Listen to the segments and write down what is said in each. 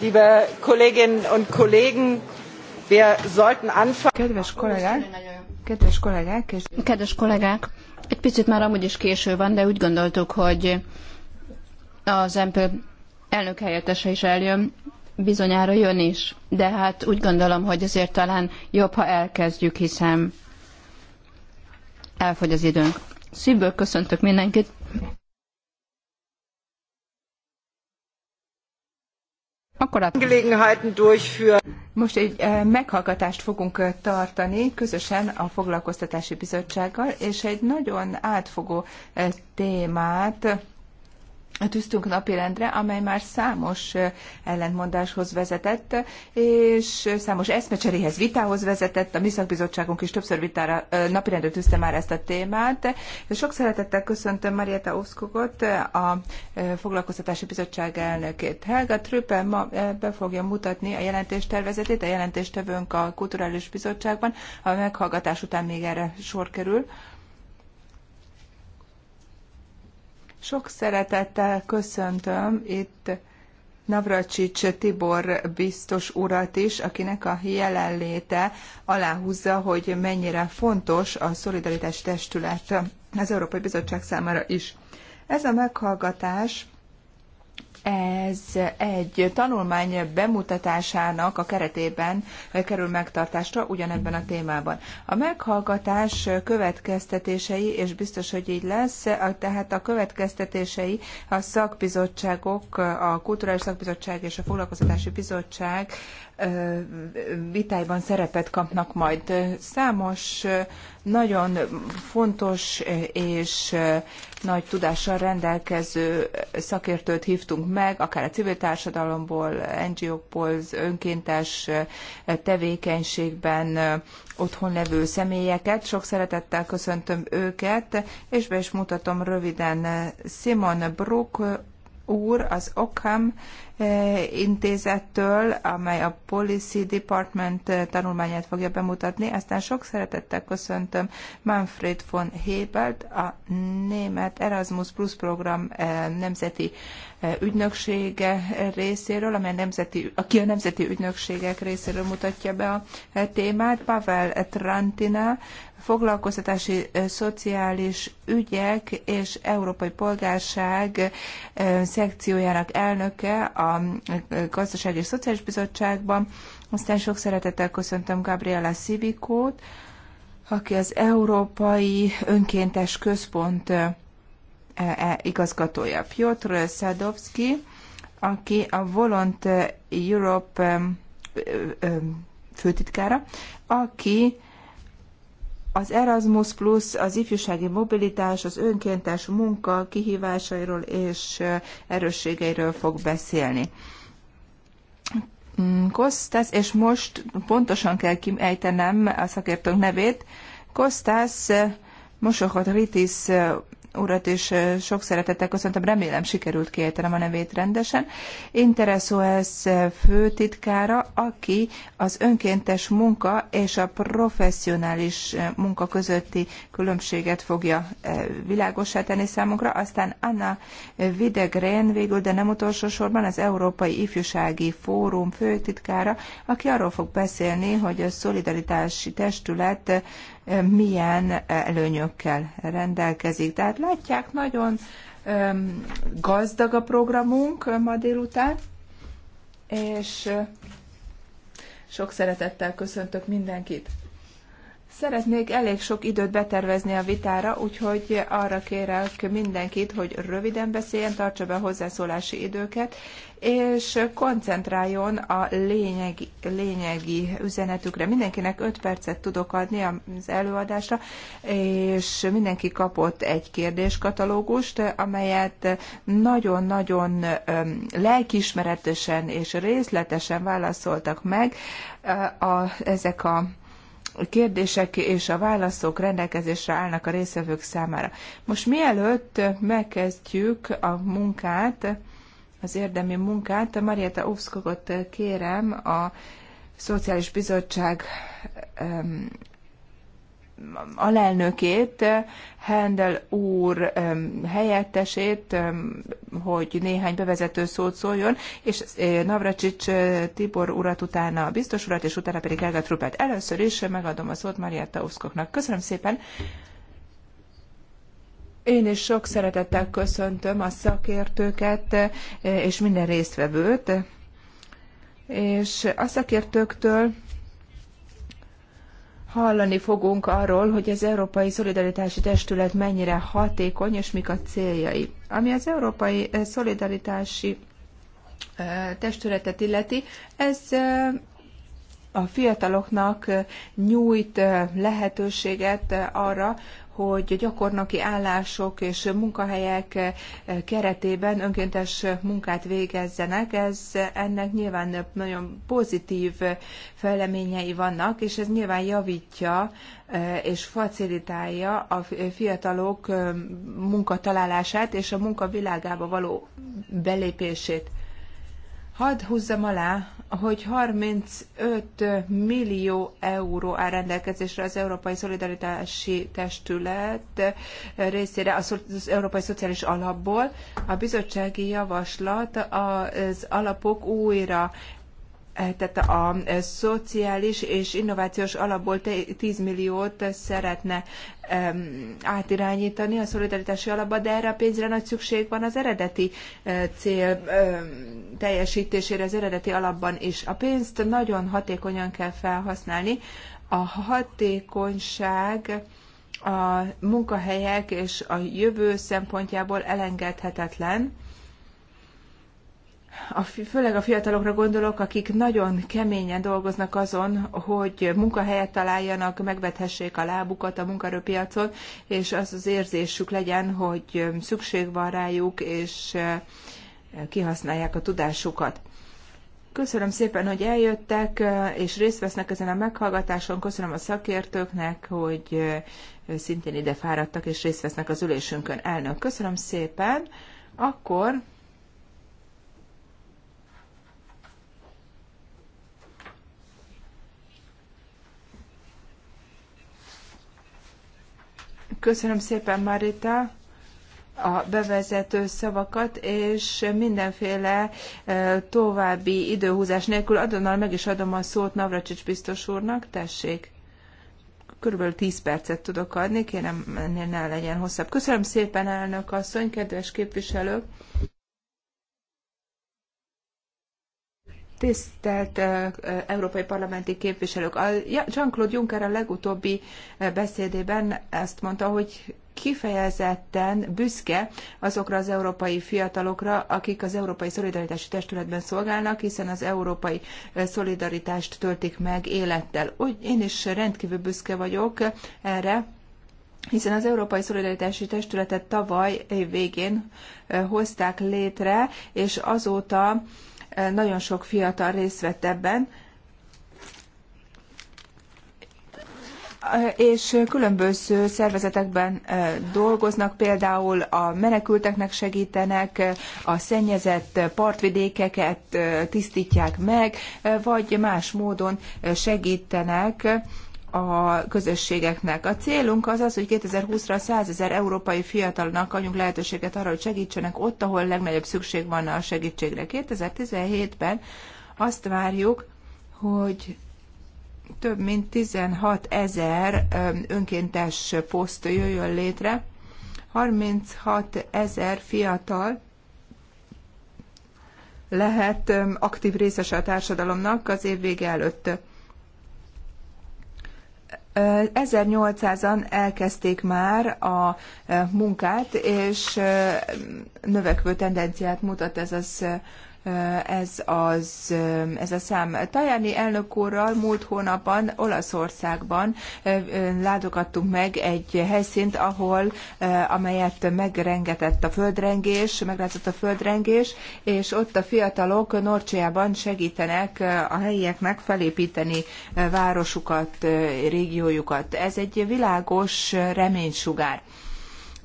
liebe Kolleginnen und Kollegen, wir sollten anfangen. Kedves kollégák, kedves kollégák, és... kedves kollégák, egy picit már amúgy is késő van, de úgy gondoltuk, hogy az MP elnök helyettese is eljön, bizonyára jön is, de hát úgy gondolom, hogy azért talán jobb, ha elkezdjük, hiszen elfogy az időnk. Szívből köszöntök mindenkit. Akkor a... Most egy eh, meghallgatást fogunk eh, tartani közösen a Foglalkoztatási Bizottsággal, és egy nagyon átfogó eh, témát tűztünk napirendre, amely már számos ellentmondáshoz vezetett, és számos eszmecseréhez, vitához vezetett. A mi szakbizottságunk is többször vitára napirendre tűzte már ezt a témát. Sok szeretettel köszöntöm Marietta Oszkogot, a Foglalkoztatási Bizottság elnökét. Helga Trüppel ma be fogja mutatni a jelentéstervezetét, a jelentéstevőnk a Kulturális Bizottságban, a meghallgatás után még erre sor kerül. Sok szeretettel köszöntöm itt Navracsics Tibor biztos urat is, akinek a jelenléte aláhúzza, hogy mennyire fontos a Szolidaritás Testület az Európai Bizottság számára is. Ez a meghallgatás ez egy tanulmány bemutatásának a keretében kerül megtartásra ugyanebben a témában. A meghallgatás következtetései, és biztos, hogy így lesz, tehát a következtetései a szakbizottságok, a Kulturális Szakbizottság és a Foglalkoztatási Bizottság vitájban szerepet kapnak majd. Számos nagyon fontos és nagy tudással rendelkező szakértőt hívtunk meg, akár a civil társadalomból, NGO-kból, önkéntes tevékenységben otthon levő személyeket. Sok szeretettel köszöntöm őket, és be is mutatom röviden Simon Brook úr az Okham eh, intézettől, amely a Policy Department eh, tanulmányát fogja bemutatni. Aztán sok szeretettel köszöntöm Manfred von Hebelt, a német Erasmus Plus program eh, nemzeti ügynöksége részéről, amely nemzeti, aki a nemzeti ügynökségek részéről mutatja be a témát. Pavel Trantina foglalkoztatási, szociális ügyek és európai polgárság szekciójának elnöke a Gazdasági és Szociális Bizottságban. Aztán sok szeretettel köszöntöm Gabriela Szivikót, aki az Európai Önkéntes Központ e, e, igazgatója. Piotr Szadovszki, aki a Volont Europe főtitkára, aki az Erasmus Plus, az ifjúsági mobilitás, az önkéntes munka kihívásairól és erősségeiről fog beszélni. Mm, Kostas, és most pontosan kell kiejtenem a szakértők nevét, Kostas Mosohot Ritis urat is sok szeretettel köszöntöm, remélem sikerült kiejtenem a nevét rendesen. Interesoes főtitkára, aki az önkéntes munka és a professzionális munka közötti különbséget fogja világosá tenni számunkra. Aztán Anna Videgren végül, de nem utolsó sorban az Európai Ifjúsági Fórum főtitkára, aki arról fog beszélni, hogy a szolidaritási testület milyen előnyökkel rendelkezik. Tehát látják, nagyon gazdag a programunk ma délután, és sok szeretettel köszöntök mindenkit. Szeretnék elég sok időt betervezni a vitára, úgyhogy arra kérek mindenkit, hogy röviden beszéljen, tartsa be a hozzászólási időket, és koncentráljon a lényegi, lényegi üzenetükre. Mindenkinek 5 percet tudok adni az előadásra, és mindenki kapott egy kérdéskatalógust, amelyet nagyon-nagyon lelkismeretesen és részletesen válaszoltak meg a, ezek a kérdések és a válaszok rendelkezésre állnak a részvevők számára. Most mielőtt megkezdjük a munkát, az érdemi munkát, Marietta Ovszkogot kérem a Szociális Bizottság alelnökét, Handel úr helyettesét, hogy néhány bevezető szót szóljon, és eh, Navracsics eh, Tibor urat utána a biztos urat, és utána pedig Elga Truppelt. Először is megadom a szót Marietta Uszkoknak. Köszönöm szépen! Én is sok szeretettel köszöntöm a szakértőket eh, és minden résztvevőt, és a szakértőktől hallani fogunk arról, hogy az Európai Szolidaritási Testület mennyire hatékony, és mik a céljai. Ami az Európai eh, Szolidaritási eh, Testületet illeti, ez eh, a fiataloknak nyújt lehetőséget arra, hogy gyakornoki állások és munkahelyek eh, keretében önkéntes munkát végezzenek. Ez ennek nyilván nagyon pozitív fejleményei vannak, és ez nyilván javítja eh, és facilitálja a fiatalok eh, munkatalálását és a munka világába való belépését. Hadd húzzam alá, hogy 35 millió euró áll rendelkezésre az Európai Szolidaritási Testület részére, az Európai Szociális Alapból. A bizottsági javaslat az alapok újra tehát a szociális és innovációs alapból 10 milliót szeretne átirányítani a szolidaritási alapba, de erre a pénzre nagy szükség van az eredeti e, cél e, teljesítésére, az eredeti alapban is. A pénzt nagyon hatékonyan kell felhasználni. A hatékonyság a munkahelyek és a jövő szempontjából elengedhetetlen a, főleg a fiatalokra gondolok, akik nagyon keményen dolgoznak azon, hogy munkahelyet találjanak, megvethessék a lábukat a munkaerőpiacon, és az az érzésük legyen, hogy szükség van rájuk, és kihasználják a tudásukat. Köszönöm szépen, hogy eljöttek, és részt vesznek ezen a meghallgatáson. Köszönöm a szakértőknek, hogy szintén ide fáradtak, és részt vesznek az ülésünkön. Elnök, köszönöm szépen. Akkor Köszönöm szépen, Marita, a bevezető szavakat, és mindenféle e, további időhúzás nélkül adonnal meg is adom a szót Navracsics biztos úrnak, tessék. Körülbelül 10 percet tudok adni, kérem ennél ne legyen hosszabb. Köszönöm szépen, elnök asszony, kedves képviselők! Tisztelt európai parlamenti képviselők! A Jean-Claude Juncker a legutóbbi beszédében ezt mondta, hogy kifejezetten büszke azokra az európai fiatalokra, akik az Európai Szolidaritási Testületben szolgálnak, hiszen az európai szolidaritást töltik meg élettel. Úgy én is rendkívül büszke vagyok erre, hiszen az Európai Szolidaritási Testületet tavaly év végén hozták létre, és azóta nagyon sok fiatal részt vett ebben, és különböző szervezetekben eh, dolgoznak, például a menekülteknek segítenek, a szennyezett partvidékeket eh, tisztítják meg, eh, vagy más módon segítenek a közösségeknek. A célunk az az, hogy 2020-ra 100 ezer európai fiatalnak adjunk lehetőséget arra, hogy segítsenek ott, ahol legnagyobb szükség van a segítségre. 2017-ben azt várjuk, hogy több mint 16 ezer önkéntes poszt jöjjön létre, 36 ezer fiatal lehet aktív részese a társadalomnak az év vége előtt. 1800-an elkezdték már a munkát, és növekvő tendenciát mutat ez az ez, az, ez a szám. Tajani elnök úrral múlt hónapban Olaszországban látogattunk meg egy helyszínt, ahol, amelyet megrengetett a földrengés, meglátott a földrengés, és ott a fiatalok Norcsiában segítenek a helyieknek felépíteni városukat, régiójukat. Ez egy világos reménysugár.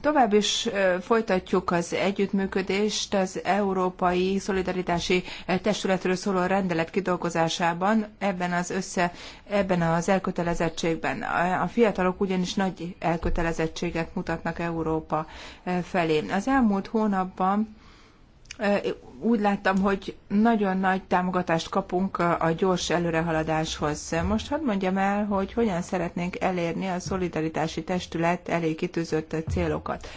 Tovább is folytatjuk az együttműködést az Európai Szolidaritási Testületről szóló rendelet kidolgozásában, ebben az össze, ebben az elkötelezettségben. A fiatalok ugyanis nagy elkötelezettséget mutatnak Európa felé. Az elmúlt hónapban úgy láttam, hogy nagyon nagy támogatást kapunk a gyors előrehaladáshoz. Most hadd mondjam el, hogy hogyan szeretnénk elérni a szolidaritási testület elég kitűzött célokat.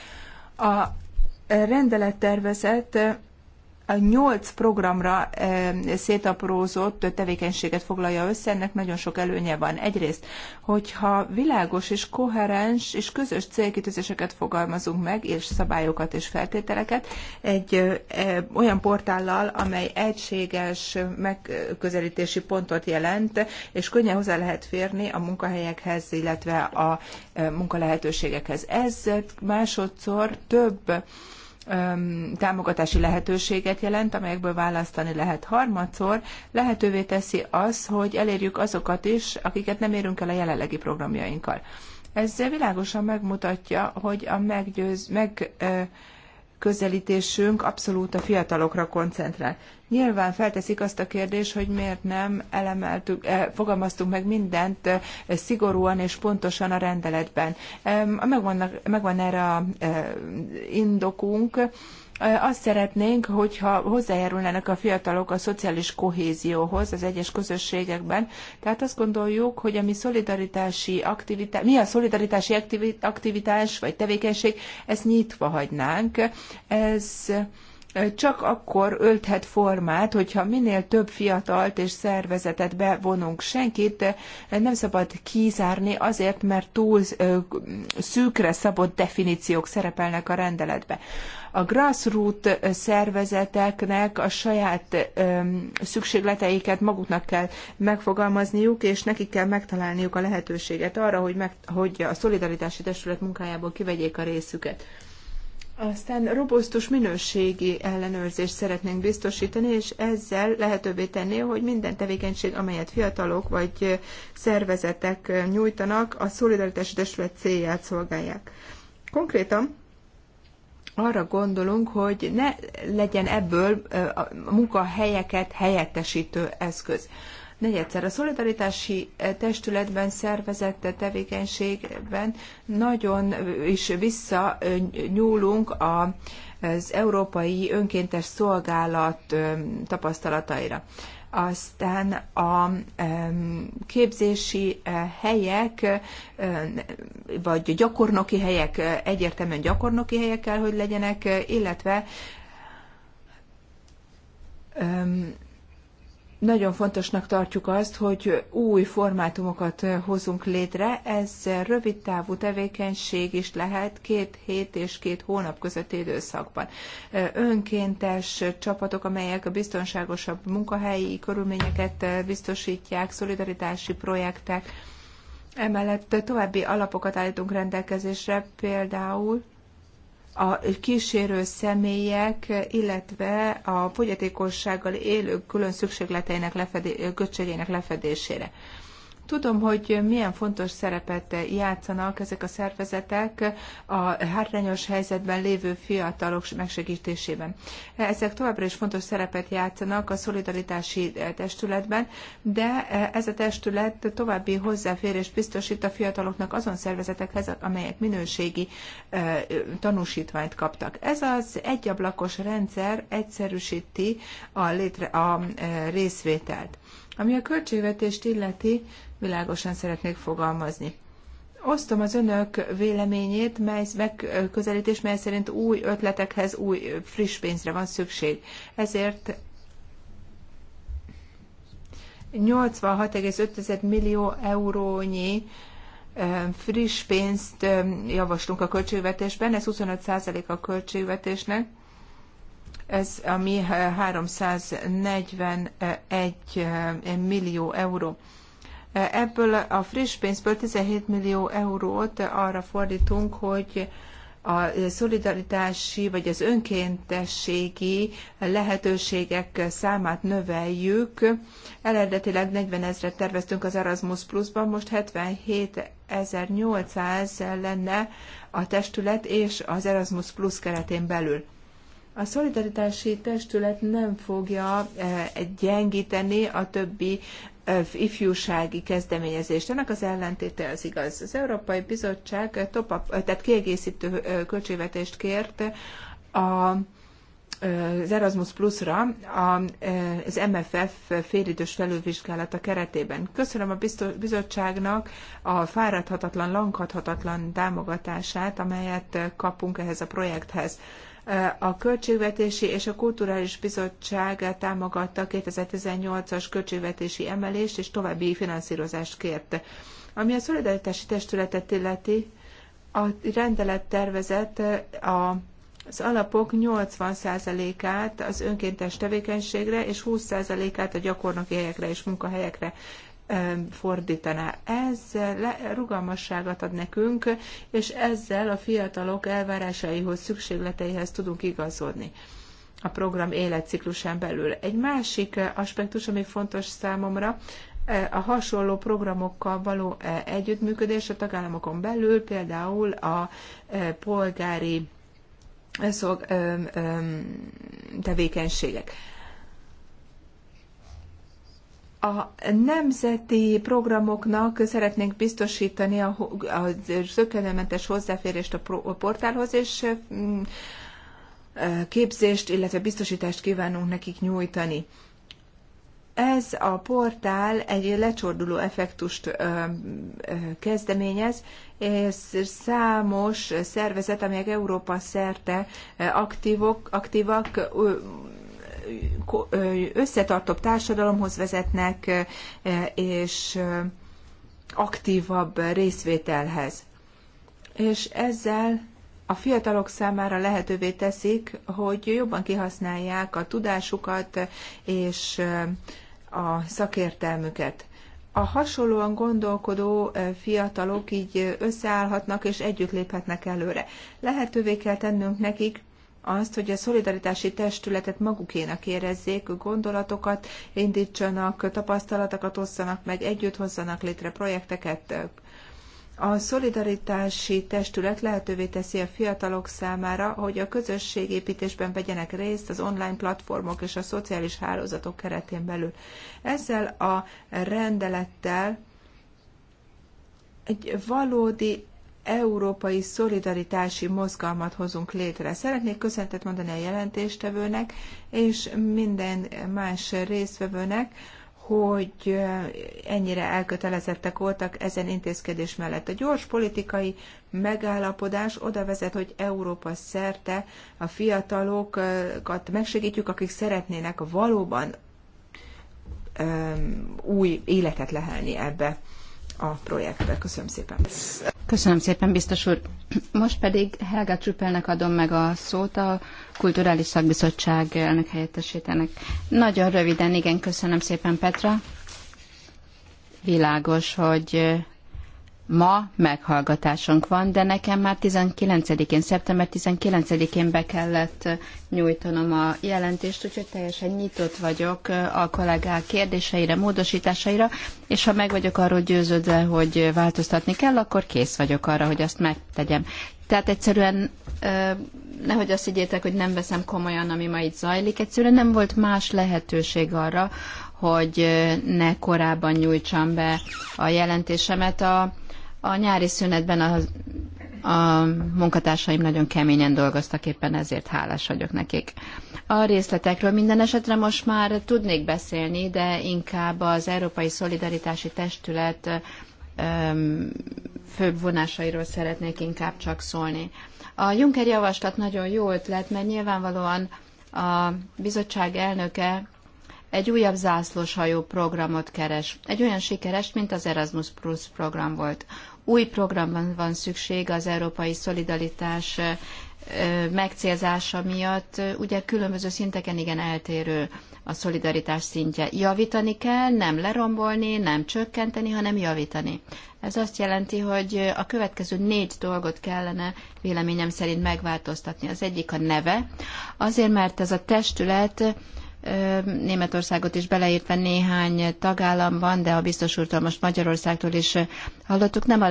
A rendelettervezet a nyolc programra szétaprózott tevékenységet foglalja össze, ennek nagyon sok előnye van. Egyrészt, hogyha világos és koherens és közös célkitűzéseket fogalmazunk meg, és szabályokat és feltételeket, egy olyan portállal, amely egységes megközelítési pontot jelent, és könnyen hozzá lehet férni a munkahelyekhez, illetve a munkalehetőségekhez. Ez másodszor több támogatási lehetőséget jelent, amelyekből választani lehet. Harmadszor lehetővé teszi az, hogy elérjük azokat is, akiket nem érünk el a jelenlegi programjainkkal. Ez világosan megmutatja, hogy a meggyőz, meg, közelítésünk abszolút a fiatalokra koncentrál. Nyilván felteszik azt a kérdés, hogy miért nem elemeltük, eh, fogalmaztunk meg mindent eh, szigorúan és pontosan a rendeletben. Megvannak, megvan erre a eh, indokunk, azt szeretnénk, hogyha hozzájárulnának a fiatalok a szociális kohézióhoz az egyes közösségekben. Tehát azt gondoljuk, hogy a mi szolidaritási aktivitás, mi a szolidaritási aktivitás vagy tevékenység, ezt nyitva hagynánk. Ez csak akkor ölthet formát, hogyha minél több fiatalt és szervezetet bevonunk. Senkit nem szabad kizárni azért, mert túl szűkre szabott definíciók szerepelnek a rendeletbe. A grassroot szervezeteknek a saját szükségleteiket maguknak kell megfogalmazniuk, és nekik kell megtalálniuk a lehetőséget arra, hogy, meg, hogy a szolidaritási testület munkájából kivegyék a részüket. Aztán robosztus minőségi ellenőrzést szeretnénk biztosítani, és ezzel lehetővé tenni, hogy minden tevékenység, amelyet fiatalok vagy szervezetek nyújtanak, a szolidaritási testület célját szolgálják. Konkrétan arra gondolunk, hogy ne legyen ebből a munkahelyeket helyettesítő eszköz. Negyedszer, a szolidaritási testületben szervezett tevékenységben nagyon is visszanyúlunk a, az Európai Önkéntes Szolgálat tapasztalataira aztán a képzési eh, helyek, eh, vagy gyakornoki helyek, eh, egyértelműen gyakornoki helyek kell, hogy legyenek, illetve nagyon fontosnak tartjuk azt, hogy új formátumokat hozunk létre. Ez rövid távú tevékenység is lehet két hét és két hónap közötti időszakban. Önkéntes csapatok, amelyek a biztonságosabb munkahelyi körülményeket biztosítják, szolidaritási projektek. Emellett további alapokat állítunk rendelkezésre, például a kísérő személyek, illetve a fogyatékossággal élők külön szükségleteinek lefedé, lefedésére. Tudom, hogy milyen fontos szerepet játszanak ezek a szervezetek a hátrányos helyzetben lévő fiatalok megsegítésében. Ezek továbbra is fontos szerepet játszanak a szolidaritási testületben, de ez a testület további hozzáférést biztosít a fiataloknak azon szervezetekhez, amelyek minőségi tanúsítványt kaptak. Ez az egyablakos rendszer egyszerűsíti a, létre, a részvételt. Ami a költségvetést illeti, világosan szeretnék fogalmazni. Osztom az önök véleményét, mely megközelítés, mely szerint új ötletekhez új friss pénzre van szükség. Ezért 86,5 millió eurónyi friss pénzt javaslunk a költségvetésben, ez 25% a költségvetésnek, ez a mi 341 millió euró. Ebből a friss pénzből 17 millió eurót arra fordítunk, hogy a szolidaritási vagy az önkéntességi lehetőségek számát növeljük. Eredetileg 40 ezre terveztünk az Erasmus Plus-ban, most 77 1800 lenne a testület és az Erasmus Plus keretén belül. A szolidaritási testület nem fogja eh, gyengíteni a többi ifjúsági kezdeményezést. Ennek az ellentéte az igaz. Az Európai Bizottság top up, tehát kiegészítő költségvetést kért a az Erasmus Plus-ra az MFF félidős felülvizsgálata keretében. Köszönöm a bizottságnak a fáradhatatlan, lankadhatatlan támogatását, amelyet kapunk ehhez a projekthez. A Költségvetési és a Kulturális Bizottság támogatta 2018-as költségvetési emelést és további finanszírozást kért. Ami a szolidaritási testületet illeti, a rendelettervezet a az alapok 80%-át az önkéntes tevékenységre és 20%-át a gyakornoki helyekre és munkahelyekre fordítaná. Ez rugalmasságot ad nekünk, és ezzel a fiatalok elvárásaihoz, szükségleteihez tudunk igazodni a program életciklusán belül. Egy másik eh, aspektus, ami fontos számomra, eh, a hasonló programokkal való eh, együttműködés a tagállamokon belül, például a polgári szolg, tevékenységek a nemzeti programoknak szeretnénk biztosítani a, a hozzáférést a portálhoz, és mm, e, képzést, illetve biztosítást kívánunk nekik nyújtani. Ez a portál egy lecsorduló effektust kezdeményez, és számos szervezet, amelyek Európa szerte aktívok, aktívak, összetartóbb társadalomhoz vezetnek, és aktívabb részvételhez. És ezzel a fiatalok számára lehetővé teszik, hogy jobban kihasználják a tudásukat és a szakértelmüket. A hasonlóan gondolkodó fiatalok így összeállhatnak és együtt léphetnek előre. Lehetővé kell tennünk nekik, azt, hogy a szolidaritási testületet magukénak érezzék, gondolatokat indítsanak, tapasztalatokat osszanak meg, együtt hozzanak létre projekteket. A szolidaritási testület lehetővé teszi a fiatalok számára, hogy a közösségépítésben vegyenek részt az online platformok és a szociális hálózatok keretén belül. Ezzel a rendelettel egy valódi európai szolidaritási mozgalmat hozunk létre. Szeretnék köszöntet mondani a jelentéstevőnek és minden más résztvevőnek, hogy ennyire elkötelezettek voltak ezen intézkedés mellett. A gyors politikai megállapodás oda vezet, hogy Európa szerte a fiatalokat megsegítjük, akik szeretnének valóban új életet lehelni ebbe a projektbe. Köszönöm szépen! Köszönöm szépen, biztos úr. Most pedig Helga Csüppelnek adom meg a szót, a Kulturális Szakbizottság elnök Nagyon röviden, igen, köszönöm szépen, Petra. Világos, hogy Ma meghallgatásunk van, de nekem már 19-én, szeptember 19-én be kellett nyújtanom a jelentést, úgyhogy teljesen nyitott vagyok a kollégák kérdéseire, módosításaira, és ha meg vagyok arról győződve, hogy változtatni kell, akkor kész vagyok arra, hogy azt megtegyem. Tehát egyszerűen nehogy azt higgyétek, hogy nem veszem komolyan, ami ma itt zajlik. Egyszerűen nem volt más lehetőség arra, hogy ne korábban nyújtsam be a jelentésemet. A, a nyári szünetben a, a munkatársaim nagyon keményen dolgoztak, éppen ezért hálás vagyok nekik. A részletekről minden esetre most már tudnék beszélni, de inkább az Európai Szolidaritási Testület főbb vonásairól szeretnék inkább csak szólni. A Juncker javaslat nagyon jó ötlet, mert nyilvánvalóan a bizottság elnöke egy újabb zászlóshajó programot keres. Egy olyan sikeres, mint az Erasmus Plus program volt új programban van szükség az európai szolidaritás megcélzása miatt, ugye különböző szinteken igen eltérő a szolidaritás szintje. Javítani kell, nem lerombolni, nem csökkenteni, hanem javítani. Ez azt jelenti, hogy a következő négy dolgot kellene véleményem szerint megváltoztatni. Az egyik a neve, azért mert ez a testület Németországot is beleértve néhány tagállamban, de a biztos úrtól most Magyarországtól is hallottuk, nem a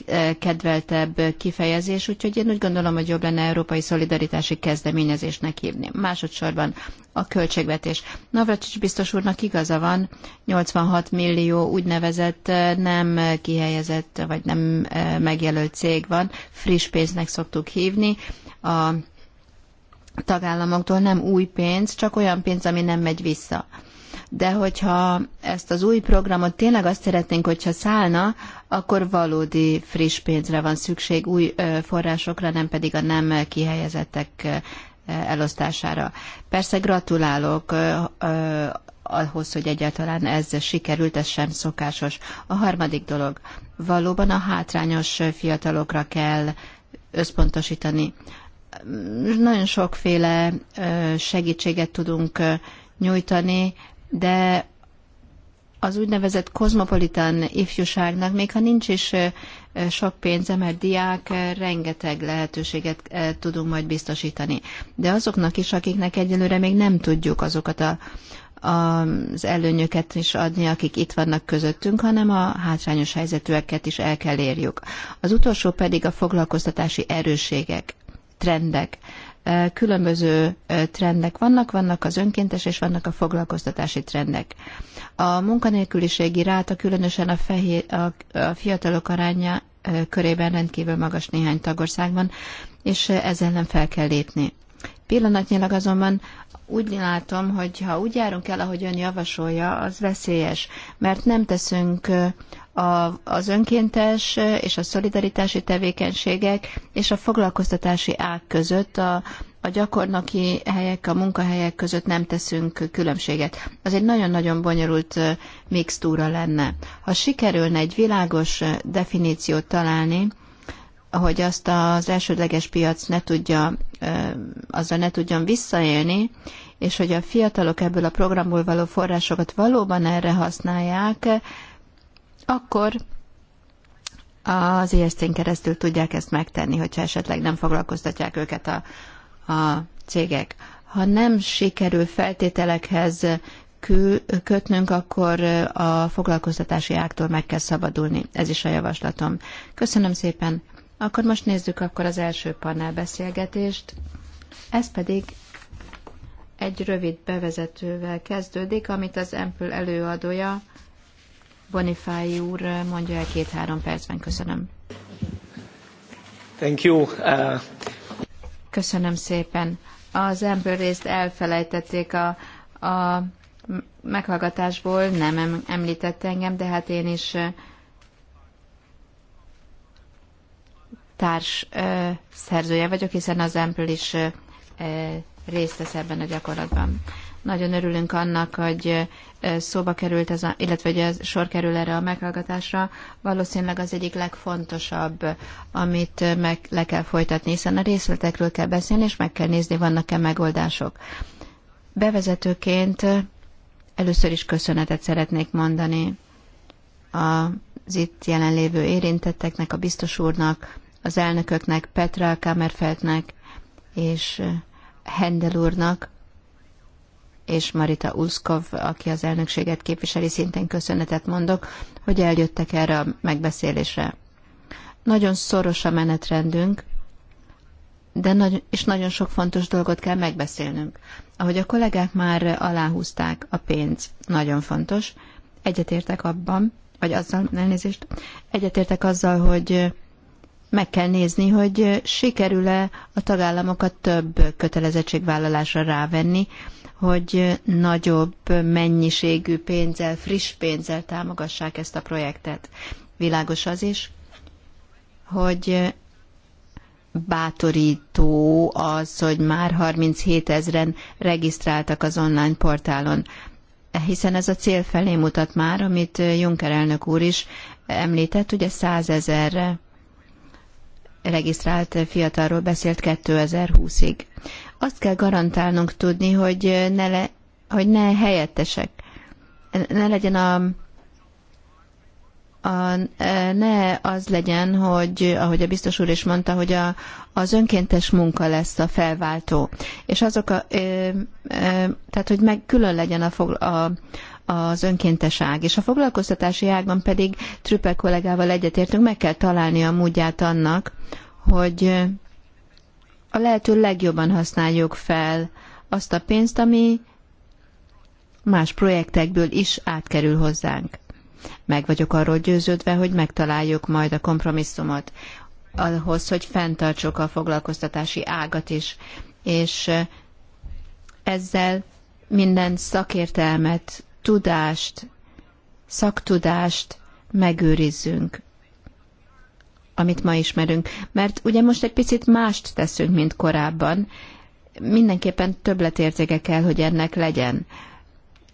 legkedveltebb kifejezés, úgyhogy én úgy gondolom, hogy jobb lenne európai szolidaritási kezdeményezésnek hívni. Másodszorban a költségvetés. Navracsics biztos úrnak igaza van, 86 millió úgynevezett nem kihelyezett, vagy nem megjelölt cég van, friss pénznek szoktuk hívni. A tagállamoktól nem új pénz, csak olyan pénz, ami nem megy vissza. De hogyha ezt az új programot tényleg azt szeretnénk, hogyha szállna, akkor valódi friss pénzre van szükség, új forrásokra, nem pedig a nem kihelyezettek elosztására. Persze gratulálok ahhoz, hogy egyáltalán ez sikerült, ez sem szokásos. A harmadik dolog, valóban a hátrányos fiatalokra kell összpontosítani nagyon sokféle segítséget tudunk nyújtani, de az úgynevezett kozmopolitan ifjúságnak, még ha nincs is sok pénze, mert diák, rengeteg lehetőséget tudunk majd biztosítani. De azoknak is, akiknek egyelőre még nem tudjuk azokat a, az előnyöket is adni, akik itt vannak közöttünk, hanem a hátrányos helyzetűeket is el kell érjük. Az utolsó pedig a foglalkoztatási erősségek trendek. Különböző trendek vannak, vannak az önkéntes és vannak a foglalkoztatási trendek. A munkanélküliségi ráta különösen a, fehér, a, a fiatalok aránya körében rendkívül magas néhány tagországban, és ezzel nem fel kell lépni. Pillanatnyilag azonban úgy látom, hogy ha úgy járunk el, ahogy ön javasolja, az veszélyes, mert nem teszünk a, az önkéntes és a szolidaritási tevékenységek és a foglalkoztatási ág között a, a gyakornoki helyek, a munkahelyek között nem teszünk különbséget. Az egy nagyon-nagyon bonyolult mixtúra lenne. Ha sikerülne egy világos definíciót találni, hogy azt az elsődleges piac ne tudja, azzal ne tudjon visszaélni, és hogy a fiatalok ebből a programból való forrásokat valóban erre használják, akkor az ISZ-n keresztül tudják ezt megtenni, hogyha esetleg nem foglalkoztatják őket a, a cégek. Ha nem sikerül feltételekhez kötnünk, akkor a foglalkoztatási ágtól meg kell szabadulni. Ez is a javaslatom. Köszönöm szépen. Akkor most nézzük akkor az első panel beszélgetést. Ez pedig egy rövid bevezetővel kezdődik, amit az Empül előadója Bonifáj úr mondja el két-három percben. Köszönöm. Thank you. Uh... Köszönöm szépen. Az ember részt elfelejtették a, a meghallgatásból, nem említett engem, de hát én is uh, társ ö, uh, szerzője vagyok, hiszen az ember is ö, uh, részt vesz ebben a gyakorlatban. Nagyon örülünk annak, hogy eh, szóba került ez a, illetve hogy sor kerül erre a meghallgatásra, valószínűleg az egyik legfontosabb, amit eh, meg le kell folytatni, hiszen a részletekről kell beszélni, és meg kell nézni, vannak-e megoldások. Bevezetőként eh, először is köszönetet szeretnék mondani az itt jelenlévő érintetteknek, a biztos úrnak, az elnököknek, Petra Kamerfeltnek és Hendel úrnak, és Marita Uszkov, aki az elnökséget képviseli, szintén köszönetet mondok, hogy eljöttek erre a megbeszélésre. Nagyon szoros a menetrendünk, de nagy, és nagyon sok fontos dolgot kell megbeszélnünk. Ahogy a kollégák már aláhúzták, a pénz nagyon fontos. Egyetértek abban, vagy azzal, elnézést, egyetértek azzal, hogy meg kell nézni, hogy sikerül-e a tagállamokat több kötelezettségvállalásra rávenni, hogy nagyobb mennyiségű pénzzel, friss pénzzel támogassák ezt a projektet. Világos az is, hogy bátorító az, hogy már 37 ezeren regisztráltak az online portálon. Hiszen ez a cél felé mutat már, amit Juncker elnök úr is említett, ugye 100 ezerre regisztrált fiatalról beszélt 2020-ig azt kell garantálnunk tudni, hogy ne, le, hogy ne helyettesek, ne legyen a, a, e, ne az legyen, hogy ahogy a biztos úr is mondta, hogy a, az önkéntes munka lesz a felváltó. És azok a, e, e, tehát hogy meg külön legyen a, fog, a, az önkéntes ág. És a foglalkoztatási ágban pedig Trüppel kollégával egyetértünk, meg kell találni a módját annak, hogy a lehető legjobban használjuk fel azt a pénzt, ami más projektekből is átkerül hozzánk. Meg vagyok arról győződve, hogy megtaláljuk majd a kompromisszumot ahhoz, hogy fenntartsuk a foglalkoztatási ágat is, és ezzel minden szakértelmet, tudást, szaktudást megőrizzünk amit ma ismerünk. Mert ugye most egy picit mást teszünk, mint korábban. Mindenképpen többletértéke kell, hogy ennek legyen.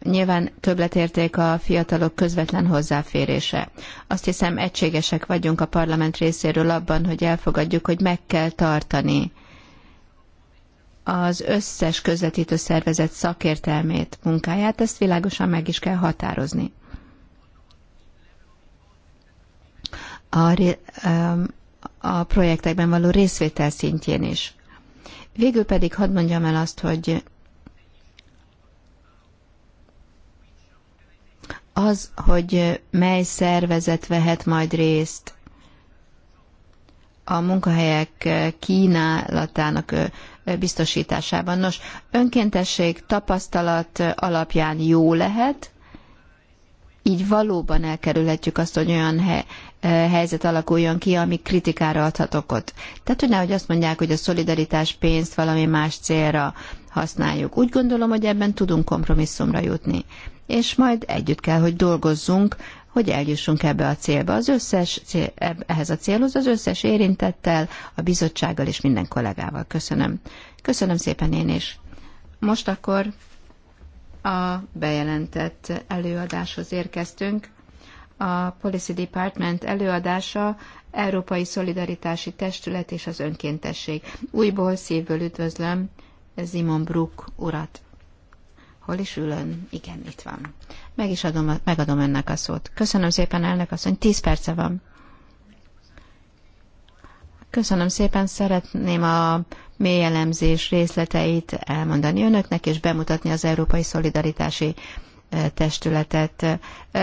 Nyilván többletérték a fiatalok közvetlen hozzáférése. Azt hiszem, egységesek vagyunk a parlament részéről abban, hogy elfogadjuk, hogy meg kell tartani az összes közvetítő szervezet szakértelmét, munkáját, ezt világosan meg is kell határozni. a, a projektekben való részvétel szintjén is. Végül pedig hadd mondjam el azt, hogy az, hogy mely szervezet vehet majd részt a munkahelyek kínálatának biztosításában. Nos, önkéntesség tapasztalat alapján jó lehet, így valóban elkerülhetjük azt, hogy olyan he, eh, helyzet alakuljon ki, ami kritikára adhat okot. Tehát, hogy nehogy azt mondják, hogy a szolidaritás pénzt valami más célra használjuk. Úgy gondolom, hogy ebben tudunk kompromisszumra jutni. És majd együtt kell, hogy dolgozzunk, hogy eljussunk ebbe a célba. Az összes, cél, ehhez a célhoz az összes érintettel, a bizottsággal és minden kollégával. Köszönöm. Köszönöm szépen én is. Most akkor a bejelentett előadáshoz érkeztünk. A Policy Department előadása Európai Szolidaritási Testület és az önkéntesség. Újból szívből üdvözlöm Simon Brook urat. Hol is ülön? Igen, itt van. Meg is adom, megadom önnek a szót. Köszönöm szépen, elnök asszony. Tíz perce van. Köszönöm szépen, szeretném a mélyelemzés részleteit elmondani önöknek, és bemutatni az Európai Szolidaritási testületet.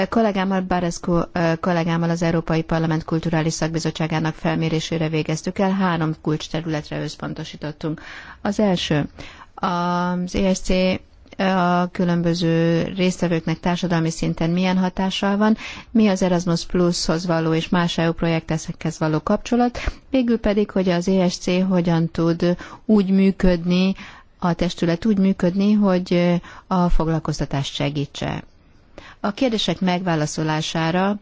Kollégámmal, Bareszkó kollégámmal az Európai Parlament Kulturális Szakbizottságának felmérésére végeztük el, három kulcs területre összpontosítottunk. Az első, az ESC a különböző résztvevőknek társadalmi szinten milyen hatással van, mi az Erasmus Plus-hoz való és más EU projektekhez való kapcsolat, végül pedig, hogy az ESC hogyan tud úgy működni, a testület úgy működni, hogy a foglalkoztatást segítse. A kérdések megválaszolására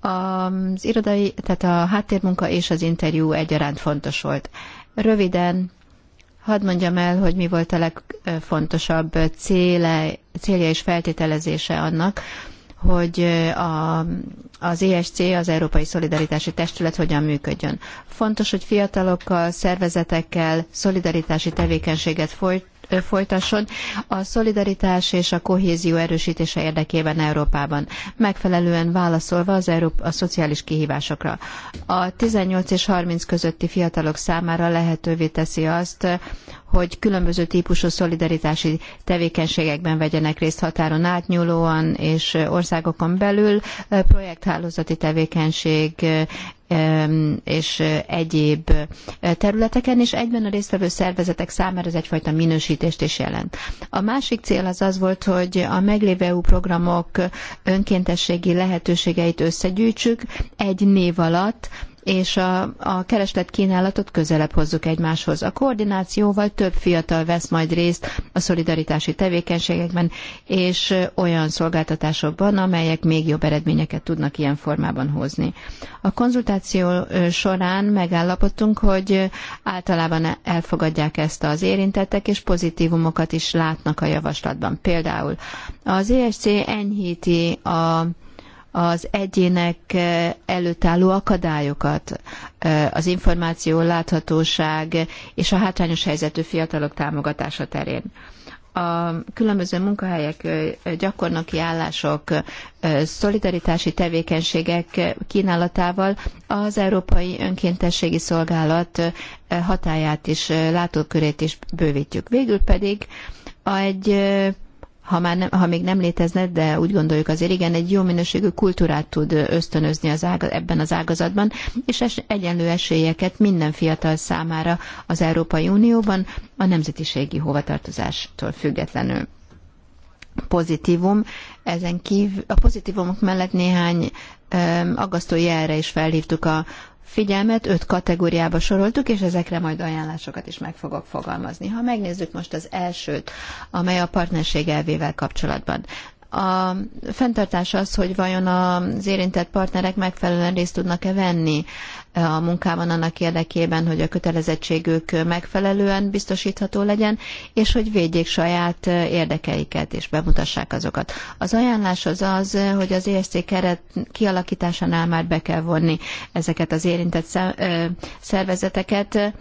az irodai, tehát a háttérmunka és az interjú egyaránt fontos volt. Röviden Hadd mondjam el, hogy mi volt a legfontosabb céle, célja és feltételezése annak, hogy a, az ESC, az Európai Szolidaritási Testület hogyan működjön. Fontos, hogy fiatalokkal, szervezetekkel szolidaritási tevékenységet folyt, folytasson a szolidaritás és a kohézió erősítése érdekében Európában, megfelelően válaszolva az Európa a szociális kihívásokra. A 18 és 30 közötti fiatalok számára lehetővé teszi azt, hogy különböző típusú szolidaritási tevékenységekben vegyenek részt határon átnyúlóan és országokon belül, eh, projekthálózati tevékenység, eh, és egyéb területeken, és egyben a résztvevő szervezetek számára ez egyfajta minősítést is jelent. A másik cél az az volt, hogy a meglévő EU programok önkéntességi lehetőségeit összegyűjtsük egy név alatt, és a, a kereslet kínálatot közelebb hozzuk egymáshoz. A koordinációval több fiatal vesz majd részt a szolidaritási tevékenységekben és olyan szolgáltatásokban, amelyek még jobb eredményeket tudnak ilyen formában hozni. A konzultáció során megállapodtunk, hogy általában elfogadják ezt az érintettek, és pozitívumokat is látnak a javaslatban. Például az ESC enyhíti a az egyének eh, előtt álló akadályokat, eh, az információ láthatóság és a hátrányos helyzetű fiatalok támogatása terén. A különböző munkahelyek, eh, gyakornoki állások, szolidaritási tevékenységek kínálatával az Európai Önkéntességi Szolgálat hatáját is, látókörét is bővítjük. Végül pedig egy ha, már nem, ha még nem létezne, de úgy gondoljuk azért igen, egy jó minőségű kultúrát tud ösztönözni az ága, ebben az ágazatban, és es, egyenlő esélyeket minden fiatal számára az Európai Unióban a nemzetiségi hovatartozástól függetlenül. Pozitívum, ezen kívül a pozitívumok mellett néhány aggasztó jelre is felhívtuk a figyelmet, öt kategóriába soroltuk, és ezekre majd ajánlásokat is meg fogok fogalmazni. Ha megnézzük most az elsőt, amely a partnerség elvével kapcsolatban a fenntartás az, hogy vajon az érintett partnerek megfelelően részt tudnak-e venni e, a munkában annak érdekében, hogy a kötelezettségük megfelelően biztosítható legyen, és hogy védjék saját e, érdekeiket, és bemutassák azokat. Az ajánlás az az, hogy az ESC keret kialakításánál már be kell vonni ezeket az érintett e, szervezeteket,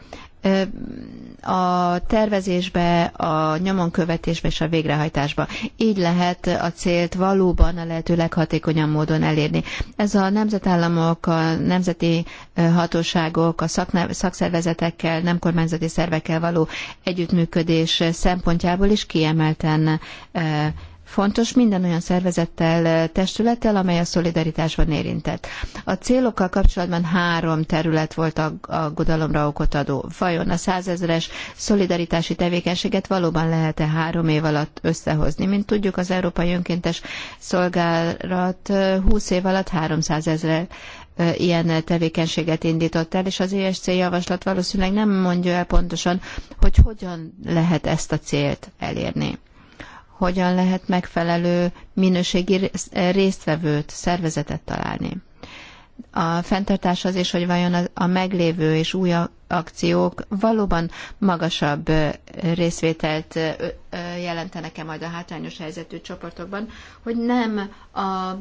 a tervezésbe, a nyomonkövetésbe és a végrehajtásba. Így lehet a célt valóban a lehető leghatékonyabb módon elérni. Ez a nemzetállamok, a nemzeti hatóságok, a szakszervezetekkel, nem kormányzati szervekkel való együttműködés szempontjából is kiemelten Fontos minden olyan szervezettel, eh, testülettel, amely a szolidaritásban érintett. A célokkal kapcsolatban három terület volt aggodalomra okot adó. Vajon a százezres szolidaritási tevékenységet valóban lehet-e három év alatt összehozni? Mint tudjuk, az Európai Önkéntes Szolgálat 20 eh, év alatt 300 ezre eh, ilyen tevékenységet indított el, és az ESC javaslat valószínűleg nem mondja el pontosan, hogy hogyan lehet ezt a célt elérni hogyan lehet megfelelő minőségi résztvevőt, szervezetet találni. A fenntartás az is, hogy vajon a meglévő és új akciók valóban magasabb részvételt jelentenek-e majd a hátrányos helyzetű csoportokban, hogy nem a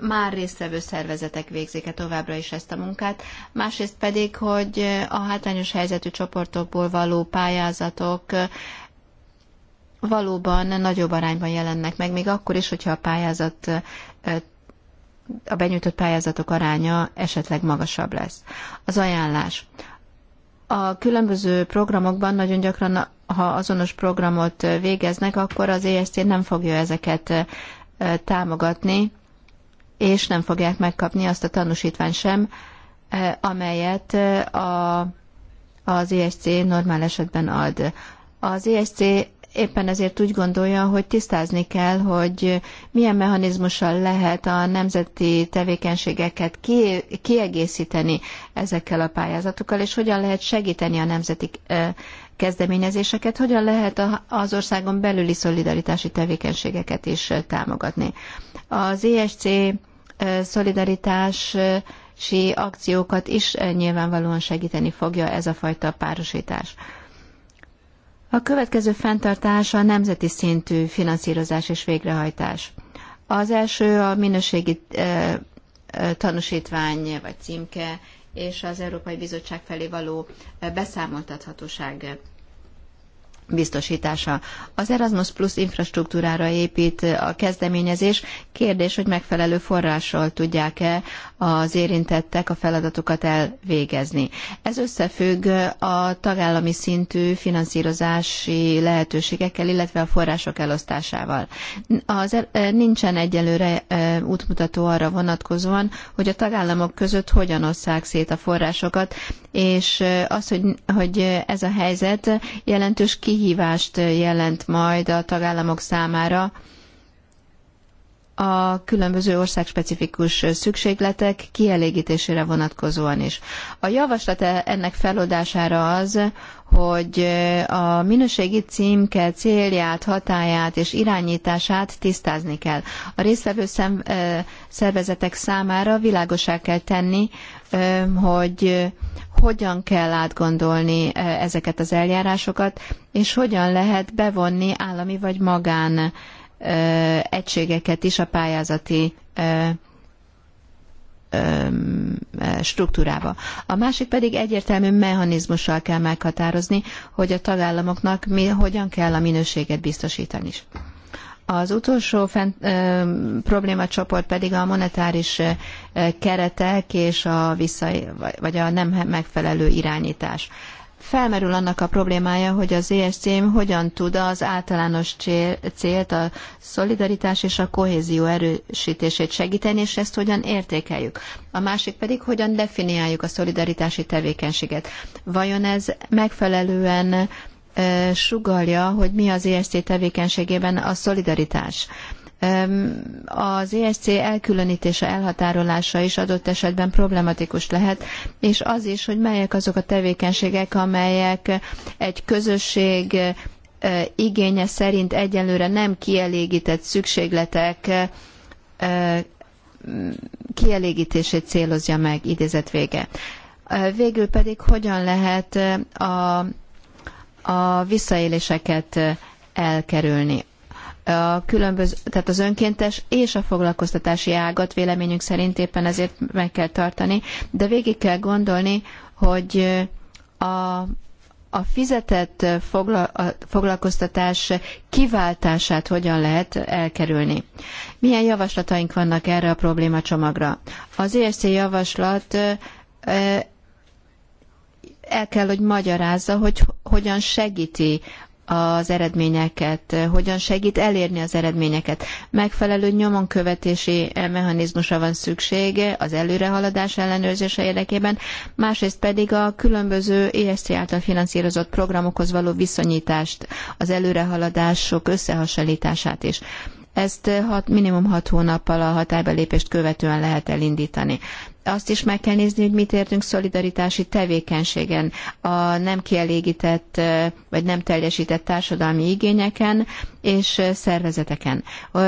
már résztvevő szervezetek végzik-e továbbra is ezt a munkát, másrészt pedig, hogy a hátrányos helyzetű csoportokból való pályázatok valóban nagyobb arányban jelennek meg, még akkor is, hogyha a pályázat a benyújtott pályázatok aránya esetleg magasabb lesz. Az ajánlás. A különböző programokban nagyon gyakran, ha azonos programot végeznek, akkor az EST nem fogja ezeket támogatni, és nem fogják megkapni azt a tanúsítványt sem, amelyet a, az ESC normál esetben ad. Az ESC éppen ezért úgy gondolja, hogy tisztázni kell, hogy milyen mechanizmussal lehet a nemzeti tevékenységeket kiegészíteni ezekkel a pályázatokkal, és hogyan lehet segíteni a nemzeti kezdeményezéseket, hogyan lehet az országon belüli szolidaritási tevékenységeket is támogatni. Az ESC szolidaritási akciókat is nyilvánvalóan segíteni fogja ez a fajta párosítás. A következő fenntartás a nemzeti szintű finanszírozás és végrehajtás. Az első a minőségi e, e, tanúsítvány vagy címke, és az Európai Bizottság felé való e, beszámoltathatóság biztosítása. Az Erasmus Plus infrastruktúrára épít a kezdeményezés. Kérdés, hogy megfelelő forrással tudják-e az érintettek a feladatokat elvégezni. Ez összefügg a tagállami szintű finanszírozási lehetőségekkel, illetve a források elosztásával. Az, e- e- nincsen egyelőre e- útmutató arra vonatkozóan, hogy a tagállamok között hogyan osszák szét a forrásokat, és az, hogy, hogy ez a helyzet jelentős kihívás kihívást jelent majd a tagállamok számára a különböző országspecifikus szükségletek kielégítésére vonatkozóan is. A javaslat e- ennek feloldására az, hogy a minőségi címke célját, hatáját és irányítását tisztázni kell. A résztvevő e- szervezetek számára világosá kell tenni, hogy hogyan kell átgondolni ezeket az eljárásokat, és hogyan lehet bevonni állami vagy magán egységeket is a pályázati struktúrába. A másik pedig egyértelmű mechanizmussal kell meghatározni, hogy a tagállamoknak mi, hogyan kell a minőséget biztosítani. Az utolsó fent, ö, problémacsoport pedig a monetáris ö, keretek és a vissza, vagy a nem megfelelő irányítás. Felmerül annak a problémája, hogy az ESCM hogyan tud az általános célt, a szolidaritás és a kohézió erősítését segíteni, és ezt hogyan értékeljük. A másik pedig, hogyan definiáljuk a szolidaritási tevékenységet. Vajon ez megfelelően sugalja, hogy mi az ESC tevékenységében a szolidaritás az ESC elkülönítése, elhatárolása is adott esetben problematikus lehet, és az is, hogy melyek azok a tevékenységek, amelyek egy közösség igénye szerint egyelőre nem kielégített szükségletek kielégítését célozja meg, idézet vége. Végül pedig hogyan lehet a a visszaéléseket elkerülni. A különböző, tehát az önkéntes és a foglalkoztatási ágat véleményünk szerint éppen ezért meg kell tartani, de végig kell gondolni, hogy a, a fizetett fogla, a foglalkoztatás kiváltását hogyan lehet elkerülni. Milyen javaslataink vannak erre a problémacsomagra? Az ESC javaslat el kell, hogy magyarázza, hogy hogyan segíti az eredményeket, hogyan segít elérni az eredményeket. Megfelelő nyomon követési mechanizmusa van szüksége az előrehaladás ellenőrzése érdekében, másrészt pedig a különböző ESC által finanszírozott programokhoz való viszonyítást, az előrehaladások összehasonlítását is. Ezt hat, minimum hat hónappal a hatályba lépést követően lehet elindítani azt is meg kell nézni, hogy mit értünk szolidaritási tevékenységen, a nem kielégített vagy nem teljesített társadalmi igényeken és szervezeteken.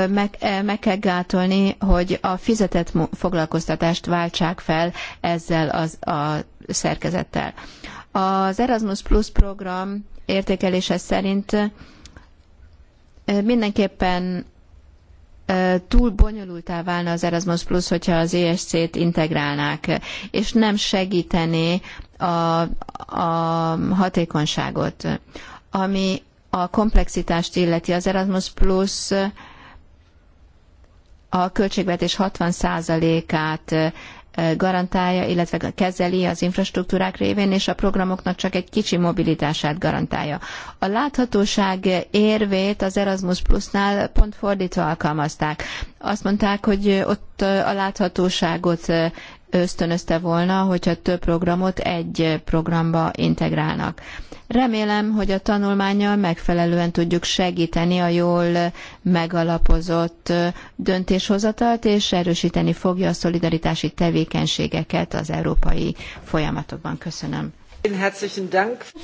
Meg, meg kell gátolni, hogy a fizetett foglalkoztatást váltsák fel ezzel az, a szerkezettel. Az Erasmus Plus program értékelése szerint mindenképpen túl bonyolultá válna az Erasmus Plus, hogyha az ESC-t integrálnák, és nem segítené a, a hatékonyságot. Ami a komplexitást illeti, az Erasmus Plus a költségvetés 60%-át garantálja, illetve kezeli az infrastruktúrák révén, és a programoknak csak egy kicsi mobilitását garantálja. A láthatóság érvét az Erasmus Plusnál pont fordítva alkalmazták. Azt mondták, hogy ott a láthatóságot ösztönözte volna, hogyha több programot egy programba integrálnak. Remélem, hogy a tanulmányal megfelelően tudjuk segíteni a jól megalapozott döntéshozatalt, és erősíteni fogja a szolidaritási tevékenységeket az európai folyamatokban. Köszönöm.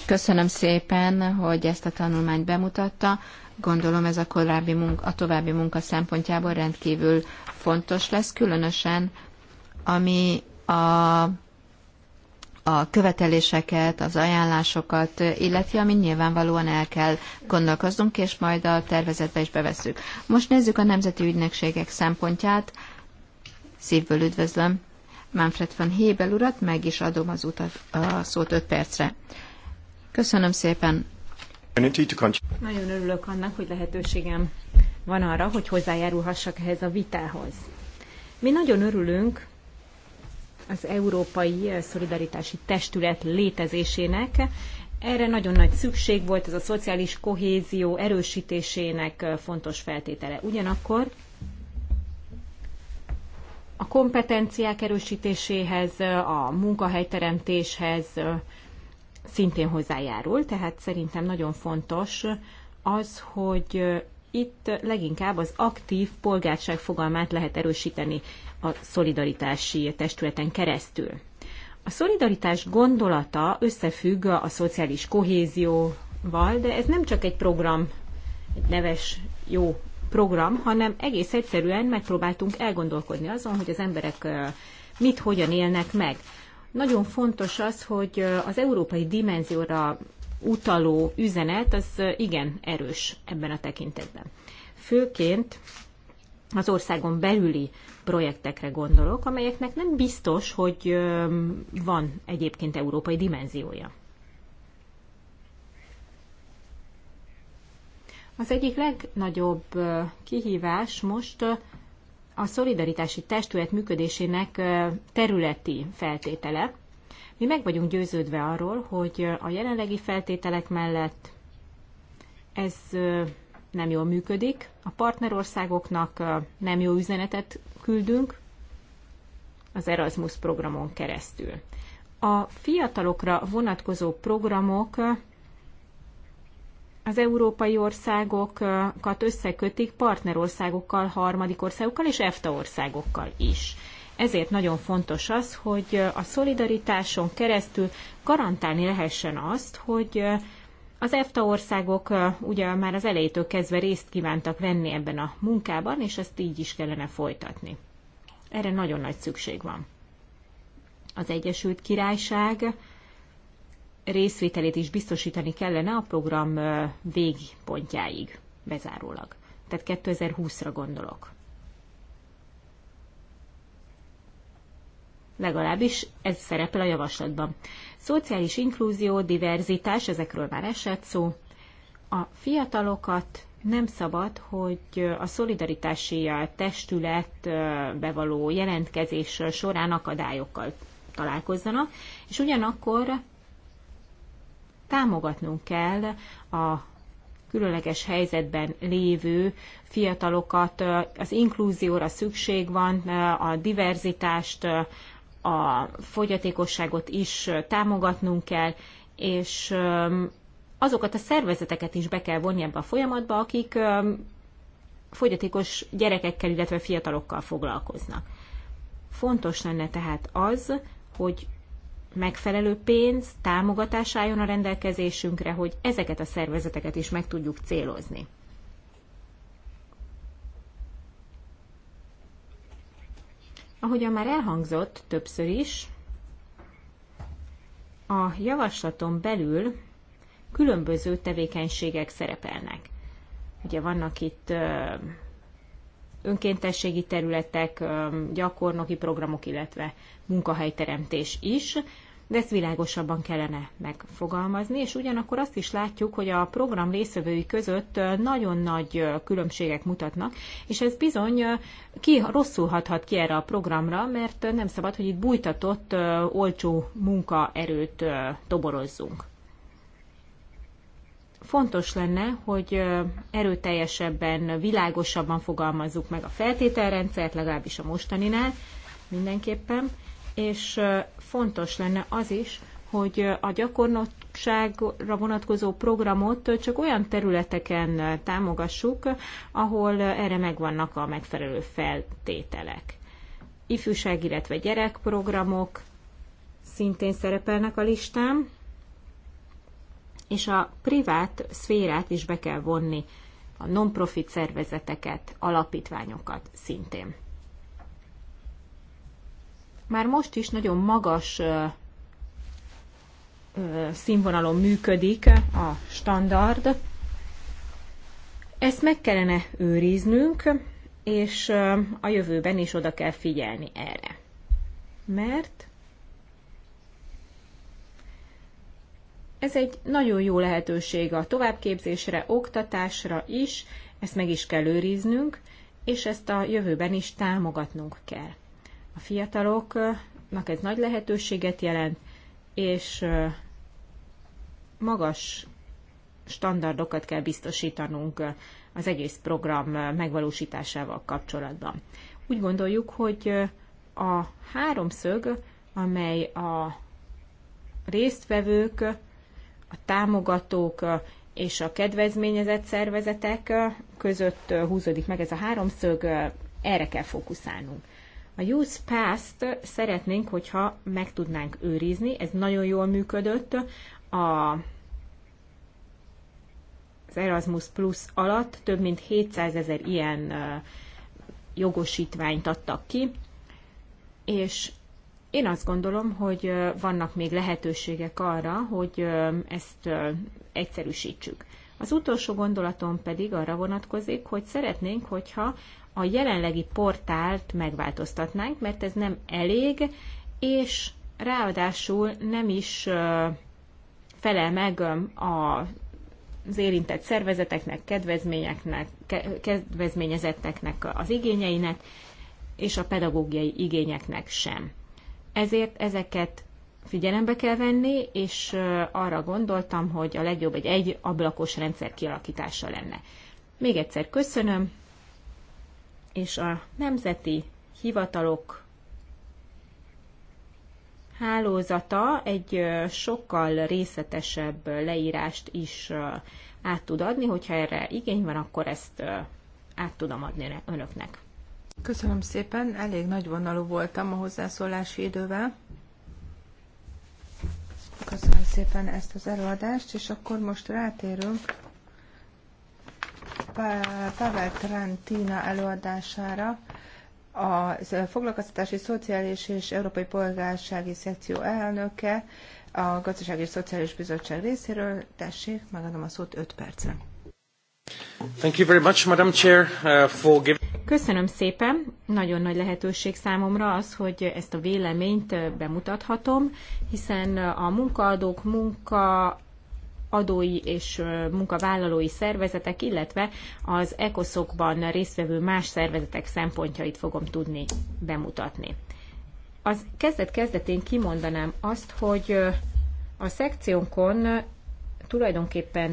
Köszönöm szépen, hogy ezt a tanulmányt bemutatta. Gondolom ez a, korábbi munka, a további munka szempontjából rendkívül fontos lesz, különösen ami a a követeléseket, az ajánlásokat illeti, amit nyilvánvalóan el kell gondolkoznunk, és majd a tervezetbe is bevesszük. Most nézzük a nemzeti ügynökségek szempontját. Szívből üdvözlöm Manfred van Hébel urat, meg is adom az utat, a szót öt percre. Köszönöm szépen. Nagyon örülök annak, hogy lehetőségem van arra, hogy hozzájárulhassak ehhez a vitához. Mi nagyon örülünk az Európai Szolidaritási Testület létezésének. Erre nagyon nagy szükség volt, ez a szociális kohézió erősítésének fontos feltétele. Ugyanakkor a kompetenciák erősítéséhez, a munkahelyteremtéshez szintén hozzájárul, tehát szerintem nagyon fontos az, hogy itt leginkább az aktív polgárság fogalmát lehet erősíteni a szolidaritási testületen keresztül. A szolidaritás gondolata összefügg a szociális kohézióval, de ez nem csak egy program, egy neves jó program, hanem egész egyszerűen megpróbáltunk elgondolkodni azon, hogy az emberek mit, hogyan élnek meg. Nagyon fontos az, hogy az európai dimenzióra utaló üzenet, az igen erős ebben a tekintetben. Főként az országon belüli projektekre gondolok, amelyeknek nem biztos, hogy van egyébként európai dimenziója. Az egyik legnagyobb kihívás most a szolidaritási testület működésének területi feltétele, mi meg vagyunk győződve arról, hogy a jelenlegi feltételek mellett ez nem jól működik, a partnerországoknak nem jó üzenetet küldünk az Erasmus programon keresztül. A fiatalokra vonatkozó programok az európai országokat összekötik partnerországokkal, harmadik országokkal és EFTA országokkal is. Ezért nagyon fontos az, hogy a szolidaritáson keresztül garantálni lehessen azt, hogy az EFTA országok ugye már az elejétől kezdve részt kívántak venni ebben a munkában, és ezt így is kellene folytatni. Erre nagyon nagy szükség van. Az Egyesült Királyság részvételét is biztosítani kellene a program végpontjáig, bezárólag. Tehát 2020-ra gondolok. legalábbis ez szerepel a javaslatban. Szociális inklúzió, diverzitás, ezekről már esett szó. A fiatalokat nem szabad, hogy a szolidaritási testület bevaló jelentkezés során akadályokkal találkozzanak, és ugyanakkor támogatnunk kell a különleges helyzetben lévő fiatalokat. Az inklúzióra szükség van, a diverzitást, a fogyatékosságot is támogatnunk kell, és azokat a szervezeteket is be kell vonni ebbe a folyamatba, akik fogyatékos gyerekekkel, illetve fiatalokkal foglalkoznak. Fontos lenne tehát az, hogy megfelelő pénz, támogatás álljon a rendelkezésünkre, hogy ezeket a szervezeteket is meg tudjuk célozni. Ahogyan már elhangzott többször is, a javaslaton belül különböző tevékenységek szerepelnek. Ugye vannak itt önkéntességi területek, gyakornoki programok, illetve munkahelyteremtés is de ezt világosabban kellene megfogalmazni, és ugyanakkor azt is látjuk, hogy a program részvevői között nagyon nagy különbségek mutatnak, és ez bizony ki rosszul hathat ki erre a programra, mert nem szabad, hogy itt bújtatott, olcsó munkaerőt toborozzunk fontos lenne, hogy erőteljesebben, világosabban fogalmazzuk meg a feltételrendszert, legalábbis a mostaninál mindenképpen, és fontos lenne az is, hogy a gyakornokságra vonatkozó programot csak olyan területeken támogassuk, ahol erre megvannak a megfelelő feltételek. Ifjúság, illetve gyerekprogramok szintén szerepelnek a listán, és a privát szférát is be kell vonni, a non-profit szervezeteket, alapítványokat szintén már most is nagyon magas színvonalon működik a standard. Ezt meg kellene őriznünk, és a jövőben is oda kell figyelni erre. Mert ez egy nagyon jó lehetőség a továbbképzésre, oktatásra is, ezt meg is kell őriznünk, és ezt a jövőben is támogatnunk kell. A fiataloknak ez nagy lehetőséget jelent, és magas standardokat kell biztosítanunk az egész program megvalósításával kapcsolatban. Úgy gondoljuk, hogy a háromszög, amely a résztvevők, a támogatók és a kedvezményezett szervezetek között húzódik meg ez a háromszög, erre kell fókuszálnunk. A Use Pass-t szeretnénk, hogyha meg tudnánk őrizni, ez nagyon jól működött a az Erasmus Plus alatt több mint 700 ezer ilyen jogosítványt adtak ki, és én azt gondolom, hogy vannak még lehetőségek arra, hogy ezt egyszerűsítsük. Az utolsó gondolatom pedig arra vonatkozik, hogy szeretnénk, hogyha a jelenlegi portált megváltoztatnánk, mert ez nem elég, és ráadásul nem is felel meg a az érintett szervezeteknek, kedvezményeknek, kedvezményezetteknek az igényeinek, és a pedagógiai igényeknek sem. Ezért ezeket figyelembe kell venni, és arra gondoltam, hogy a legjobb egy egy ablakos rendszer kialakítása lenne. Még egyszer köszönöm, és a nemzeti hivatalok hálózata egy sokkal részletesebb leírást is át tud adni, hogyha erre igény van, akkor ezt át tudom adni önöknek. Köszönöm szépen, elég nagy vonalú voltam a hozzászólási idővel. Köszönöm szépen ezt az előadást, és akkor most rátérünk Pavel Trantina előadására a Foglalkoztatási Szociális és Európai Polgársági Szekció elnöke a Gazdasági és Szociális Bizottság részéről. Tessék, megadom a szót 5 percre. Thank you very much, Madam Chair, uh, for giving... Köszönöm szépen, nagyon nagy lehetőség számomra az, hogy ezt a véleményt uh, bemutathatom, hiszen uh, a munkaadók, munka adói és munkavállalói szervezetek, illetve az ECOSZokban résztvevő más szervezetek szempontjait fogom tudni bemutatni. Az kezdet-kezdetén kimondanám azt, hogy a szekciónkon tulajdonképpen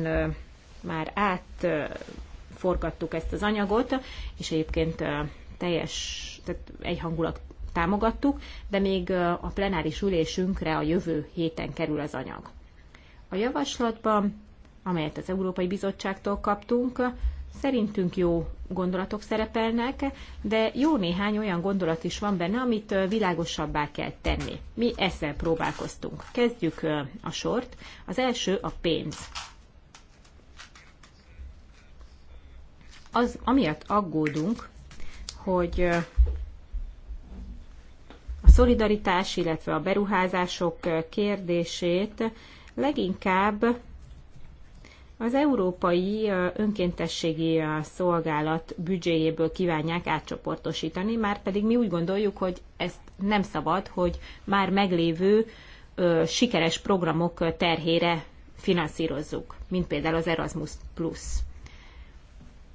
már átforgattuk ezt az anyagot, és egyébként teljes, tehát egyhangulag támogattuk, de még a plenáris ülésünkre a jövő héten kerül az anyag. A javaslatban, amelyet az Európai Bizottságtól kaptunk, szerintünk jó gondolatok szerepelnek, de jó néhány olyan gondolat is van benne, amit világosabbá kell tenni. Mi ezzel próbálkoztunk. Kezdjük a sort. Az első a pénz. Az, amiatt aggódunk, hogy a szolidaritás, illetve a beruházások kérdését Leginkább az Európai Önkéntességi Szolgálat büdzséjéből kívánják átcsoportosítani, már pedig mi úgy gondoljuk, hogy ezt nem szabad, hogy már meglévő sikeres programok terhére finanszírozzuk, mint például az Erasmus Plus.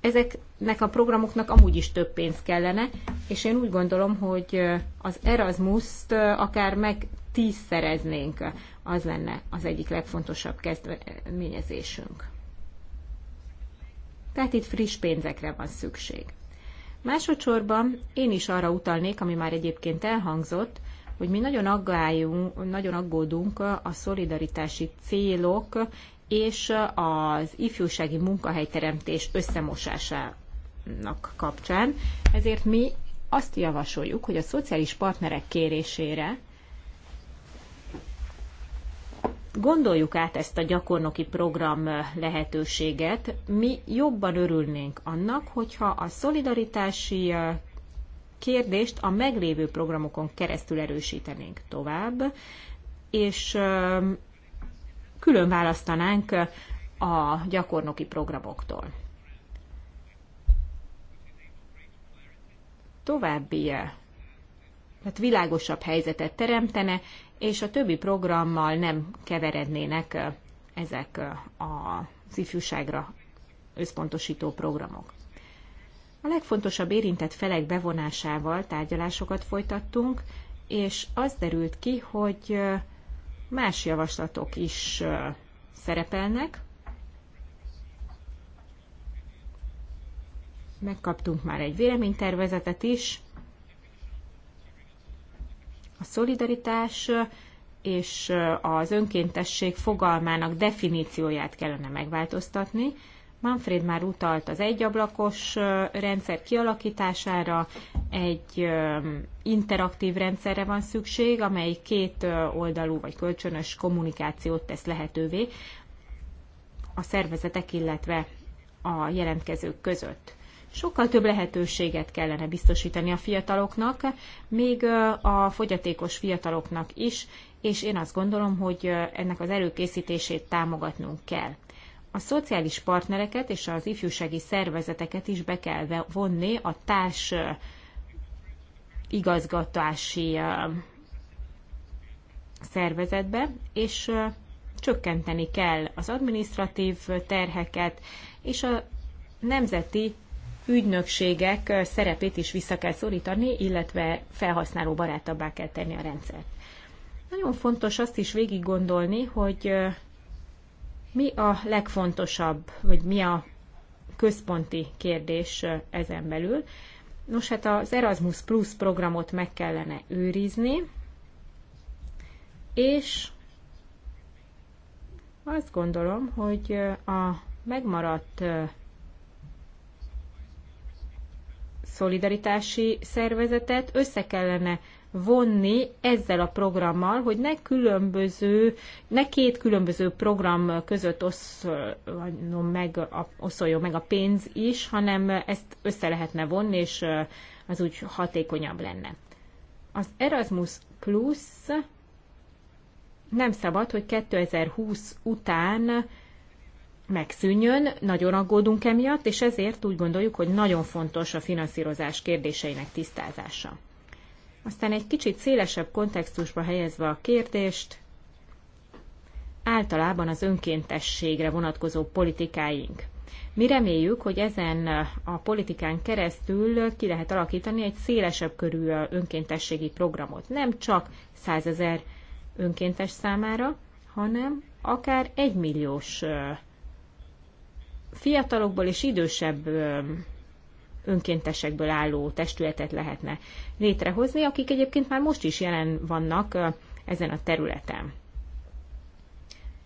Ezeknek a programoknak amúgy is több pénz kellene, és én úgy gondolom, hogy az Erasmus-t akár meg tízszereznénk, az lenne az egyik legfontosabb kezdeményezésünk. Tehát itt friss pénzekre van szükség. Másodszorban én is arra utalnék, ami már egyébként elhangzott, hogy mi nagyon, aggáljunk, nagyon aggódunk a szolidaritási célok és az ifjúsági munkahelyteremtés összemosásának kapcsán. Ezért mi azt javasoljuk, hogy a szociális partnerek kérésére Gondoljuk át ezt a gyakornoki program lehetőséget. Mi jobban örülnénk annak, hogyha a szolidaritási kérdést a meglévő programokon keresztül erősítenénk tovább, és külön választanánk a gyakornoki programoktól. További, tehát világosabb helyzetet teremtene, és a többi programmal nem keverednének ezek a ifjúságra összpontosító programok. A legfontosabb érintett felek bevonásával tárgyalásokat folytattunk, és az derült ki, hogy más javaslatok is szerepelnek. Megkaptunk már egy véleménytervezetet is, a szolidaritás és az önkéntesség fogalmának definícióját kellene megváltoztatni. Manfred már utalt az egyablakos rendszer kialakítására, egy interaktív rendszerre van szükség, amely két oldalú vagy kölcsönös kommunikációt tesz lehetővé a szervezetek, illetve a jelentkezők között. Sokkal több lehetőséget kellene biztosítani a fiataloknak, még a fogyatékos fiataloknak is, és én azt gondolom, hogy ennek az előkészítését támogatnunk kell. A szociális partnereket és az ifjúsági szervezeteket is be kell vonni a társ igazgatási szervezetbe, és csökkenteni kell az administratív terheket, és a nemzeti ügynökségek szerepét is vissza kell szorítani, illetve felhasználó barátabbá kell tenni a rendszert. Nagyon fontos azt is végig gondolni, hogy mi a legfontosabb, vagy mi a központi kérdés ezen belül. Nos, hát az Erasmus Plus programot meg kellene őrizni, és azt gondolom, hogy a megmaradt szolidaritási szervezetet össze kellene vonni ezzel a programmal, hogy ne különböző, ne két különböző program között oszoljon meg, a, oszoljon meg a pénz is, hanem ezt össze lehetne vonni, és az úgy hatékonyabb lenne. Az Erasmus Plus nem szabad, hogy 2020 után megszűnjön, nagyon aggódunk emiatt, és ezért úgy gondoljuk, hogy nagyon fontos a finanszírozás kérdéseinek tisztázása. Aztán egy kicsit szélesebb kontextusba helyezve a kérdést, általában az önkéntességre vonatkozó politikáink. Mi reméljük, hogy ezen a politikán keresztül ki lehet alakítani egy szélesebb körű önkéntességi programot. Nem csak 100 ezer önkéntes számára, hanem akár egymilliós milliós fiatalokból és idősebb önkéntesekből álló testületet lehetne létrehozni, akik egyébként már most is jelen vannak ezen a területen.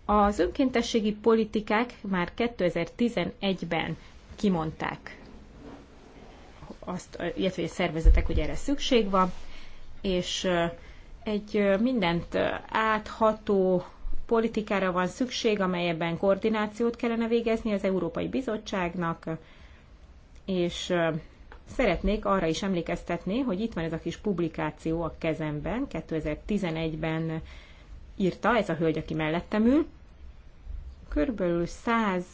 Az önkéntességi politikák már 2011-ben kimondták azt, illetve hogy a szervezetek, hogy erre szükség van, és egy mindent átható politikára van szükség, amelyben koordinációt kellene végezni az Európai Bizottságnak, és szeretnék arra is emlékeztetni, hogy itt van ez a kis publikáció a kezemben, 2011-ben írta ez a hölgy, aki mellettem ül. Körülbelül 100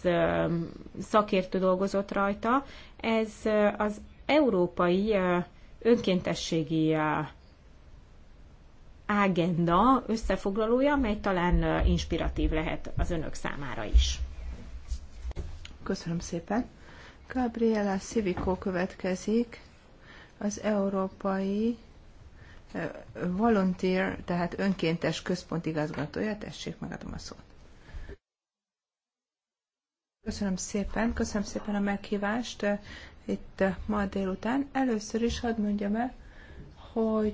szakértő dolgozott rajta. Ez az európai önkéntességi agenda összefoglalója, mely talán inspiratív lehet az önök számára is. Köszönöm szépen. Gabriela Civico következik, az Európai Volunteer, tehát önkéntes központ igazgatója. Tessék, megadom a szót. Köszönöm szépen, köszönöm szépen a meghívást itt ma délután. Először is hadd mondjam el, hogy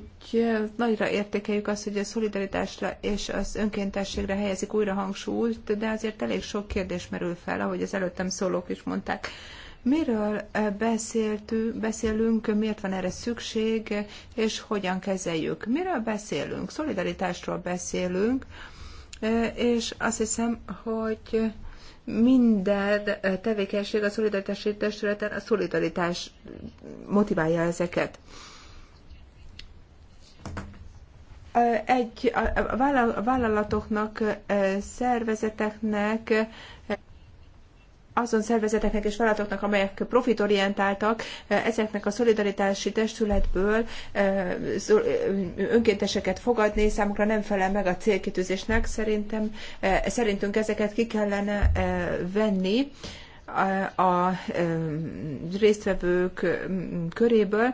nagyra értékeljük azt, hogy a szolidaritásra és az önkéntességre helyezik újra hangsúlyt, de azért elég sok kérdés merül fel, ahogy az előttem szólók is mondták. Miről beszéltünk, beszélünk, miért van erre szükség, és hogyan kezeljük? Miről beszélünk? Szolidaritásról beszélünk, és azt hiszem, hogy minden tevékenység a szolidaritási testületen a szolidaritás motiválja ezeket egy a vállalatoknak, szervezeteknek, azon szervezeteknek és vállalatoknak, amelyek profitorientáltak, ezeknek a szolidaritási testületből önkénteseket fogadni számukra nem felel meg a célkitűzésnek. Szerintem, szerintünk ezeket ki kellene venni a résztvevők köréből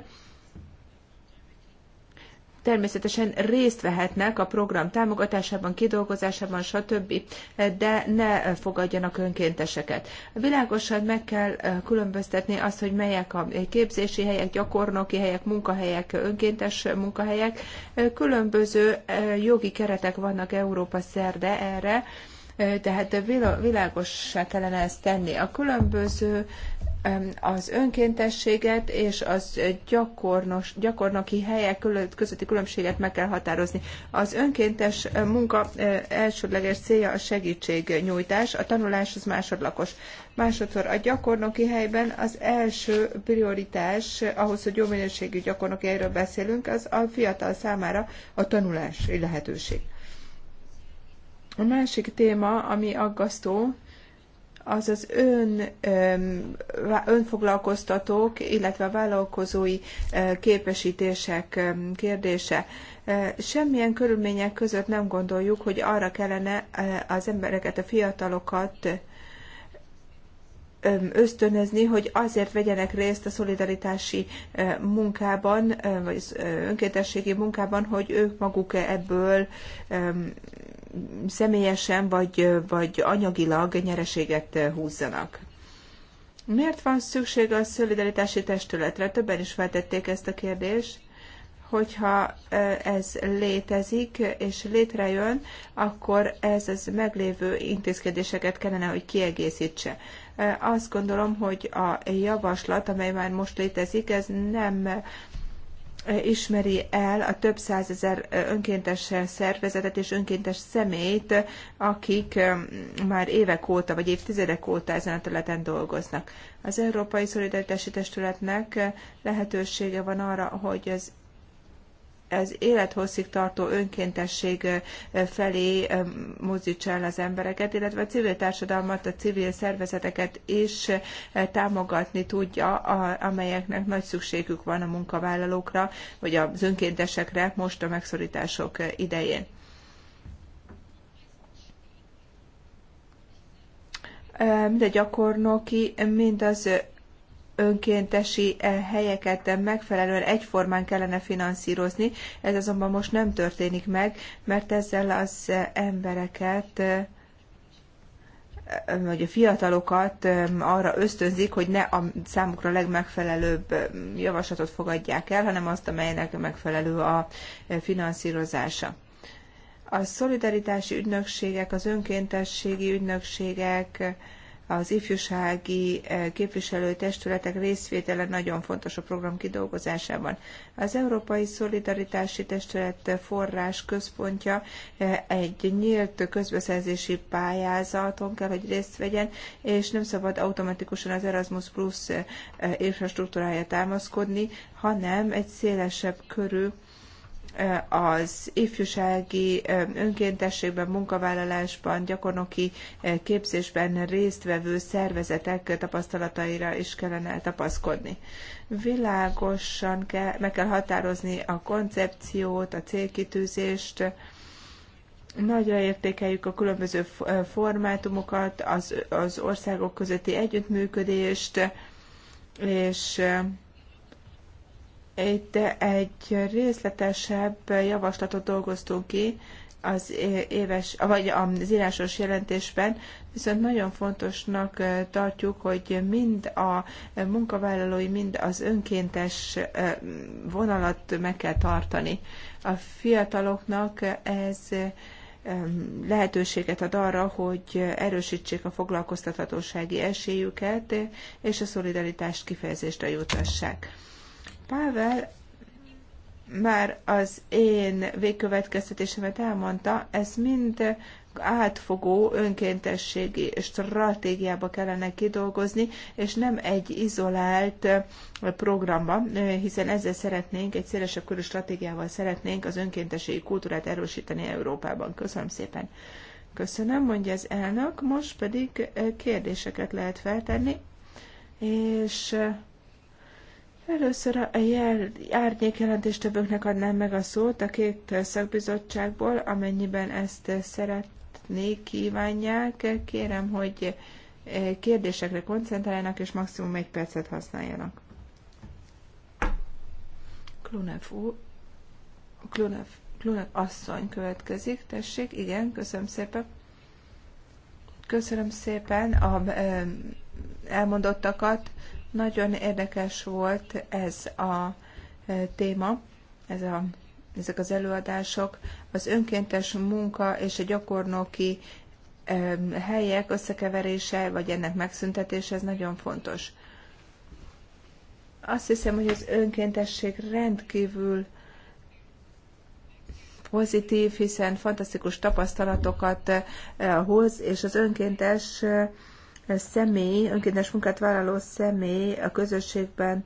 természetesen részt vehetnek a program támogatásában, kidolgozásában, stb., de ne fogadjanak önkénteseket. Világosan meg kell eh, különböztetni azt, hogy melyek a képzési helyek, gyakornoki helyek, munkahelyek, önkéntes munkahelyek. Eh, különböző eh, jogi keretek vannak Európa szerde erre, tehát világossá kellene ezt tenni. A különböző az önkéntességet és az gyakornos, gyakornoki helyek közötti különbséget meg kell határozni. Az önkéntes munka elsődleges célja a segítségnyújtás, a tanulás az másodlagos. Másodszor a gyakornoki helyben az első prioritás, ahhoz, hogy jó minőségű gyakornoki helyről beszélünk, az a fiatal számára a tanulási lehetőség. A másik téma, ami aggasztó, az az ön, önfoglalkoztatók, illetve a vállalkozói képesítések kérdése. Semmilyen körülmények között nem gondoljuk, hogy arra kellene az embereket, a fiatalokat ösztönözni, hogy azért vegyenek részt a szolidaritási munkában, vagy önkéntességi munkában, hogy ők maguk ebből személyesen vagy, vagy anyagilag nyereséget húzzanak. Miért van szükség a szolidaritási testületre? Többen is feltették ezt a kérdést hogyha ez létezik és létrejön, akkor ez az meglévő intézkedéseket kellene, hogy kiegészítse. Azt gondolom, hogy a javaslat, amely már most létezik, ez nem ismeri el a több százezer önkéntes szervezetet és önkéntes személyt, akik már évek óta vagy évtizedek óta ezen a területen dolgoznak. Az Európai Szolidaritási Testületnek lehetősége van arra, hogy az az élethosszig tartó önkéntesség felé mozdítsa el az embereket, illetve a civil társadalmat, a civil szervezeteket is támogatni tudja, amelyeknek nagy szükségük van a munkavállalókra, vagy az önkéntesekre most a megszorítások idején. mind a gyakornoki, mind az önkéntesi eh, helyeket megfelelően egyformán kellene finanszírozni. Ez azonban most nem történik meg, mert ezzel az eh, embereket eh, vagy a fiatalokat arra ösztönzik, hogy ne a számukra legmegfelelőbb javaslatot fogadják el, hanem azt, amelynek megfelelő a finanszírozása. A szolidaritási ügynökségek, az önkéntességi ügynökségek, az ifjúsági eh, képviselőtestületek részvétele nagyon fontos a program kidolgozásában. Az Európai Szolidaritási Testület forrás központja eh, egy nyílt közbeszerzési pályázaton kell, hogy részt vegyen, és nem szabad automatikusan az Erasmus Plus eh, infrastruktúrája támaszkodni, hanem egy szélesebb körű az ifjúsági önkéntességben, munkavállalásban, gyakornoki képzésben résztvevő szervezetek tapasztalataira is kellene tapaszkodni. Világosan kell, meg kell határozni a koncepciót, a célkitűzést, Nagyra értékeljük a különböző formátumokat, az, az országok közötti együttműködést, és itt egy részletesebb javaslatot dolgoztunk ki az éves, vagy az írásos jelentésben, viszont nagyon fontosnak tartjuk, hogy mind a munkavállalói, mind az önkéntes vonalat meg kell tartani. A fiataloknak ez lehetőséget ad arra, hogy erősítsék a foglalkoztathatósági esélyüket, és a szolidaritást kifejezésre jutassák. Pável már az én végkövetkeztetésemet elmondta, ez mind átfogó önkéntességi stratégiába kellene kidolgozni, és nem egy izolált programba, hiszen ezzel szeretnénk, egy szélesebb körű stratégiával szeretnénk az önkéntességi kultúrát erősíteni Európában. Köszönöm szépen! Köszönöm, mondja az elnök, most pedig kérdéseket lehet feltenni, és Először a jel, árnyék jelentéstevőknek adnám meg a szót a két szakbizottságból, amennyiben ezt szeretnék, kívánják. Kérem, hogy eh, kérdésekre koncentráljanak, és maximum egy percet használjanak. Klunef, úr, Klunef, Klunef asszony következik, tessék, igen, köszönöm szépen. Köszönöm szépen a eh, elmondottakat nagyon érdekes volt ez a e, téma, ez a, ezek az előadások. Az önkéntes munka és a gyakornoki e, helyek összekeverése, vagy ennek megszüntetése, ez nagyon fontos. Azt hiszem, hogy az önkéntesség rendkívül pozitív, hiszen fantasztikus tapasztalatokat e, hoz, és az önkéntes személy, önkéntes munkát vállaló személy a közösségben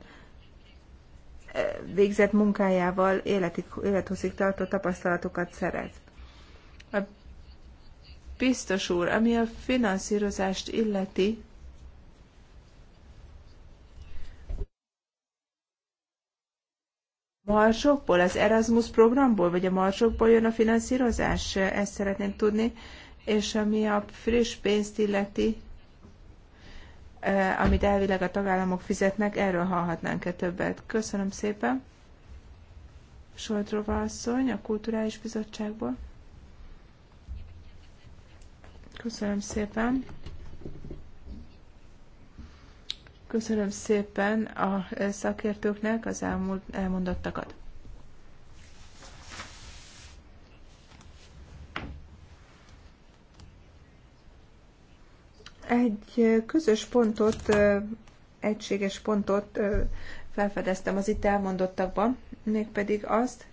eh, végzett munkájával élethosszig tartó tapasztalatokat szerez. A biztos úr, ami a finanszírozást illeti, marsokból, az Erasmus programból, vagy a marsokból jön a finanszírozás? Ezt szeretném tudni. És ami a friss pénzt illeti, amit elvileg a tagállamok fizetnek, erről hallhatnánk-e többet. Köszönöm szépen. Soltrova asszony a Kulturális Bizottságból. Köszönöm szépen. Köszönöm szépen a szakértőknek az elmúlt elmondottakat. Egy közös pontot, egységes pontot felfedeztem az itt elmondottakban, mégpedig azt,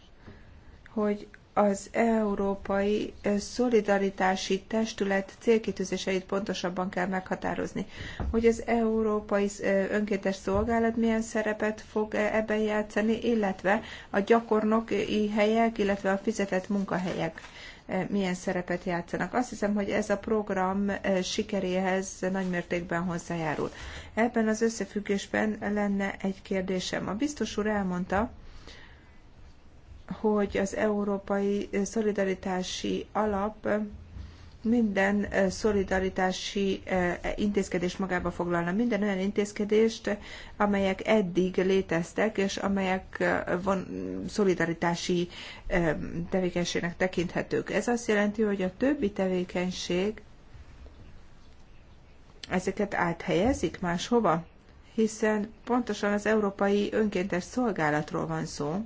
hogy az Európai Szolidaritási Testület célkitűzéseit pontosabban kell meghatározni. Hogy az Európai Önkéntes Szolgálat milyen szerepet fog e, ebben játszani, illetve a gyakornoki helyek, illetve a fizetett munkahelyek Eh, milyen szerepet játszanak. Azt hiszem, hogy ez a program eh, sikeréhez nagymértékben hozzájárul. Ebben az összefüggésben lenne egy kérdésem. A biztos úr elmondta, hogy az Európai Szolidaritási Alap minden szolidaritási e, intézkedést magába foglalna, minden olyan intézkedést, amelyek eddig léteztek, és amelyek von szolidaritási tevékenységnek tekinthetők. Ez azt jelenti, hogy a többi tevékenység ezeket áthelyezik máshova, hiszen pontosan az Európai Önkéntes Szolgálatról van szó,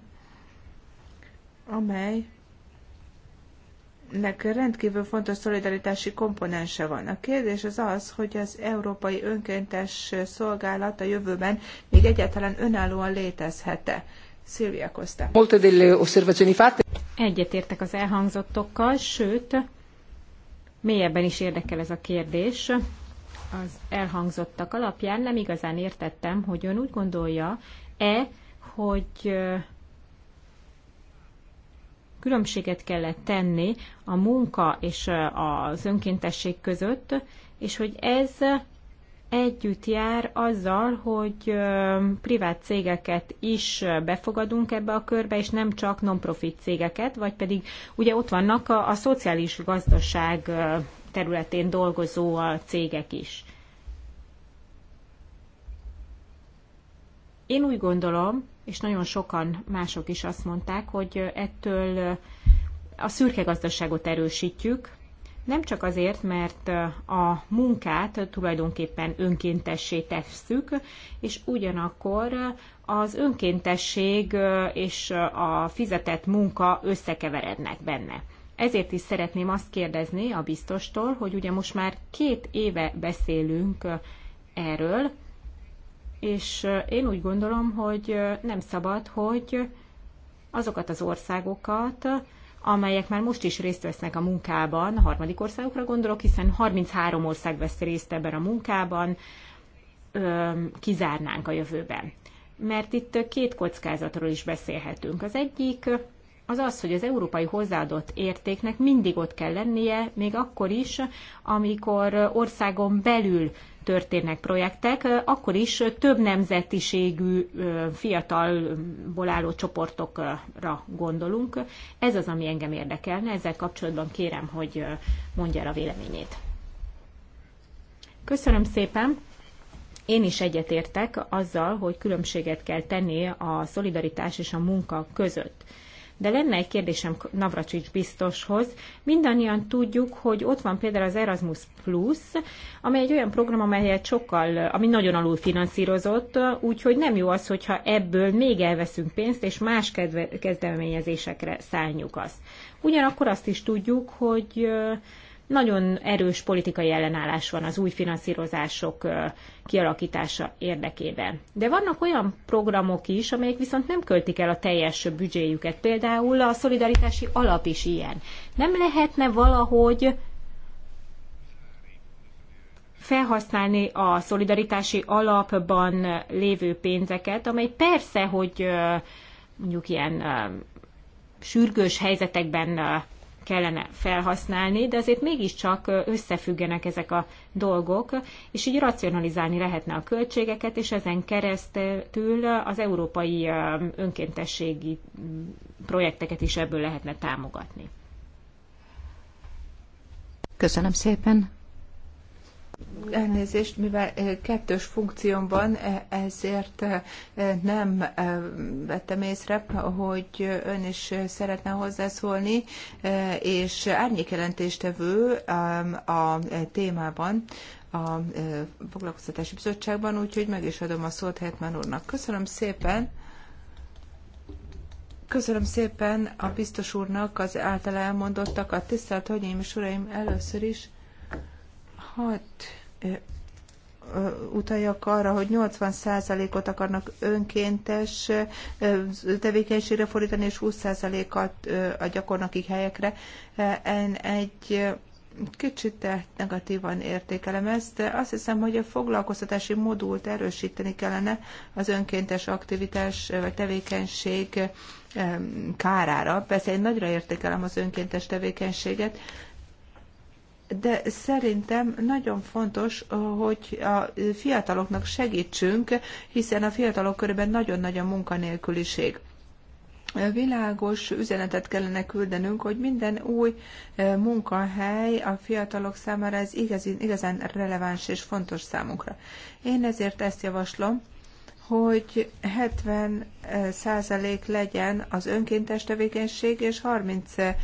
amely ennek rendkívül fontos szolidaritási komponense van. A kérdés az az, hogy az Európai Önkéntes Szolgálat a jövőben még egyáltalán önállóan létezhet-e. Szilvia Costa. Egyetértek az elhangzottokkal, sőt, mélyebben is érdekel ez a kérdés. Az elhangzottak alapján nem igazán értettem, hogy ön úgy gondolja-e, hogy különbséget kellett tenni a munka és az önkéntesség között, és hogy ez együtt jár azzal, hogy privát cégeket is befogadunk ebbe a körbe, és nem csak non-profit cégeket, vagy pedig ugye ott vannak a, a szociális gazdaság területén dolgozó a cégek is. Én úgy gondolom, és nagyon sokan mások is azt mondták, hogy ettől a szürke gazdaságot erősítjük, nem csak azért, mert a munkát tulajdonképpen önkéntessé tesszük, és ugyanakkor az önkéntesség és a fizetett munka összekeverednek benne. Ezért is szeretném azt kérdezni a biztostól, hogy ugye most már két éve beszélünk erről, és én úgy gondolom, hogy nem szabad, hogy azokat az országokat, amelyek már most is részt vesznek a munkában, a harmadik országokra gondolok, hiszen 33 ország vesz részt ebben a munkában, kizárnánk a jövőben. Mert itt két kockázatról is beszélhetünk. Az egyik az az, hogy az európai hozzáadott értéknek mindig ott kell lennie, még akkor is, amikor országon belül történnek projektek, akkor is több nemzetiségű fiatalból álló csoportokra gondolunk. Ez az, ami engem érdekelne, ezzel kapcsolatban kérem, hogy mondja el a véleményét. Köszönöm szépen! Én is egyetértek azzal, hogy különbséget kell tenni a szolidaritás és a munka között. De lenne egy kérdésem Navracsics biztoshoz. Mindannyian tudjuk, hogy ott van például az Erasmus Plus, amely egy olyan program, amelyet sokkal, ami nagyon alul finanszírozott, úgyhogy nem jó az, hogyha ebből még elveszünk pénzt, és más kezdeményezésekre szálljuk azt. Ugyanakkor azt is tudjuk, hogy nagyon erős politikai ellenállás van az új finanszírozások kialakítása érdekében. De vannak olyan programok is, amelyek viszont nem költik el a teljes büdzséjüket. Például a szolidaritási alap is ilyen. Nem lehetne valahogy felhasználni a szolidaritási alapban lévő pénzeket, amely persze, hogy mondjuk ilyen sürgős helyzetekben kellene felhasználni, de azért mégiscsak összefüggenek ezek a dolgok, és így racionalizálni lehetne a költségeket, és ezen keresztül az európai önkéntességi mm, projekteket is ebből lehetne támogatni. Köszönöm szépen. Elnézést, mivel kettős funkcióm van, e, ezért nem vettem észre, hogy ön is szeretne hozzászólni, és árnyékelentéstevő a e, témában a e, foglalkoztatási bizottságban, úgyhogy meg is adom a szót Hetman úrnak. Köszönöm szépen! Köszönöm szépen a biztos úrnak az által elmondottakat. Tisztelt Hölgyeim és Uraim, először is hadd utaljak arra, hogy 80%-ot akarnak önkéntes tevékenységre fordítani, és 20%-at a gyakornoki helyekre. En egy kicsit negatívan értékelem ezt. Azt hiszem, hogy a foglalkoztatási modult erősíteni kellene az önkéntes aktivitás vagy tevékenység kárára. Persze én nagyra értékelem az önkéntes tevékenységet, de szerintem nagyon fontos, hogy a fiataloknak segítsünk, hiszen a fiatalok körében nagyon nagy a munkanélküliség. Világos üzenetet kellene küldenünk, hogy minden új e, munkahely a fiatalok számára ez igazán releváns és fontos számunkra. Én ezért ezt javaslom, hogy 70 eh, százalék legyen az önkéntes tevékenység, és 30 eh,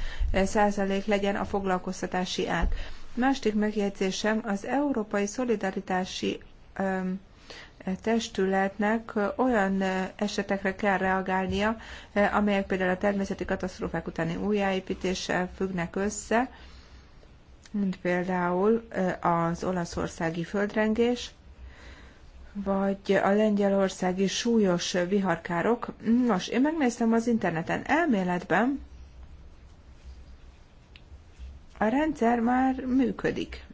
százalék legyen a foglalkoztatási ág. Másik megjegyzésem, az Európai Szolidaritási testületnek eh, olyan esetekre kell reagálnia, amelyek például a természeti katasztrófák utáni újjáépítéssel függnek össze, mint például az olaszországi földrengés, vagy a lengyelországi súlyos viharkárok. Nos, én megnéztem az interneten. Elméletben a rendszer már működik.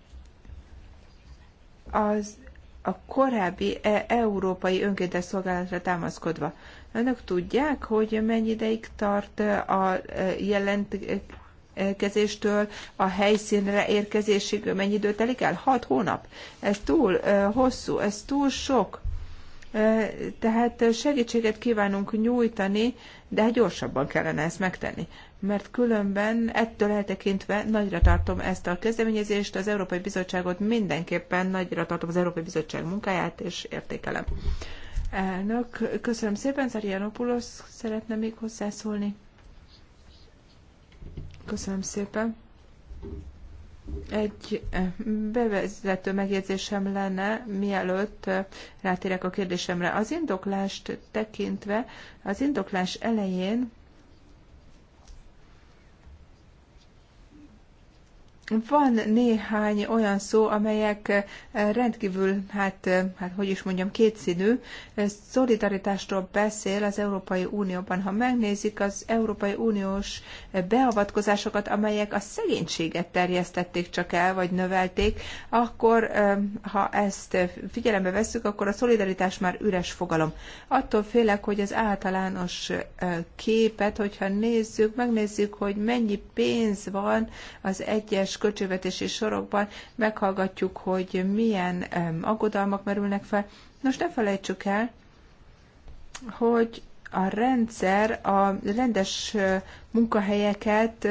Az a korábbi e európai önkéntes szolgálatra támaszkodva. Önök tudják, hogy mennyi ideig tart a e, jelent, érkezéstől a helyszínre érkezésig mennyi idő telik el? Hat hónap. Ez túl hosszú, ez túl sok. Tehát segítséget kívánunk nyújtani, de gyorsabban kellene ezt megtenni. Mert különben ettől eltekintve nagyra tartom ezt a kezdeményezést, az Európai Bizottságot mindenképpen nagyra tartom az Európai Bizottság munkáját, és értékelem. Elnök, köszönöm szépen, Zarianopoulos szeretne még hozzászólni. Köszönöm szépen. Egy eh, bevezető megjegyzésem lenne, mielőtt eh, rátérek a kérdésemre. Az indoklást tekintve, az indoklás elején Van néhány olyan szó, amelyek eh, rendkívül, hát, eh, hát hogy is mondjam, kétszínű. Eh, szolidaritásról beszél az Európai Unióban. Ha megnézik az Európai Uniós beavatkozásokat, amelyek a szegénységet terjesztették csak el, vagy növelték, akkor ha ezt figyelembe vesszük, akkor a szolidaritás már üres fogalom. Attól félek, hogy az általános képet, hogyha nézzük, megnézzük, hogy mennyi pénz van az egyes költségvetési sorokban meghallgatjuk, hogy milyen aggodalmak merülnek fel. Nos, ne felejtsük el, hogy a rendszer a rendes munkahelyeket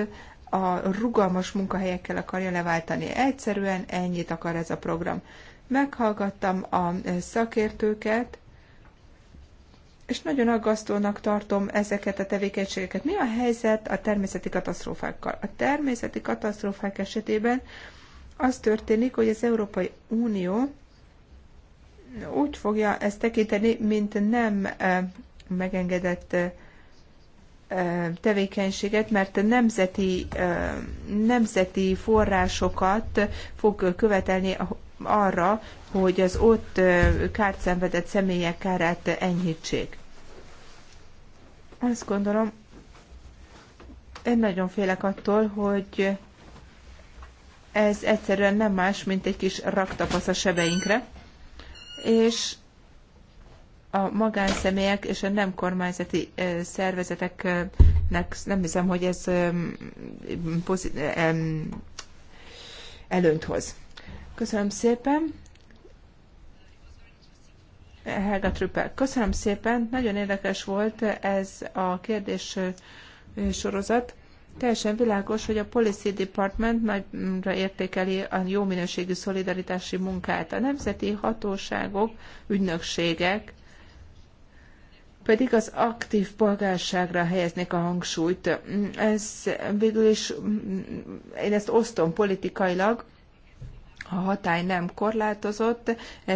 a rugalmas munkahelyekkel akarja leváltani. Egyszerűen ennyit akar ez a program. Meghallgattam a szakértőket, és nagyon aggasztónak tartom ezeket a tevékenységeket. Mi a helyzet a természeti katasztrófákkal? A természeti katasztrófák esetében az történik, hogy az Európai Unió úgy fogja ezt tekinteni, mint nem e, megengedett e, e, tevékenységet, mert nemzeti, nemzeti forrásokat fog követelni arra, hogy az ott kárt szenvedett személyek kárát enyhítsék. Azt gondolom, én nagyon félek attól, hogy ez egyszerűen nem más, mint egy kis raktapasz a sebeinkre, és a magánszemélyek és a nem kormányzati szervezeteknek nem hiszem, hogy ez előnyt hoz. Köszönöm szépen. Helga Trüppel. Köszönöm szépen, nagyon érdekes volt ez a kérdés sorozat. Teljesen világos, hogy a Policy Department nagyra értékeli a jó minőségű szolidaritási munkát. A nemzeti hatóságok, ügynökségek pedig az aktív polgárságra helyeznék a hangsúlyt. Ez végül is, mm, én ezt osztom politikailag, a hatály nem korlátozott,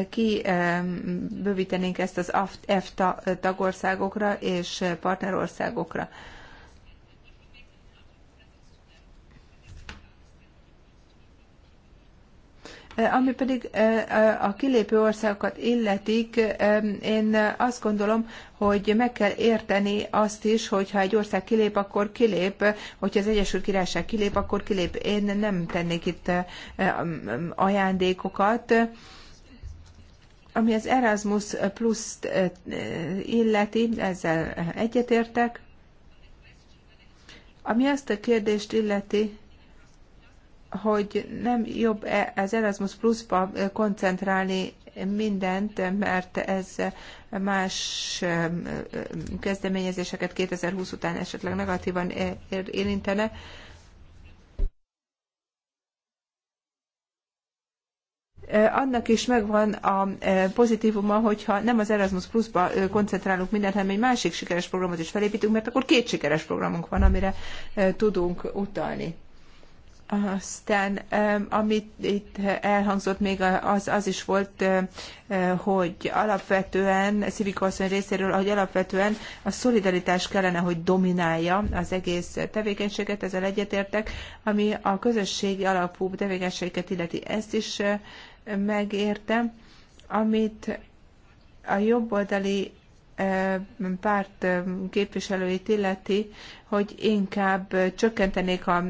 ki eh, bővítenénk ezt az EFTA tagországokra és partnerországokra. Ami pedig a kilépő országokat illetik, én azt gondolom, hogy meg kell érteni azt is, hogy ha egy ország kilép, akkor kilép, hogyha az Egyesült Királyság kilép, akkor kilép. Én nem tennék itt ajándékokat. Ami az Erasmus plus illeti, ezzel egyetértek. Ami azt a kérdést illeti, hogy nem jobb e az Erasmus Plus-ba eh, koncentrálni mindent, mert ez más eh, eh, kezdeményezéseket 2020 után esetleg negatívan érintene. annak is megvan a pozitívuma, hogyha nem az Erasmus Plus-ba koncentrálunk mindent, hanem egy másik sikeres programot is felépítünk, mert akkor két sikeres programunk van, amire tudunk utalni. Aztán, amit itt elhangzott még, az, az is volt, hogy alapvetően, Szivika asszony részéről, hogy alapvetően a szolidaritás kellene, hogy dominálja az egész tevékenységet, ezzel egyetértek, ami a közösségi alapú tevékenységet illeti, ezt is megértem, amit a jobboldali párt képviselőit illeti, hogy inkább csökkentenék a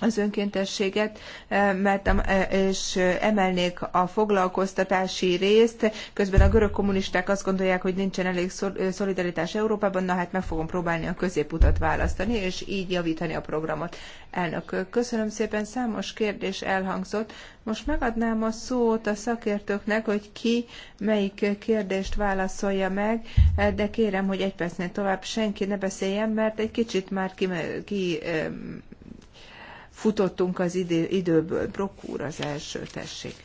az önkéntességet, eh, mert eh, és emelnék a foglalkoztatási részt, közben a görög kommunisták azt gondolják, hogy nincsen elég eh, szolidaritás Európában, na hát meg fogom próbálni a középutat választani, és így javítani a programot. Elnök, köszönöm szépen, számos kérdés elhangzott. Most megadnám a szót a szakértőknek, hogy ki melyik kérdést válaszolja meg, de kérem, hogy egy percnél tovább senki ne beszéljen, mert egy kicsit már ki, ki futottunk az idő, időből. úr az első, tessék.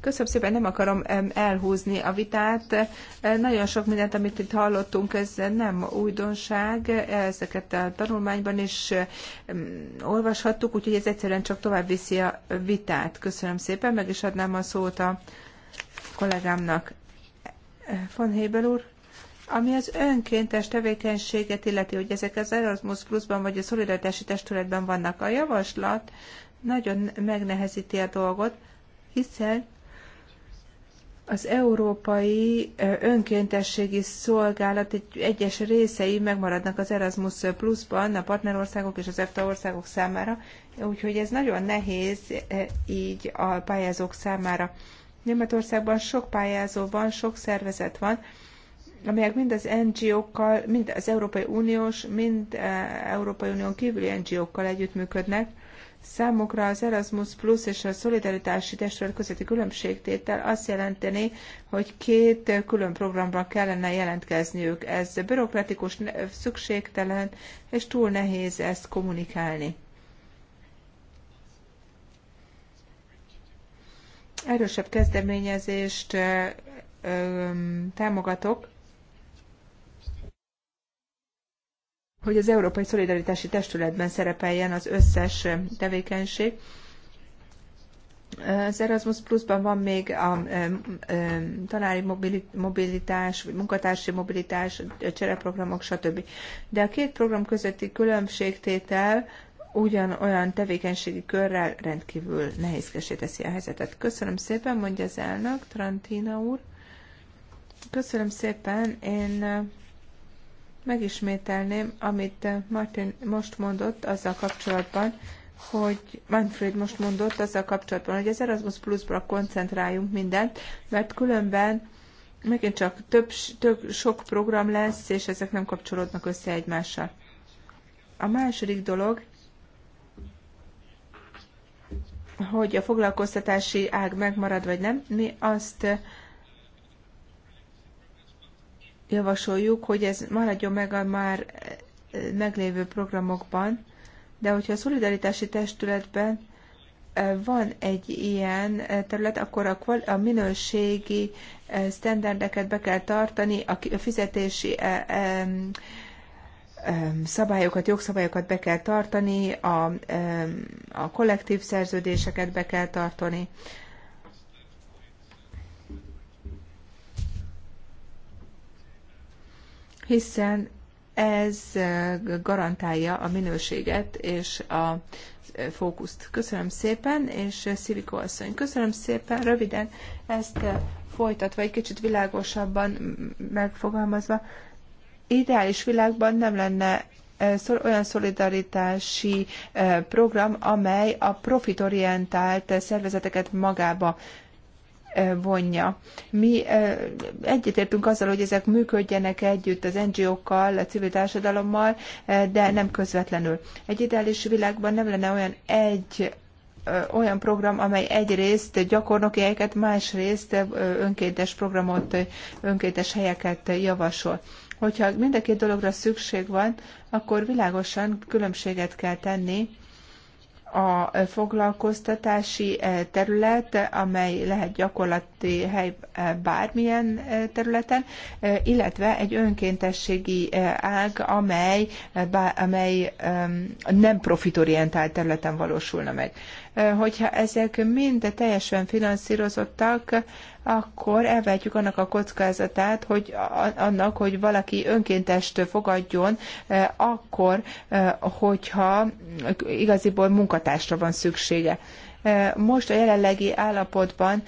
Köszönöm szépen, nem akarom elhúzni a vitát. Nagyon sok mindent, amit itt hallottunk, ez nem újdonság. Ezeket a tanulmányban is olvashattuk, úgyhogy ez egyszerűen csak tovább viszi a vitát. Köszönöm szépen, meg is adnám a szót a kollégámnak, von Hebel úr, ami az önkéntes tevékenységet illeti, hogy ezek az Erasmus pluszban vagy a Szolidaritási Testületben vannak. A javaslat nagyon megnehezíti a dolgot, hiszen az Európai Önkéntességi Szolgálat egy, egyes részei megmaradnak az Erasmus pluszban, a partnerországok és az EFTA országok számára, úgyhogy ez nagyon nehéz így a pályázók számára Németországban sok pályázó van, sok szervezet van, amelyek mind az NGO-kkal, mind az Európai Uniós, mind eh, Európai Unión kívüli NGO-kkal együttműködnek. Számukra az Erasmus Plus és a Szolidaritási Testület közötti különbségtétel azt jelenteni, hogy két külön programban kellene jelentkezniük. Ez bürokratikus, szükségtelen, és túl nehéz ezt kommunikálni. erősebb kezdeményezést támogatok, hogy az Európai Szolidaritási Testületben szerepeljen az összes tevékenység. Az Erasmus Plus-ban van még a tanári mobilitás, vagy munkatársi mobilitás, csereprogramok, stb. De a két program közötti különbségtétel ugyanolyan tevékenységi körrel rendkívül nehézkesé teszi a helyzetet. Köszönöm szépen, mondja az elnök, Trantina úr. Köszönöm szépen, én megismételném, amit Martin most mondott azzal kapcsolatban, hogy Manfred most mondott azzal kapcsolatban, hogy az Erasmus Plus-ra koncentráljunk mindent, mert különben megint csak több, több sok program lesz, és ezek nem kapcsolódnak össze egymással. A második dolog, hogy a foglalkoztatási ág megmarad vagy nem, mi azt javasoljuk, hogy ez maradjon meg a már meglévő programokban, de hogyha a szolidaritási testületben e, van egy ilyen e, terület, akkor a, a minőségi e, sztenderdeket be kell tartani, a fizetési szabályokat, jogszabályokat be kell tartani, a, a kollektív szerződéseket be kell tartani. Hiszen ez eh, garantálja a minőséget és a eh, fókuszt. Köszönöm szépen, és eh, Sziviko asszony, köszönöm szépen, röviden ezt folytatva, egy kicsit világosabban megfogalmazva, ideális világban nem lenne olyan szolidaritási program, amely a profitorientált szervezeteket magába vonja. Mi egyetértünk azzal, hogy ezek működjenek együtt az NGO-kkal, a civil társadalommal, de nem közvetlenül. Egy ideális világban nem lenne olyan egy olyan program, amely egyrészt gyakornoki helyeket, másrészt önkéntes programot, önkéntes helyeket javasol. Hogyha mind a két dologra szükség van, akkor világosan különbséget kell tenni a foglalkoztatási eh, terület, amely lehet gyakorlati hely eh, bármilyen eh, területen, illetve egy önkéntességi ág, amely, amely nem profitorientált területen valósulna meg hogyha ezek mind teljesen finanszírozottak, akkor elvetjük annak a kockázatát, hogy annak, hogy valaki önkéntest fogadjon, akkor, hogyha igaziból munkatársra van szüksége. Most a jelenlegi állapotban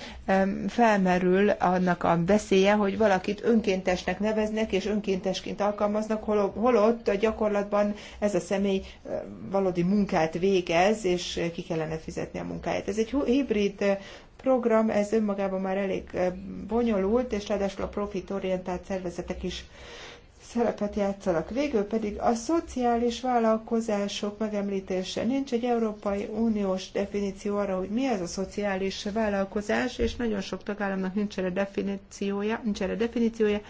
felmerül annak a veszélye, hogy valakit önkéntesnek neveznek és önkéntesként alkalmaznak, holott a gyakorlatban ez a személy valódi munkát végez, és ki kellene fizetni a munkáját. Ez egy hibrid program, ez önmagában már elég bonyolult, és ráadásul a profitorientált szervezetek is szerepet játszanak. Végül pedig a szociális vállalkozások megemlítése. Nincs egy Európai Uniós definíció arra, hogy mi ez a szociális vállalkozás, és nagyon sok tagállamnak nincs erre definíciója, nincs erre definíciója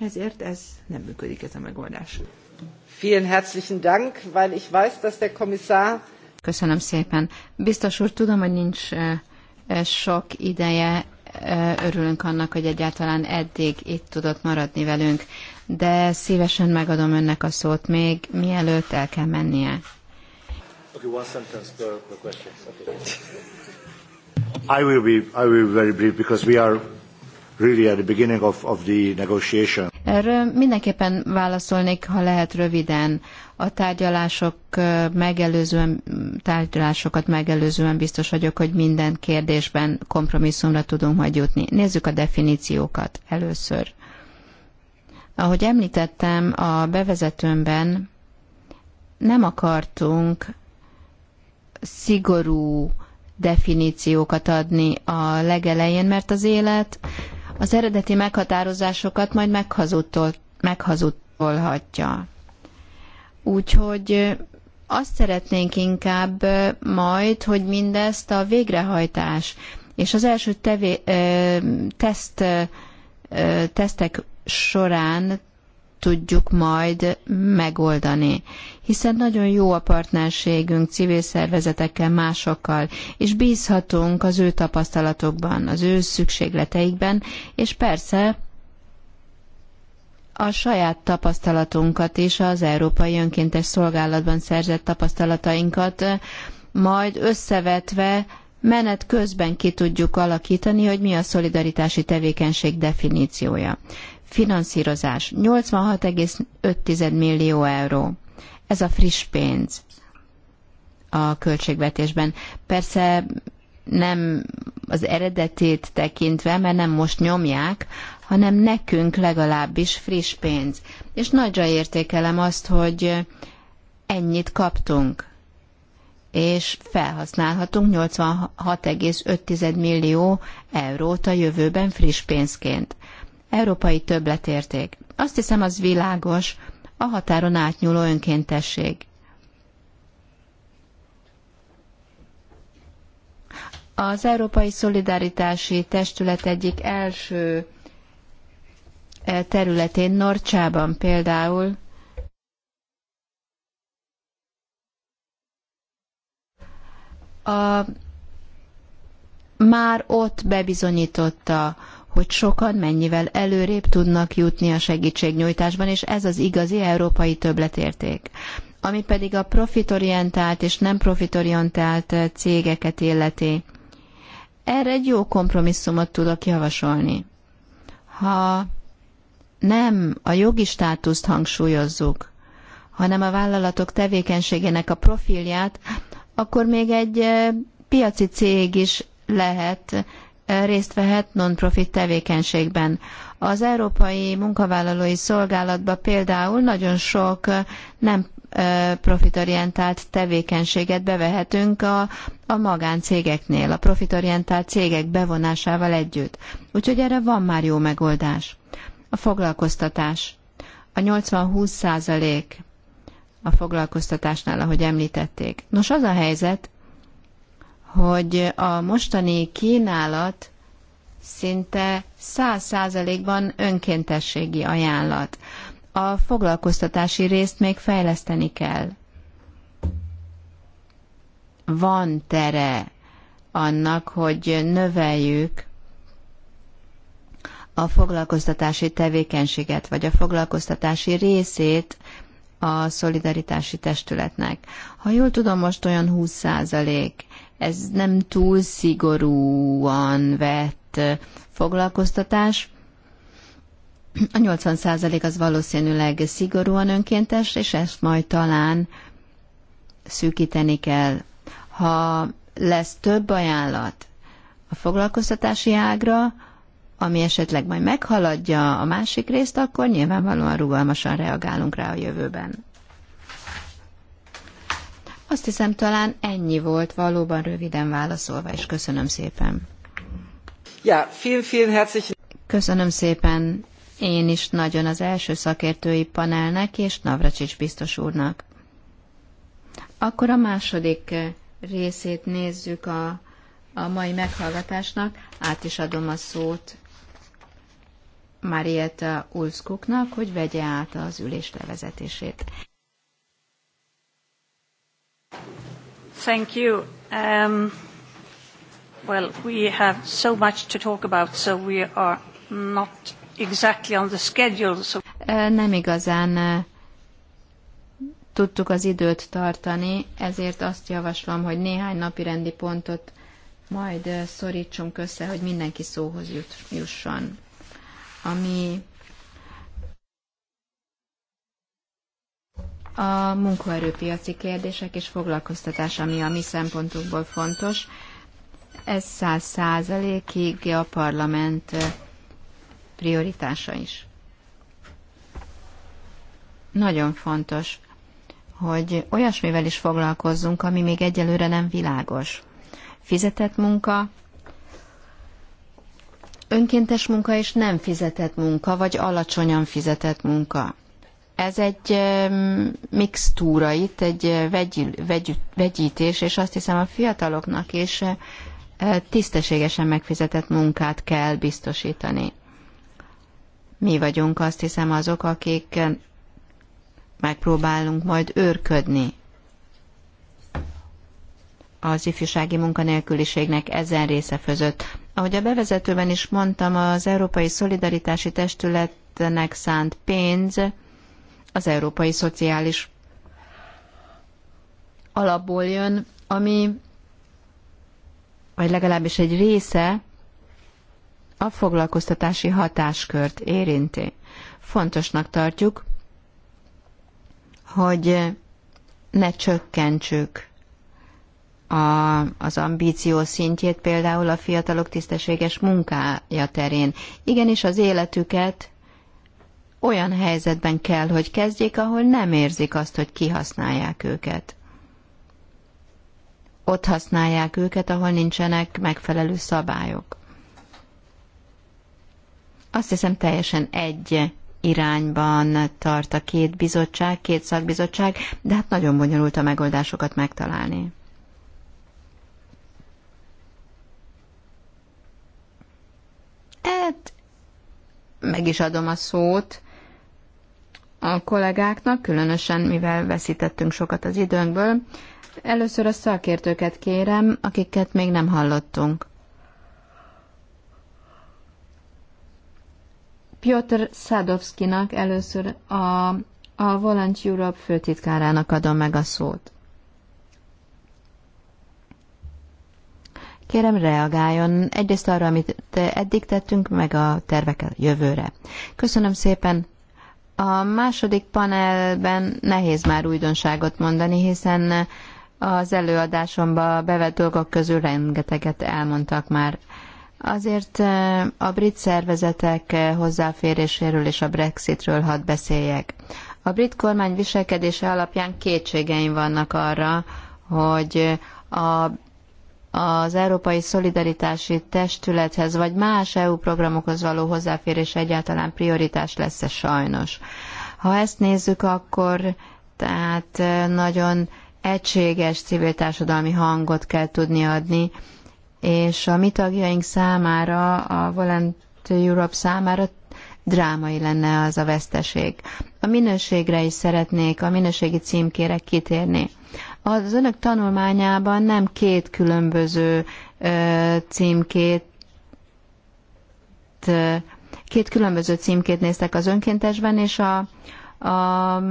ezért ez nem működik ez a megoldás. Vielen herzlichen Dank, weil ich weiß, dass der Kommissar Köszönöm szépen. Biztos úr, tudom, hogy nincs sok ideje. Örülünk annak, hogy egyáltalán eddig itt tudott maradni velünk de szívesen megadom önnek a szót még, mielőtt el kell mennie. Okay, one sentence per, per question. Okay. I will be I will be very brief because we are really at the beginning of, of the negotiation. Erről mindenképpen válaszolnék, ha lehet röviden. A tárgyalások megelőzően, tárgyalásokat megelőzően biztos vagyok, hogy minden kérdésben kompromisszumra tudunk majd jutni. Nézzük a definíciókat először. Ahogy említettem a bevezetőmben, nem akartunk szigorú definíciókat adni a legelején, mert az élet az eredeti meghatározásokat majd meghazudtolhatja. Úgyhogy azt szeretnénk inkább majd, hogy mindezt a végrehajtás és az első tevé, ö, teszt, ö, tesztek során tudjuk majd megoldani. Hiszen nagyon jó a partnerségünk civil szervezetekkel, másokkal, és bízhatunk az ő tapasztalatokban, az ő szükségleteikben, és persze a saját tapasztalatunkat és az Európai Önkéntes Szolgálatban szerzett tapasztalatainkat majd összevetve menet közben ki tudjuk alakítani, hogy mi a szolidaritási tevékenység definíciója. Finanszírozás 86,5 millió euró. Ez a friss pénz a költségvetésben. Persze nem az eredetét tekintve, mert nem most nyomják, hanem nekünk legalábbis friss pénz. És nagyra értékelem azt, hogy ennyit kaptunk, és felhasználhatunk 86,5 millió eurót a jövőben friss pénzként európai többletérték. Azt hiszem, az világos, a határon átnyúló önkéntesség. Az Európai Szolidaritási Testület egyik első e, területén, Norcsában például, a, már ott bebizonyította, hogy sokan mennyivel előrébb tudnak jutni a segítségnyújtásban, és ez az igazi európai többletérték. Ami pedig a profitorientált és nem profitorientált eh, cégeket illeti. Erre egy jó kompromisszumot tudok javasolni. Ha nem a jogi státuszt hangsúlyozzuk, hanem a vállalatok tevékenységének a profilját, akkor még egy eh, piaci cég is lehet, részt vehet non-profit tevékenységben. Az Európai Munkavállalói Szolgálatban például nagyon sok nem profitorientált tevékenységet bevehetünk a, a magáncégeknél, a profitorientált cégek bevonásával együtt. Úgyhogy erre van már jó megoldás. A foglalkoztatás. A 80-20 százalék a foglalkoztatásnál, ahogy említették. Nos, az a helyzet, hogy a mostani kínálat szinte száz százalékban önkéntességi ajánlat. A foglalkoztatási részt még fejleszteni kell. Van tere annak, hogy növeljük a foglalkoztatási tevékenységet, vagy a foglalkoztatási részét a szolidaritási testületnek. Ha jól tudom, most olyan 20 százalék ez nem túl szigorúan vett foglalkoztatás. A 80% az valószínűleg szigorúan önkéntes, és ezt majd talán szűkíteni kell. Ha lesz több ajánlat a foglalkoztatási ágra, ami esetleg majd meghaladja a másik részt, akkor nyilvánvalóan rugalmasan reagálunk rá a jövőben. Azt hiszem talán ennyi volt valóban röviden válaszolva, és köszönöm szépen. Ja, vielen, vielen herzlichen Köszönöm szépen én is nagyon az első szakértői panelnek és Navracsics biztos úrnak. Akkor a második eh, részét nézzük a, a mai meghallgatásnak. Át is adom a szót Marietta Ulszkuknak, hogy vegye át az ülés levezetését. Thank you. Um, well, we have so much to talk about, so we are not exactly on the schedule. So... Nem igazán tudtuk az időt tartani, ezért azt javaslom, hogy néhány napi rendi pontot majd szorítsunk össze, hogy mindenki szóhoz jut, jusson. Ami a munkaerőpiaci kérdések és foglalkoztatás, ami a mi szempontunkból fontos. Ez száz százalékig a parlament prioritása is. Nagyon fontos, hogy olyasmivel is foglalkozzunk, ami még egyelőre nem világos. Fizetett munka, önkéntes munka és nem fizetett munka, vagy alacsonyan fizetett munka. Ez egy mixtúra itt, egy eh, vegyi, vegyi, vegyítés, és azt hiszem a fiataloknak is eh, tisztességesen megfizetett munkát kell biztosítani. Mi vagyunk azt hiszem azok, akik eh, megpróbálunk majd őrködni az ifjúsági munkanélküliségnek ezen része között. Ahogy a bevezetőben is mondtam, az Európai Szolidaritási Testületnek szánt pénz az európai szociális alapból jön, ami, vagy legalábbis egy része a foglalkoztatási hatáskört érinti. Fontosnak tartjuk, hogy ne csökkentsük a, az ambíció szintjét például a fiatalok tisztességes munkája terén. Igenis az életüket olyan helyzetben kell, hogy kezdjék, ahol nem érzik azt, hogy kihasználják őket. Ott használják őket, ahol nincsenek megfelelő szabályok. Azt hiszem teljesen egy irányban tart a két bizottság, két szakbizottság, de hát nagyon bonyolult a megoldásokat megtalálni. Hát meg is adom a szót a kollégáknak, különösen mivel veszítettünk sokat az időnkből. Először a szakértőket kérem, akiket még nem hallottunk. Piotr Szadovszkinak először a, a Volant Europe főtitkárának adom meg a szót. Kérem, reagáljon egyrészt arra, amit eddig tettünk, meg a tervek jövőre. Köszönöm szépen, a második panelben nehéz már újdonságot mondani, hiszen az előadásomban bevett dolgok közül rengeteget elmondtak már. Azért a brit szervezetek hozzáféréséről és a Brexitről hadd beszéljek. A brit kormány viselkedése alapján kétségeim vannak arra, hogy a az Európai Szolidaritási Testülethez vagy más EU programokhoz való hozzáférés egyáltalán prioritás lesz-e sajnos. Ha ezt nézzük, akkor tehát nagyon egységes civil társadalmi hangot kell tudni adni, és a mi tagjaink számára, a Volent Europe számára drámai lenne az a veszteség. A minőségre is szeretnék, a minőségi címkére kitérni. Az önök tanulmányában nem két különböző címkét két különböző címkét néztek az önkéntesben, és a, a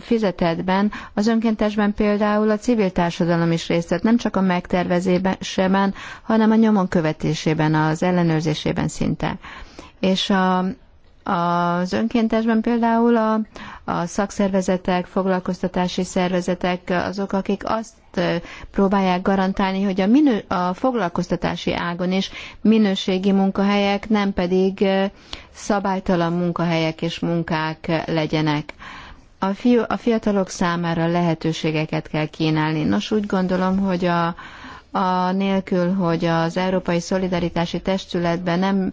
fizetetben. Az önkéntesben például a civil társadalom is részt vett, nem csak a megtervezésében, hanem a nyomon követésében, az ellenőrzésében szinte. És a, az önkéntesben például a, a szakszervezetek, foglalkoztatási szervezetek azok, akik azt próbálják garantálni, hogy a, minő, a foglalkoztatási ágon is minőségi munkahelyek, nem pedig szabálytalan munkahelyek és munkák legyenek. A, fiú, a fiatalok számára lehetőségeket kell kínálni. Nos, úgy gondolom, hogy a, a nélkül, hogy az Európai Szolidaritási Testületben nem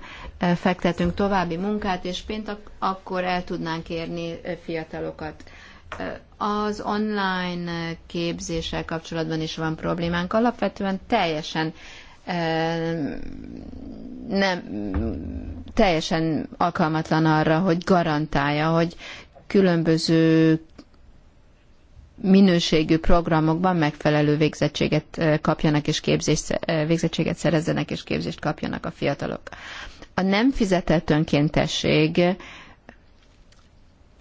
fektetünk további munkát, és péntek akkor el tudnánk érni eh, fiatalokat. Eh, az online képzéssel kapcsolatban is van problémánk. Alapvetően teljesen eh, nem teljesen alkalmatlan arra, hogy garantálja, hogy különböző minőségű programokban megfelelő végzettséget kapjanak és képzést, végzettséget szerezzenek és képzést kapjanak a fiatalok. A nem fizetett önkéntesség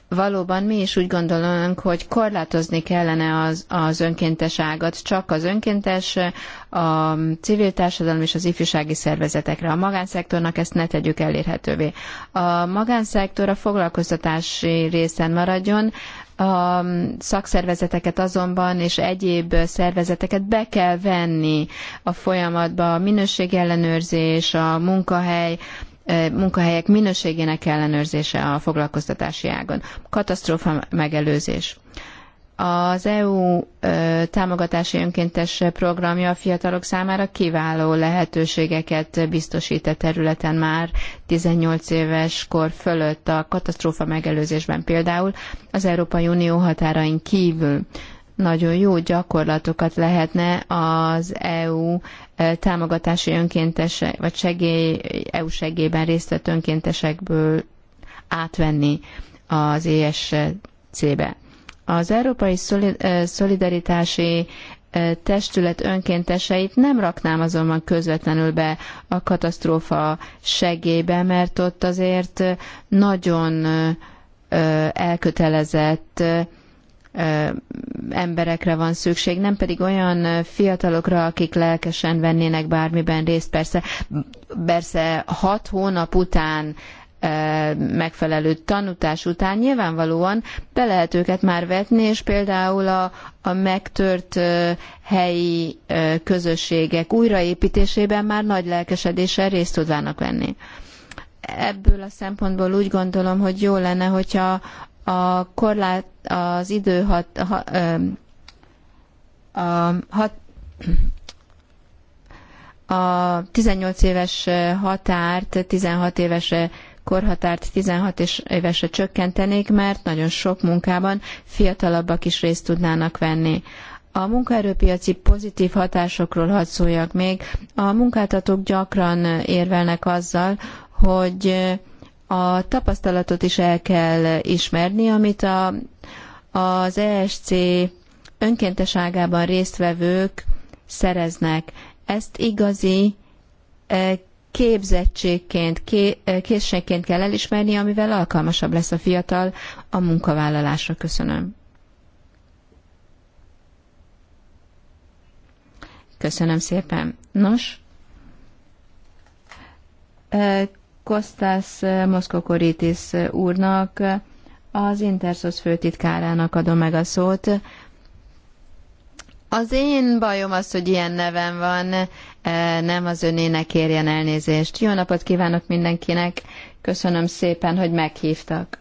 valóban mi is úgy gondolunk, hogy korlátozni kellene az, az önkéntes ágat, csak az önkéntes, a civil társadalom és az ifjúsági szervezetekre. A magánszektornak ezt ne tegyük elérhetővé. A magánszektor a foglalkoztatási részen maradjon, a szakszervezeteket azonban és egyéb szervezeteket be kell venni a folyamatba, a minőségellenőrzés, a munkahely, e, munkahelyek minőségének ellenőrzése a foglalkoztatási ágon. Katasztrófa megelőzés. Az EU támogatási önkéntes programja a fiatalok számára kiváló lehetőségeket biztosít a e területen már 18 éves kor fölött a katasztrófa megelőzésben például az Európai Unió határain kívül nagyon jó gyakorlatokat lehetne az EU támogatási önkéntes vagy segély, EU segélyben részt vett önkéntesekből átvenni az ESC-be. Az Európai Szolidaritási testület önkénteseit nem raknám azonban közvetlenül be a katasztrófa segélybe, mert ott azért nagyon elkötelezett emberekre van szükség, nem pedig olyan fiatalokra, akik lelkesen vennének bármiben részt. Persze, persze hat hónap után megfelelő tanutás után nyilvánvalóan be lehet őket már vetni, és például a, a megtört helyi közösségek újraépítésében már nagy lelkesedéssel részt tudnának venni. Ebből a szempontból úgy gondolom, hogy jó lenne, hogyha a korlát, az idő hat, ha, a, hat, a 18 éves határt 16 éves korhatárt 16 évesre csökkentenék, mert nagyon sok munkában fiatalabbak is részt tudnának venni. A munkaerőpiaci pozitív hatásokról hadd szóljak még. A munkáltatók gyakran érvelnek azzal, hogy a tapasztalatot is el kell ismerni, amit a, az ESC önkénteságában résztvevők szereznek. Ezt igazi eh, képzettségként, eh, készségként kell elismerni, amivel alkalmasabb lesz a fiatal a munkavállalásra. Köszönöm. Köszönöm szépen. Nos, eh, Kostas Moszkokoritis úrnak, az Intersos főtitkárának adom meg a szót, az én bajom az, hogy ilyen nevem van, e, nem az önének érjen elnézést. Jó napot kívánok mindenkinek, köszönöm szépen, hogy meghívtak.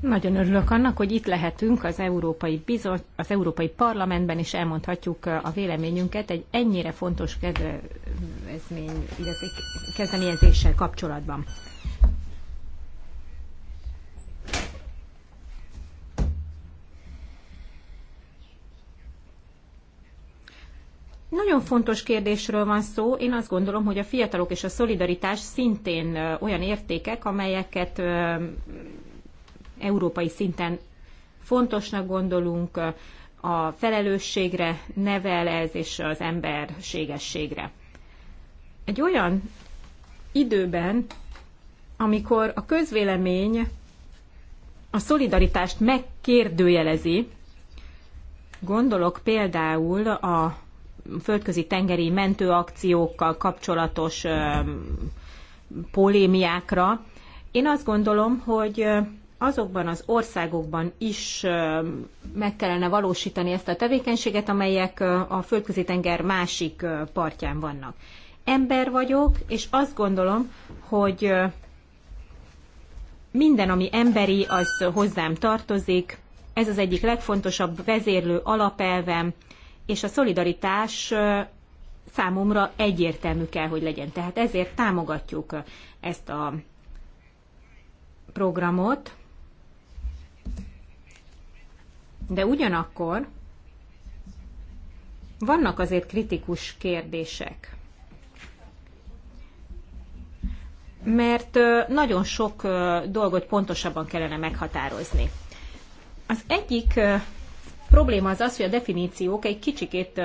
Nagyon örülök annak, hogy itt lehetünk az Európai, Bizony, az Európai Parlamentben, és elmondhatjuk e, a véleményünket egy ennyire fontos kezdeményezéssel kapcsolatban. Nagyon fontos kérdésről van szó. Én azt gondolom, hogy a fiatalok és a szolidaritás szintén olyan értékek, amelyeket európai szinten fontosnak gondolunk, a felelősségre nevel ez, és az emberségességre. Egy olyan időben, amikor a közvélemény a szolidaritást megkérdőjelezi, gondolok például a földközi tengeri mentőakciókkal kapcsolatos polémiákra. Én azt gondolom, hogy azokban az országokban is meg kellene valósítani ezt a tevékenységet, amelyek a földközi tenger másik partján vannak. Ember vagyok, és azt gondolom, hogy minden, ami emberi, az hozzám tartozik. Ez az egyik legfontosabb vezérlő alapelvem, és a szolidaritás számomra egyértelmű kell, hogy legyen. Tehát ezért támogatjuk ezt a programot, de ugyanakkor vannak azért kritikus kérdések. Mert nagyon sok dolgot pontosabban kellene meghatározni. Az egyik probléma az az, hogy a definíciók egy kicsikét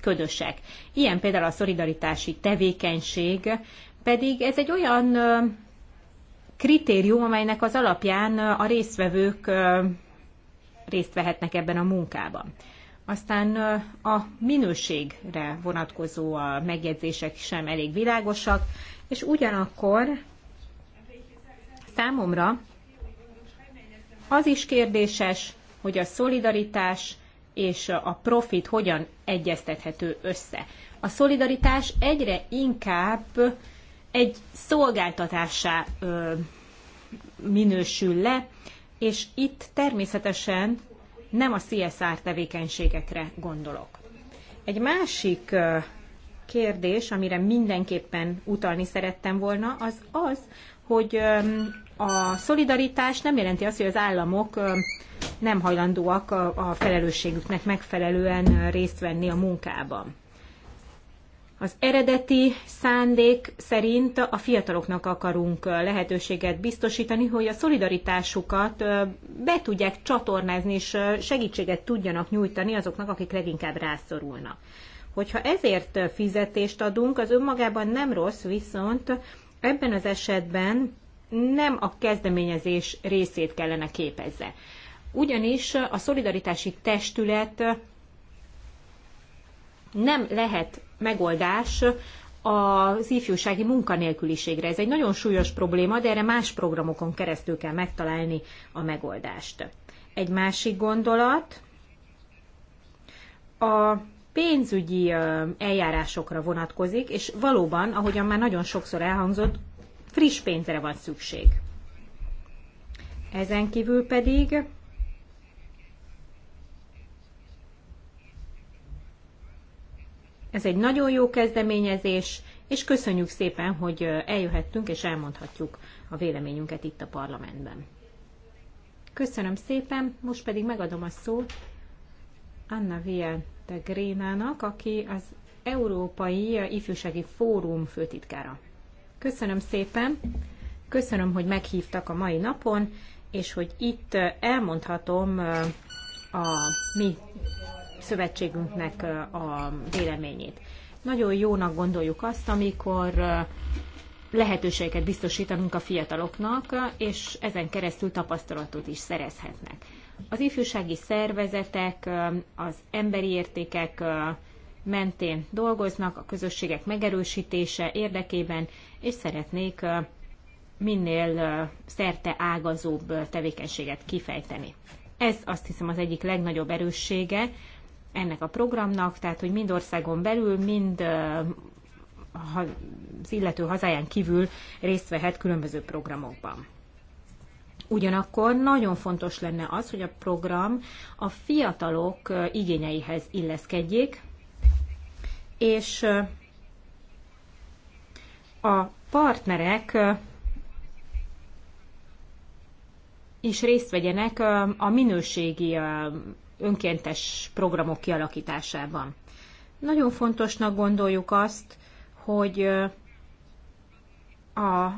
ködösek. Ilyen például a szolidaritási tevékenység, pedig ez egy olyan kritérium, amelynek az alapján a résztvevők részt vehetnek ebben a munkában. Aztán a minőségre vonatkozó a megjegyzések sem elég világosak, és ugyanakkor számomra az is kérdéses, hogy a szolidaritás és a profit hogyan egyeztethető össze. A szolidaritás egyre inkább egy szolgáltatássá minősül le, és itt természetesen nem a CSR tevékenységekre gondolok. Egy másik kérdés, amire mindenképpen utalni szerettem volna, az az, hogy a szolidaritás nem jelenti azt, hogy az államok nem hajlandóak a felelősségüknek megfelelően részt venni a munkában. Az eredeti szándék szerint a fiataloknak akarunk lehetőséget biztosítani, hogy a szolidaritásukat be tudják csatornázni, és segítséget tudjanak nyújtani azoknak, akik leginkább rászorulnak. Hogyha ezért fizetést adunk, az önmagában nem rossz, viszont ebben az esetben nem a kezdeményezés részét kellene képezze. Ugyanis a szolidaritási testület nem lehet megoldás az ifjúsági munkanélküliségre. Ez egy nagyon súlyos probléma, de erre más programokon keresztül kell megtalálni a megoldást. Egy másik gondolat a pénzügyi eljárásokra vonatkozik, és valóban, ahogyan már nagyon sokszor elhangzott, friss pénzre van szükség. Ezen kívül pedig ez egy nagyon jó kezdeményezés, és köszönjük szépen, hogy eljöhettünk és elmondhatjuk a véleményünket itt a parlamentben. Köszönöm szépen, most pedig megadom a szót Anna Vian de Grénának, aki az Európai Ifjúsági Fórum főtitkára. Köszönöm szépen, köszönöm, hogy meghívtak a mai napon, és hogy itt elmondhatom a mi szövetségünknek a véleményét. Nagyon jónak gondoljuk azt, amikor lehetőséget biztosítanunk a fiataloknak, és ezen keresztül tapasztalatot is szerezhetnek. Az ifjúsági szervezetek, az emberi értékek, mentén dolgoznak a közösségek megerősítése érdekében, és szeretnék minél szerte ágazóbb tevékenységet kifejteni. Ez azt hiszem az egyik legnagyobb erőssége ennek a programnak, tehát hogy mind országon belül, mind az illető hazáján kívül részt vehet különböző programokban. Ugyanakkor nagyon fontos lenne az, hogy a program a fiatalok igényeihez illeszkedjék, és a partnerek is részt vegyenek a minőségi önkéntes programok kialakításában. Nagyon fontosnak gondoljuk azt, hogy a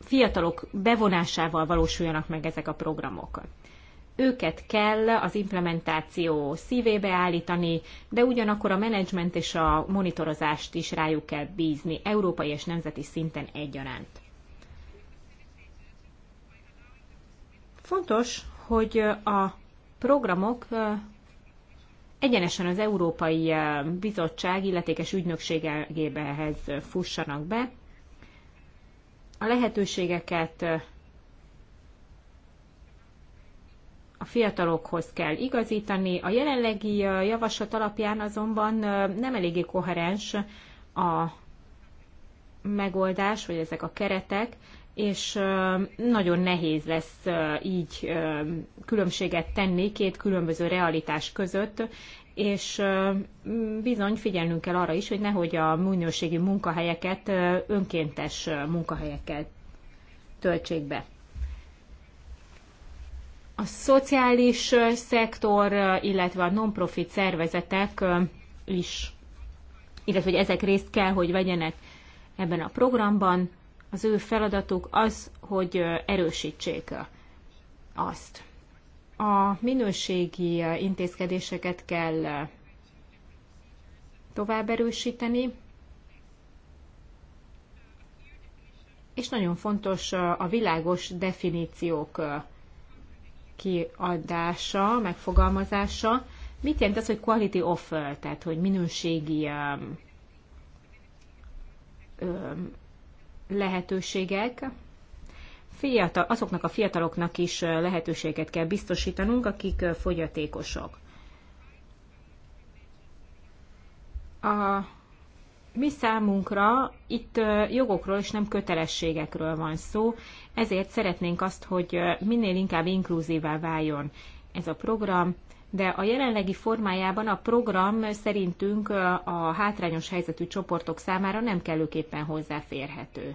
fiatalok bevonásával valósuljanak meg ezek a programok őket kell az implementáció szívébe állítani, de ugyanakkor a menedzsment és a monitorozást is rájuk kell bízni, európai és nemzeti szinten egyaránt. Fontos, hogy a programok egyenesen az Európai Bizottság illetékes ügynökségébehez fussanak be. A lehetőségeket a fiatalokhoz kell igazítani. A jelenlegi javaslat alapján azonban nem eléggé koherens a megoldás, vagy ezek a keretek, és nagyon nehéz lesz így különbséget tenni két különböző realitás között, és bizony figyelnünk kell arra is, hogy nehogy a minőségi munkahelyeket önkéntes munkahelyekkel töltsék be. A szociális szektor, illetve a non-profit szervezetek is, illetve hogy ezek részt kell, hogy vegyenek ebben a programban. Az ő feladatuk az, hogy erősítsék azt. A minőségi intézkedéseket kell tovább erősíteni, és nagyon fontos a világos definíciók kiadása, megfogalmazása. Mit jelent az, hogy quality offer, tehát hogy minőségi um, um, lehetőségek? Fiatal, azoknak a fiataloknak is uh, lehetőséget kell biztosítanunk, akik uh, fogyatékosok. A mi számunkra itt jogokról és nem kötelességekről van szó, ezért szeretnénk azt, hogy minél inkább inkluzívá váljon ez a program, de a jelenlegi formájában a program szerintünk a hátrányos helyzetű csoportok számára nem kellőképpen hozzáférhető.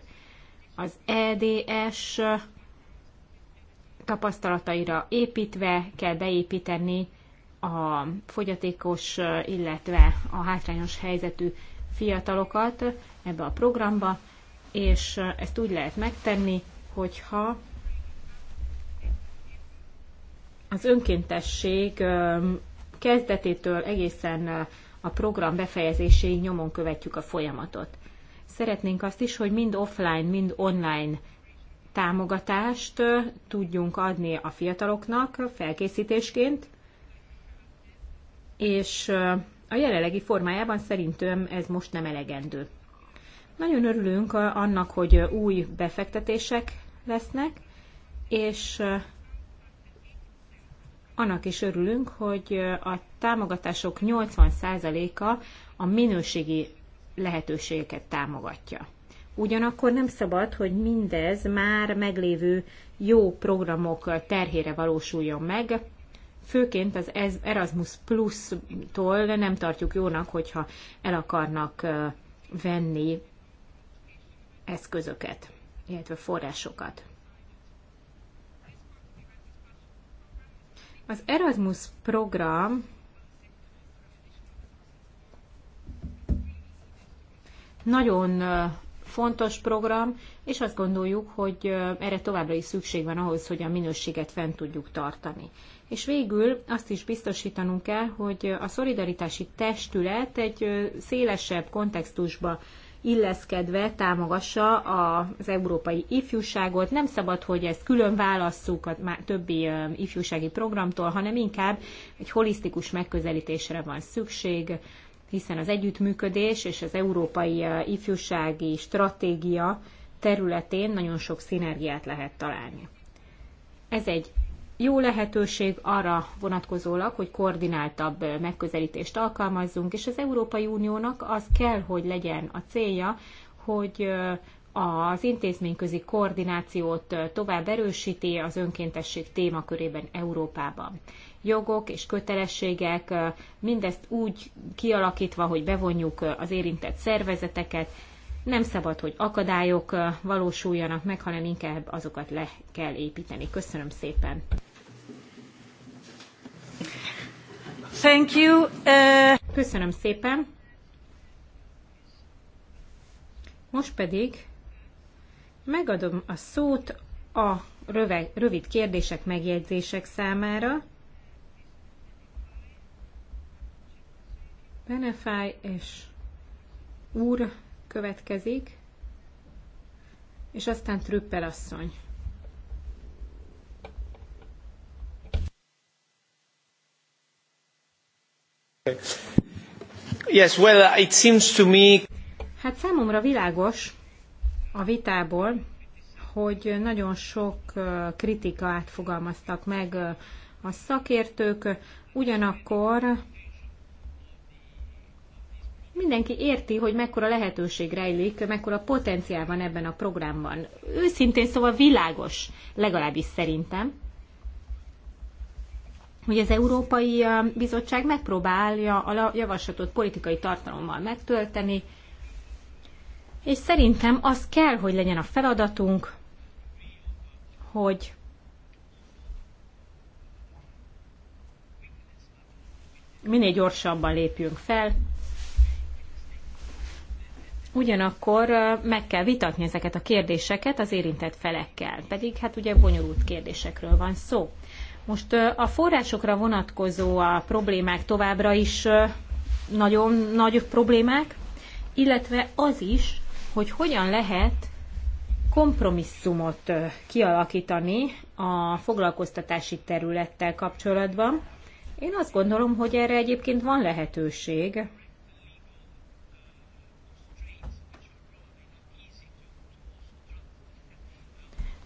Az EDS tapasztalataira építve kell beépíteni a fogyatékos, illetve a hátrányos helyzetű fiatalokat ebbe a programba, és ezt úgy lehet megtenni, hogyha az önkéntesség kezdetétől egészen a program befejezéséig nyomon követjük a folyamatot. Szeretnénk azt is, hogy mind offline, mind online támogatást tudjunk adni a fiataloknak felkészítésként, és a jelenlegi formájában szerintem ez most nem elegendő. Nagyon örülünk annak, hogy új befektetések lesznek, és annak is örülünk, hogy a támogatások 80%-a a minőségi lehetőségeket támogatja. Ugyanakkor nem szabad, hogy mindez már meglévő jó programok terhére valósuljon meg, főként az Erasmus Plus-tól nem tartjuk jónak, hogyha el akarnak venni eszközöket, illetve forrásokat. Az Erasmus program nagyon fontos program, és azt gondoljuk, hogy erre továbbra is szükség van ahhoz, hogy a minőséget fent tudjuk tartani. És végül azt is biztosítanunk kell, hogy a szolidaritási testület egy szélesebb kontextusba illeszkedve támogassa az európai ifjúságot. Nem szabad, hogy ezt külön válasszuk a többi ifjúsági programtól, hanem inkább egy holisztikus megközelítésre van szükség, hiszen az együttműködés és az európai ifjúsági stratégia területén nagyon sok szinergiát lehet találni. Ez egy jó lehetőség arra vonatkozólag, hogy koordináltabb megközelítést alkalmazzunk, és az Európai Uniónak az kell, hogy legyen a célja, hogy az intézményközi koordinációt tovább erősíti az önkéntesség témakörében Európában. Jogok és kötelességek, mindezt úgy kialakítva, hogy bevonjuk az érintett szervezeteket, nem szabad, hogy akadályok valósuljanak meg, hanem inkább azokat le kell építeni. Köszönöm szépen! Thank you. Uh... Köszönöm szépen! Most pedig megadom a szót a röve, rövid kérdések, megjegyzések számára. Benefáj és úr következik, és aztán Trüppel asszony. Yes, well, it seems to me... Hát számomra világos a vitából, hogy nagyon sok kritikát fogalmaztak meg a szakértők, ugyanakkor mindenki érti, hogy mekkora lehetőség rejlik, mekkora potenciál van ebben a programban. Őszintén szóval világos, legalábbis szerintem, hogy az Európai Bizottság megpróbálja a javaslatot politikai tartalommal megtölteni, és szerintem az kell, hogy legyen a feladatunk, hogy minél gyorsabban lépjünk fel, ugyanakkor meg kell vitatni ezeket a kérdéseket az érintett felekkel, pedig hát ugye bonyolult kérdésekről van szó. Most a forrásokra vonatkozó a problémák továbbra is nagyon nagy problémák, illetve az is, hogy hogyan lehet kompromisszumot kialakítani a foglalkoztatási területtel kapcsolatban. Én azt gondolom, hogy erre egyébként van lehetőség,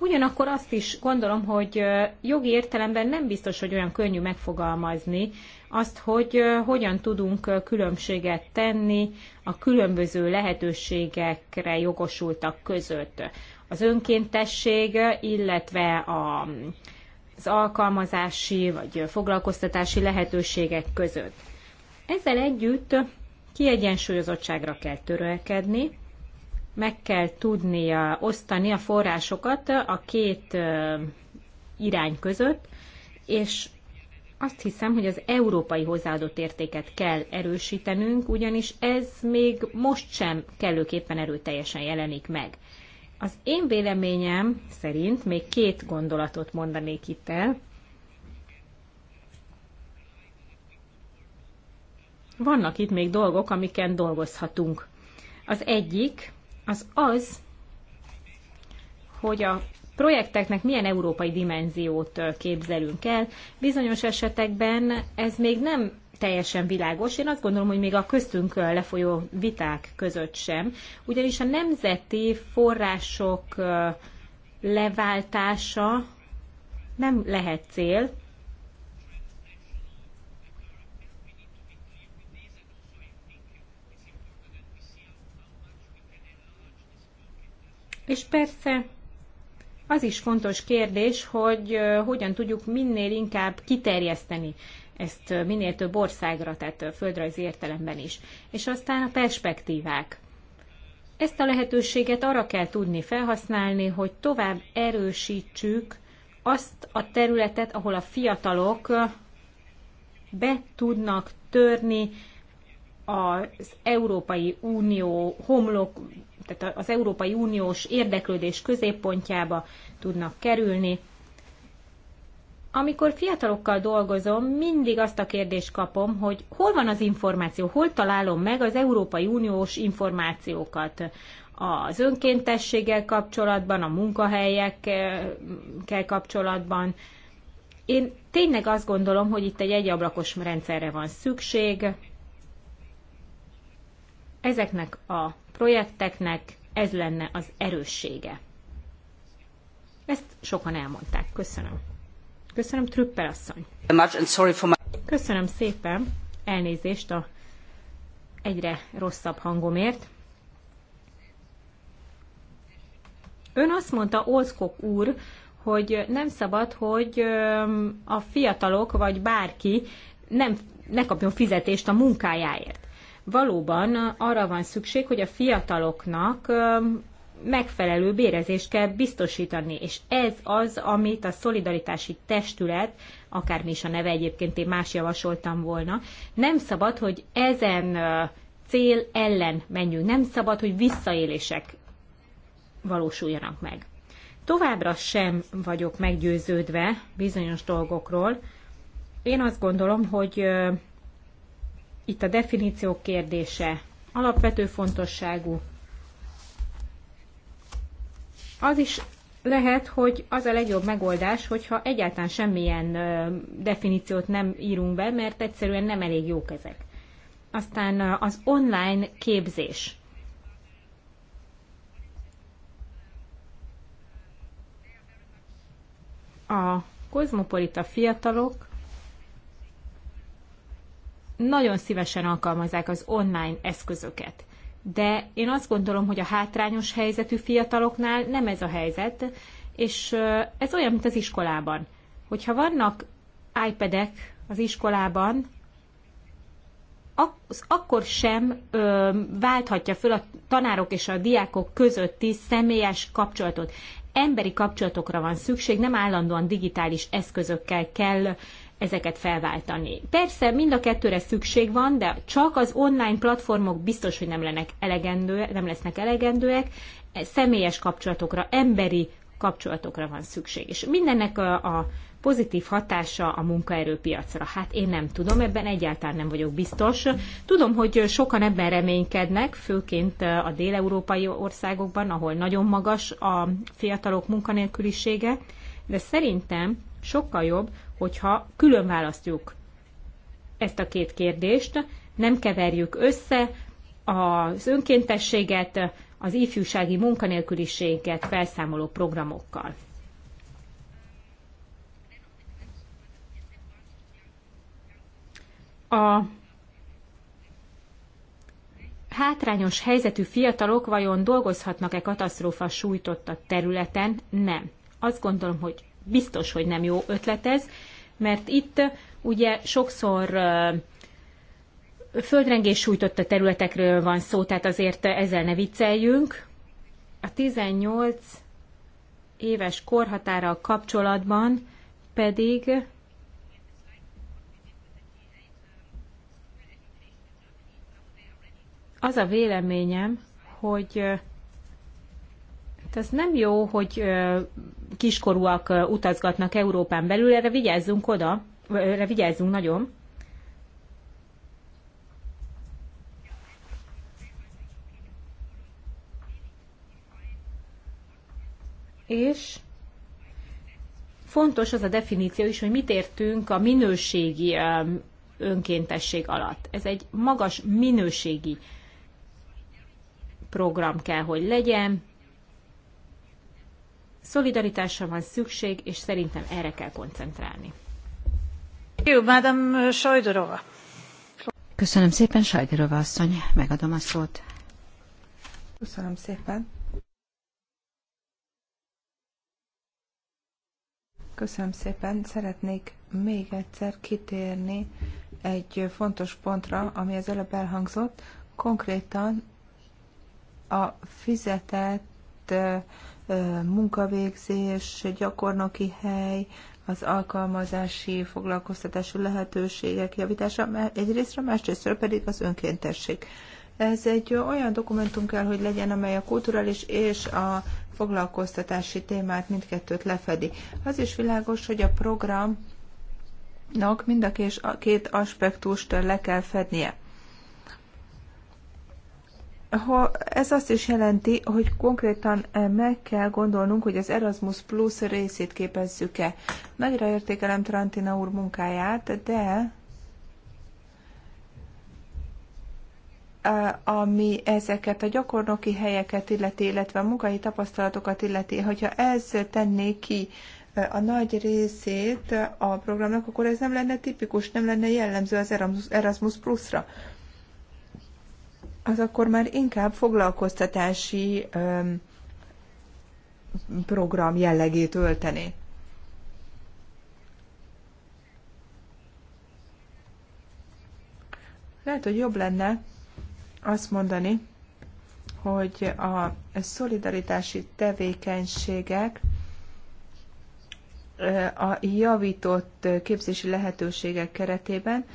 Ugyanakkor azt is gondolom, hogy jogi értelemben nem biztos, hogy olyan könnyű megfogalmazni azt, hogy hogyan tudunk különbséget tenni a különböző lehetőségekre jogosultak között. Az önkéntesség, illetve a, az alkalmazási vagy foglalkoztatási lehetőségek között. Ezzel együtt kiegyensúlyozottságra kell törölkedni, meg kell tudnia osztani a forrásokat a két irány között, és azt hiszem, hogy az európai hozzáadott értéket kell erősítenünk, ugyanis ez még most sem kellőképpen erőteljesen jelenik meg. Az én véleményem szerint még két gondolatot mondanék itt el. Vannak itt még dolgok, amiken dolgozhatunk. Az egyik az az, hogy a projekteknek milyen európai dimenziót képzelünk el. Bizonyos esetekben ez még nem teljesen világos. Én azt gondolom, hogy még a köztünk lefolyó viták között sem, ugyanis a nemzeti források leváltása nem lehet cél, És persze az is fontos kérdés, hogy hogyan tudjuk minél inkább kiterjeszteni ezt minél több országra, tehát földrajzi értelemben is. És aztán a perspektívák. Ezt a lehetőséget arra kell tudni felhasználni, hogy tovább erősítsük azt a területet, ahol a fiatalok be tudnak törni az Európai Unió homlok tehát az Európai Uniós érdeklődés középpontjába tudnak kerülni. Amikor fiatalokkal dolgozom, mindig azt a kérdést kapom, hogy hol van az információ, hol találom meg az Európai Uniós információkat az önkéntességgel kapcsolatban, a munkahelyekkel kapcsolatban. Én tényleg azt gondolom, hogy itt egy egyablakos rendszerre van szükség. Ezeknek a projekteknek ez lenne az erőssége. Ezt sokan elmondták. Köszönöm. Köszönöm, Trüppel asszony. Köszönöm szépen. Elnézést a egyre rosszabb hangomért. Ön azt mondta, Olszkok úr, hogy nem szabad, hogy a fiatalok vagy bárki nem, ne kapjon fizetést a munkájáért valóban arra van szükség, hogy a fiataloknak megfelelő bérezést kell biztosítani, és ez az, amit a szolidaritási testület, akármi is a neve egyébként én más javasoltam volna, nem szabad, hogy ezen cél ellen menjünk, nem szabad, hogy visszaélések valósuljanak meg. Továbbra sem vagyok meggyőződve bizonyos dolgokról. Én azt gondolom, hogy itt a definíciók kérdése alapvető fontosságú. Az is lehet, hogy az a legjobb megoldás, hogyha egyáltalán semmilyen definíciót nem írunk be, mert egyszerűen nem elég jók ezek. Aztán az online képzés. A kozmopolita fiatalok nagyon szívesen alkalmazzák az online eszközöket. De én azt gondolom, hogy a hátrányos helyzetű fiataloknál nem ez a helyzet, és ez olyan, mint az iskolában. Hogyha vannak iPad-ek az iskolában, az akkor sem ö, válthatja föl a tanárok és a diákok közötti személyes kapcsolatot. Emberi kapcsolatokra van szükség, nem állandóan digitális eszközökkel kell ezeket felváltani. Persze mind a kettőre szükség van, de csak az online platformok biztos, hogy nem, elegendő, nem lesznek elegendőek, személyes kapcsolatokra, emberi kapcsolatokra van szükség. És mindennek a, a pozitív hatása a munkaerőpiacra? Hát én nem tudom, ebben egyáltalán nem vagyok biztos. Tudom, hogy sokan ebben reménykednek, főként a déleurópai országokban, ahol nagyon magas a fiatalok munkanélkülisége, de szerintem sokkal jobb, hogyha külön választjuk ezt a két kérdést, nem keverjük össze az önkéntességet, az ifjúsági munkanélküliséget felszámoló programokkal. A hátrányos helyzetű fiatalok vajon dolgozhatnak-e katasztrófa sújtotta területen? Nem. Azt gondolom, hogy biztos, hogy nem jó ötlet ez, mert itt ugye sokszor földrengés a területekről van szó, tehát azért ezzel ne vicceljünk. A 18 éves korhatára a kapcsolatban pedig az a véleményem, hogy tehát ez nem jó, hogy kiskorúak utazgatnak Európán belül, erre vigyázzunk oda, erre vigyázzunk nagyon. És fontos az a definíció is, hogy mit értünk a minőségi önkéntesség alatt. Ez egy magas minőségi program kell, hogy legyen, Szolidaritásra van szükség, és szerintem erre kell koncentrálni. Jó, Madame Sajdorova. Köszönöm szépen, Sajdorova asszony, megadom a szót. Köszönöm szépen. Köszönöm szépen. Szeretnék még egyszer kitérni egy fontos pontra, ami az előbb elhangzott, konkrétan a fizetett munkavégzés, gyakornoki hely, az alkalmazási foglalkoztatási lehetőségek javítása egyrészt, másrészt pedig az önkéntesség. Ez egy olyan dokumentum kell, hogy legyen, amely a kulturális és a foglalkoztatási témát mindkettőt lefedi. Az is világos, hogy a programnak mind a két aspektust le kell fednie ha ez azt is jelenti, hogy konkrétan eh, meg kell gondolnunk, hogy az Erasmus Plus részét képezzük-e. Nagyra értékelem Trantina úr munkáját, de eh, ami ezeket a gyakornoki helyeket illeti, illetve a munkai tapasztalatokat illeti, hogyha ez tenné ki eh, a nagy részét a programnak, akkor ez nem lenne tipikus, nem lenne jellemző az Erasmus Plus-ra az akkor már inkább foglalkoztatási program jellegét ölteni. Lehet, hogy jobb lenne azt mondani, hogy a szolidaritási tevékenységek a javított képzési lehetőségek keretében,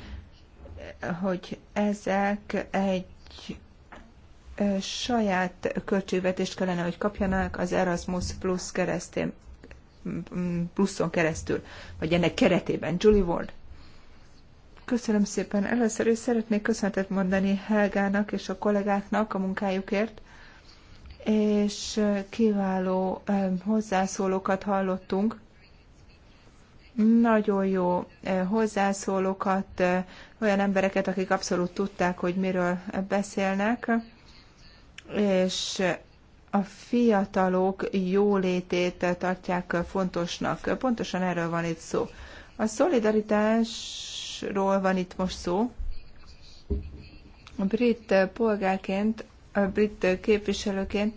hogy ezek egy saját költségvetést kellene, hogy kapjanak az Erasmus Plus keresztén, pluszon keresztül, vagy ennek keretében. Julie Ward. Köszönöm szépen. Először is szeretnék köszönetet mondani Helgának és a kollégáknak a munkájukért, és kiváló hozzászólókat hallottunk nagyon jó eh, hozzászólókat, eh, olyan embereket, akik abszolút tudták, hogy miről beszélnek, és eh, a fiatalok jólétét tartják fontosnak. Pontosan erről van itt szó. A szolidaritásról van itt most szó. A brit polgárként brit képviselőként,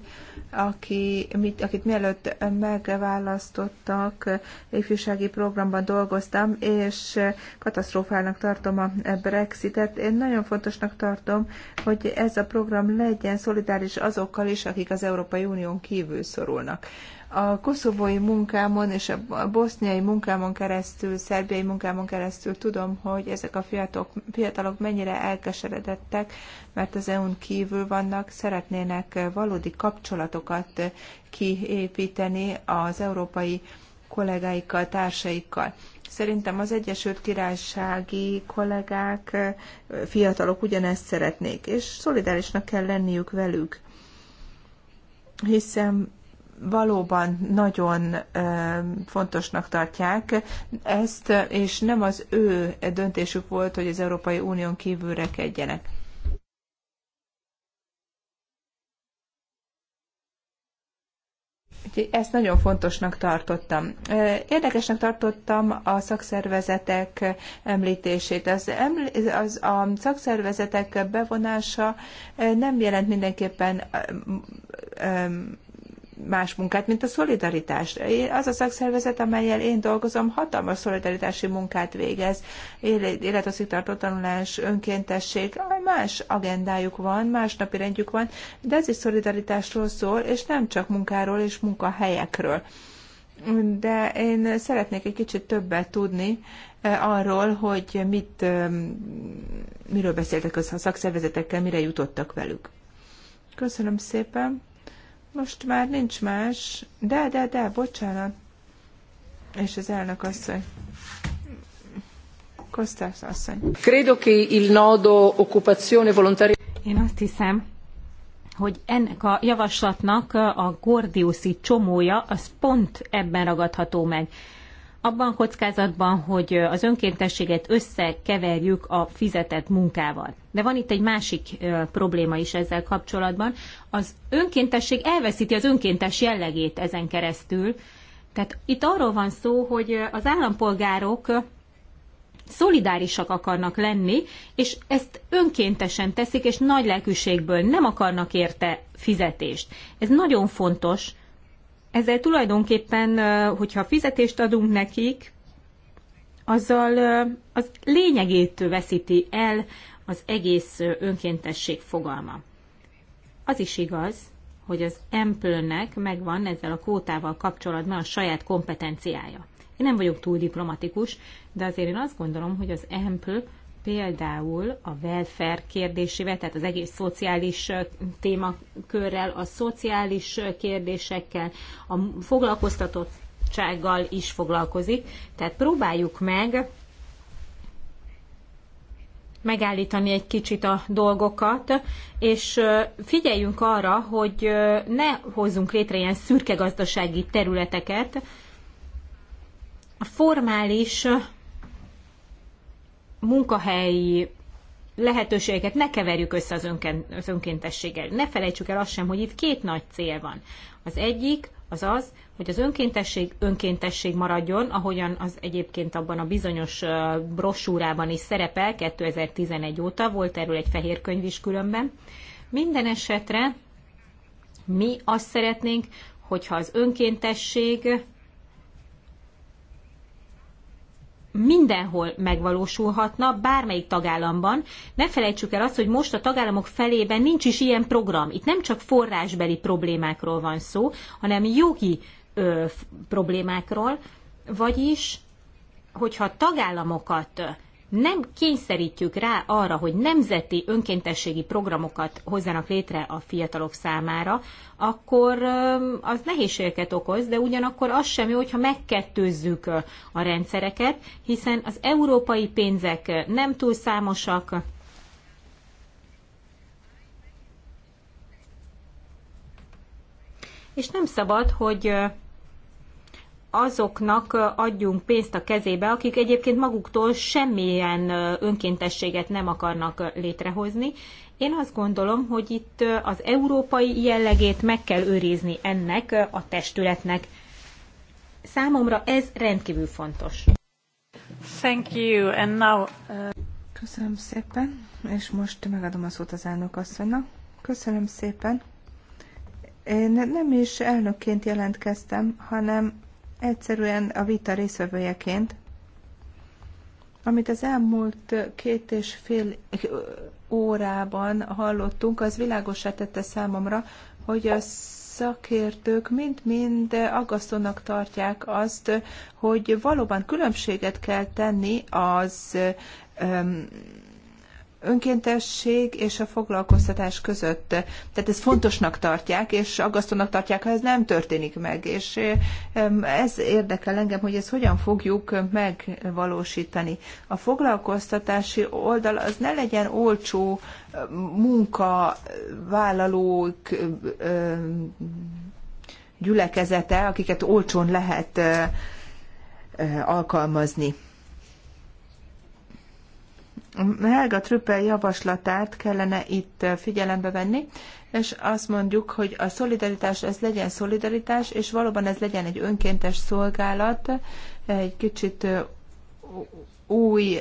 aki, mit, akit mielőtt megválasztottak, ifjúsági programban dolgoztam, és katasztrófának tartom a Brexitet. Én nagyon fontosnak tartom, hogy ez a program legyen szolidáris azokkal is, akik az Európai Unión kívül szorulnak a koszovói munkámon és a boszniai munkámon keresztül, szerbiai munkámon keresztül tudom, hogy ezek a fiatalok, fiatalok mennyire elkeseredettek, mert az EU-n kívül vannak, szeretnének valódi kapcsolatokat kiépíteni az európai kollégáikkal, társaikkal. Szerintem az Egyesült Királysági kollégák, fiatalok ugyanezt szeretnék, és szolidárisnak kell lenniük velük, hiszen valóban nagyon fontosnak tartják ezt, és nem az ő döntésük volt, hogy az Európai Unión kívül rekedjenek. ezt nagyon fontosnak tartottam. Érdekesnek tartottam a szakszervezetek említését. Az, eml- az a szakszervezetek bevonása nem jelent mindenképpen más munkát, mint a szolidaritást. Az a szakszervezet, amelyel én dolgozom, hatalmas szolidaritási munkát végez, tartó tanulás, önkéntesség, más agendájuk van, más napi rendjük van, de ez is szolidaritásról szól, és nem csak munkáról és munkahelyekről. De én szeretnék egy kicsit többet tudni eh, arról, hogy mit, eh, miről beszéltek a szakszervezetekkel, mire jutottak velük. Köszönöm szépen! Most már nincs más. De, de, de, bocsánat. És az elnök asszony. Kostás asszony. Credo che il nodo occupazione volontaria... Én azt hiszem, hogy ennek a javaslatnak a Gordiuszi csomója az pont ebben ragadható meg abban kockázatban, hogy az önkéntességet összekeverjük a fizetett munkával. De van itt egy másik probléma is ezzel kapcsolatban. Az önkéntesség elveszíti az önkéntes jellegét ezen keresztül. Tehát itt arról van szó, hogy az állampolgárok szolidárisak akarnak lenni, és ezt önkéntesen teszik, és nagy lelkűségből nem akarnak érte fizetést. Ez nagyon fontos, ezzel tulajdonképpen, hogyha fizetést adunk nekik, azzal az lényegét veszíti el az egész önkéntesség fogalma. Az is igaz, hogy az ample megvan ezzel a kvótával kapcsolatban a saját kompetenciája. Én nem vagyok túl diplomatikus, de azért én azt gondolom, hogy az Ample például a welfare kérdésével, tehát az egész szociális témakörrel, a szociális kérdésekkel, a foglalkoztatottsággal is foglalkozik. Tehát próbáljuk meg megállítani egy kicsit a dolgokat, és figyeljünk arra, hogy ne hozzunk létre ilyen szürke gazdasági területeket. A formális munkahelyi lehetőségeket ne keverjük össze az, önken, az önkéntességgel. Ne felejtsük el azt sem, hogy itt két nagy cél van. Az egyik az az, hogy az önkéntesség önkéntesség maradjon, ahogyan az egyébként abban a bizonyos brosúrában is szerepel, 2011 óta volt erről egy fehér könyv is különben. Minden esetre mi azt szeretnénk, hogyha az önkéntesség mindenhol megvalósulhatna, bármelyik tagállamban. Ne felejtsük el azt, hogy most a tagállamok felében nincs is ilyen program. Itt nem csak forrásbeli problémákról van szó, hanem jogi ö, problémákról, vagyis hogyha tagállamokat nem kényszerítjük rá arra, hogy nemzeti önkéntességi programokat hozzanak létre a fiatalok számára, akkor az nehézségeket okoz, de ugyanakkor az sem jó, hogyha megkettőzzük a rendszereket, hiszen az európai pénzek nem túl számosak, és nem szabad, hogy azoknak adjunk pénzt a kezébe, akik egyébként maguktól semmilyen önkéntességet nem akarnak létrehozni. Én azt gondolom, hogy itt az európai jellegét meg kell őrizni ennek a testületnek. Számomra ez rendkívül fontos. Thank you, and now... Uh... Köszönöm szépen, és most megadom a szót az elnök asszonynak. Köszönöm szépen. Én nem is elnökként jelentkeztem, hanem egyszerűen a vita részvevőjeként, amit az elmúlt két és fél órában hallottunk, az világosá tette számomra, hogy a szakértők mind-mind aggasztónak tartják azt, hogy valóban különbséget kell tenni az önkéntesség és a foglalkoztatás között. Tehát ezt fontosnak tartják, és aggasztónak tartják, ha ez nem történik meg. És ez érdekel engem, hogy ezt hogyan fogjuk megvalósítani. A foglalkoztatási oldal az ne legyen olcsó munkavállalók gyülekezete, akiket olcsón lehet alkalmazni. Helga Trüppel javaslatát kellene itt eh, figyelembe venni, és azt mondjuk, hogy a szolidaritás, ez legyen szolidaritás, és valóban ez legyen egy önkéntes szolgálat, egy kicsit eh, új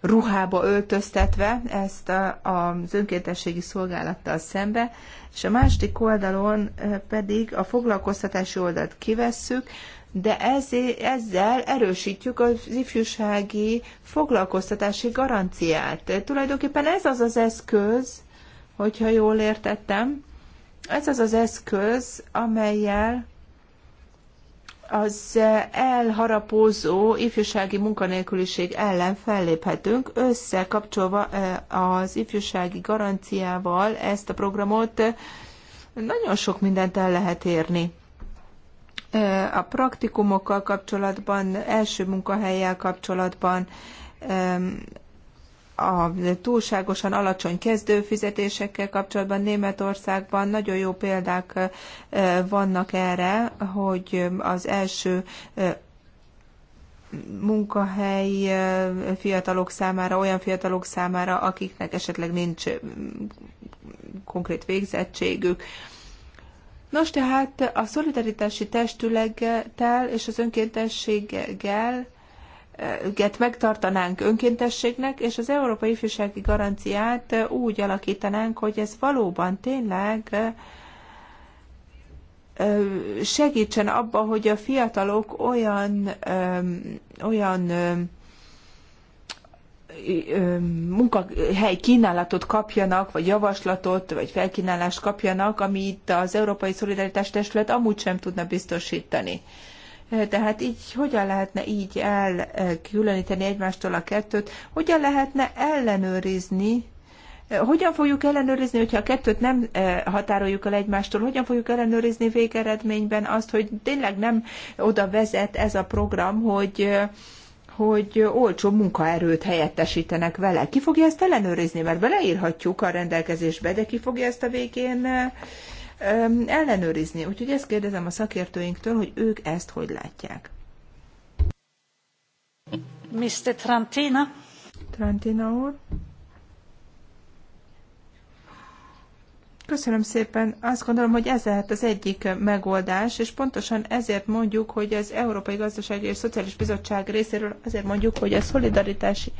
ruhába öltöztetve ezt a, az önkéntességi szolgálattal szembe, és a másik oldalon eh, pedig a foglalkoztatási oldalt kivesszük, de ez, ezzel erősítjük az ifjúsági foglalkoztatási garanciát. Tulajdonképpen ez az az eszköz, hogyha jól értettem, ez az az eszköz, amelyel az elharapózó ifjúsági munkanélküliség ellen felléphetünk, összekapcsolva e, az ifjúsági garanciával ezt a programot, nagyon sok mindent el lehet érni a praktikumokkal kapcsolatban, első munkahelyjel kapcsolatban, a túlságosan alacsony kezdőfizetésekkel kapcsolatban Németországban nagyon jó példák vannak erre, hogy az első munkahely fiatalok számára, olyan fiatalok számára, akiknek esetleg nincs konkrét végzettségük, Nos, tehát a szolidaritási testülettel és az önkéntességgel eh, get megtartanánk önkéntességnek, és az Európai Ifjúsági Garanciát eh, úgy alakítanánk, hogy ez valóban tényleg eh, segítsen abba, hogy a fiatalok olyan, olyan munkahely kínálatot kapjanak, vagy javaslatot, vagy felkínálást kapjanak, amit az Európai Szolidaritás Testület amúgy sem tudna biztosítani. Tehát így hogyan lehetne így elkülöníteni egymástól a kettőt? Hogyan lehetne ellenőrizni, hogyan fogjuk ellenőrizni, hogyha a kettőt nem határoljuk el egymástól, hogyan fogjuk ellenőrizni végeredményben azt, hogy tényleg nem oda vezet ez a program, hogy hogy olcsó munkaerőt helyettesítenek vele. Ki fogja ezt ellenőrizni? Mert beleírhatjuk a rendelkezésbe, de ki fogja ezt a végén ellenőrizni? Úgyhogy ezt kérdezem a szakértőinktől, hogy ők ezt hogy látják. Mr. Trantina. Trantina úr. Köszönöm szépen. Azt gondolom, hogy ez lehet az egyik megoldás, és pontosan ezért mondjuk, hogy az Európai Gazdasági és Szociális Bizottság részéről azért mondjuk, hogy a szolidaritási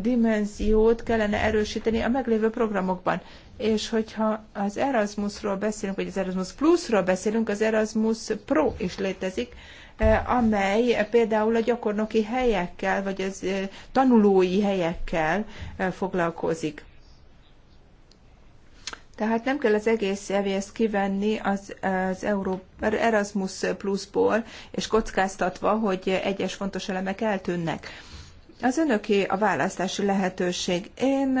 dimenziót kellene erősíteni a meglévő programokban. És hogyha az Erasmusról beszélünk, vagy az Erasmus Plusról beszélünk, az Erasmus Pro is létezik, amely például a gyakornoki helyekkel, vagy az tanulói helyekkel foglalkozik. Tehát nem kell az egész EVS kivenni az, az Euró, Erasmus Plus-ból, és kockáztatva, hogy egyes fontos elemek eltűnnek. Az önöké a választási lehetőség. Én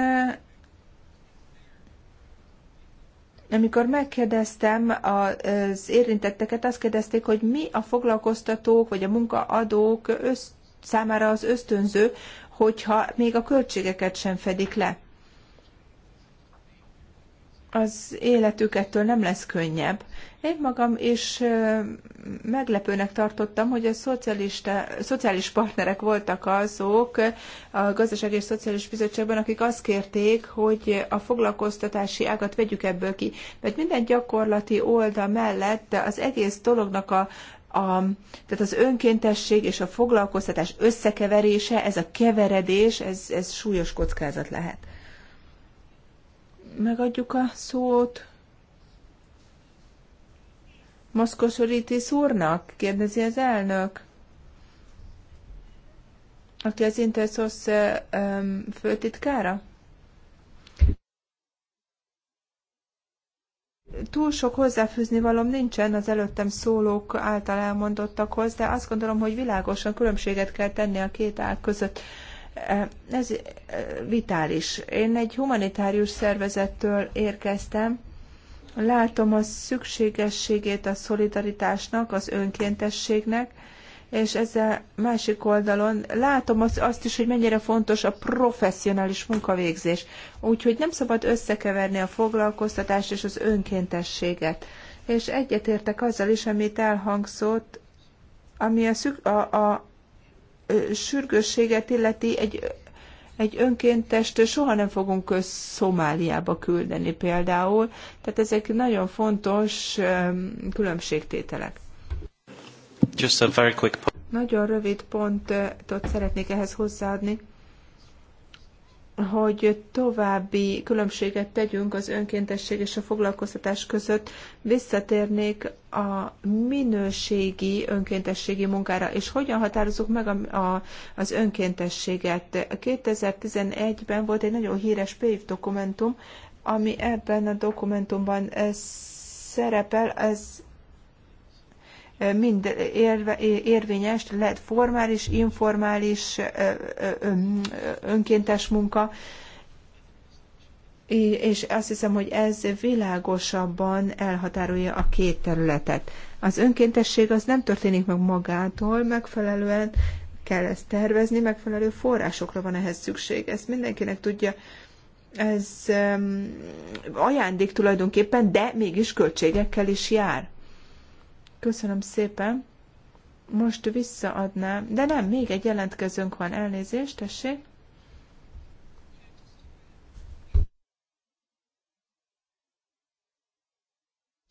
amikor megkérdeztem az érintetteket, azt kérdezték, hogy mi a foglalkoztatók vagy a munkaadók össz, számára az ösztönző, hogyha még a költségeket sem fedik le az életük ettől nem lesz könnyebb. Én magam is meglepőnek tartottam, hogy a szocialista, szociális partnerek voltak azok a Gazdasági és Szociális Bizottságban, akik azt kérték, hogy a foglalkoztatási ágat vegyük ebből ki. Mert minden gyakorlati oldal mellett az egész dolognak a a, tehát az önkéntesség és a foglalkoztatás összekeverése, ez a keveredés, ez, ez súlyos kockázat lehet megadjuk a szót. Moszkosoríti szúrnak? kérdezi az elnök. Aki az Interszosz főtitkára? Túl sok hozzáfűzni valom nincsen az előttem szólók által elmondottakhoz, de azt gondolom, hogy világosan különbséget kell tenni a két ág között ez vitális. Én egy humanitárius szervezettől érkeztem, látom a szükségességét a szolidaritásnak, az önkéntességnek, és ezzel másik oldalon látom az, azt is, hogy mennyire fontos a professzionális munkavégzés. Úgyhogy nem szabad összekeverni a foglalkoztatást és az önkéntességet. És egyetértek azzal is, amit elhangzott, ami a, a, a sürgősséget illeti egy, egy önkéntest soha nem fogunk Szomáliába küldeni például. Tehát ezek nagyon fontos különbségtételek. Just a very quick point. Nagyon rövid pontot szeretnék ehhez hozzáadni hogy további különbséget tegyünk az önkéntesség és a foglalkoztatás között, visszatérnék a minőségi önkéntességi munkára, és hogyan határozzuk meg a, a, az önkéntességet. 2011-ben volt egy nagyon híres PIV dokumentum, ami ebben a dokumentumban eh, szerepel, ez mind érve, érvényes, lehet formális, informális, önkéntes munka, és azt hiszem, hogy ez világosabban elhatárolja a két területet. Az önkéntesség az nem történik meg magától, megfelelően kell ezt tervezni, megfelelő forrásokra van ehhez szükség. Ezt mindenkinek tudja, ez um, ajándék tulajdonképpen, de mégis költségekkel is jár. Köszönöm szépen. Most visszaadnám, de nem, még egy jelentkezőnk van, elnézést, tessék.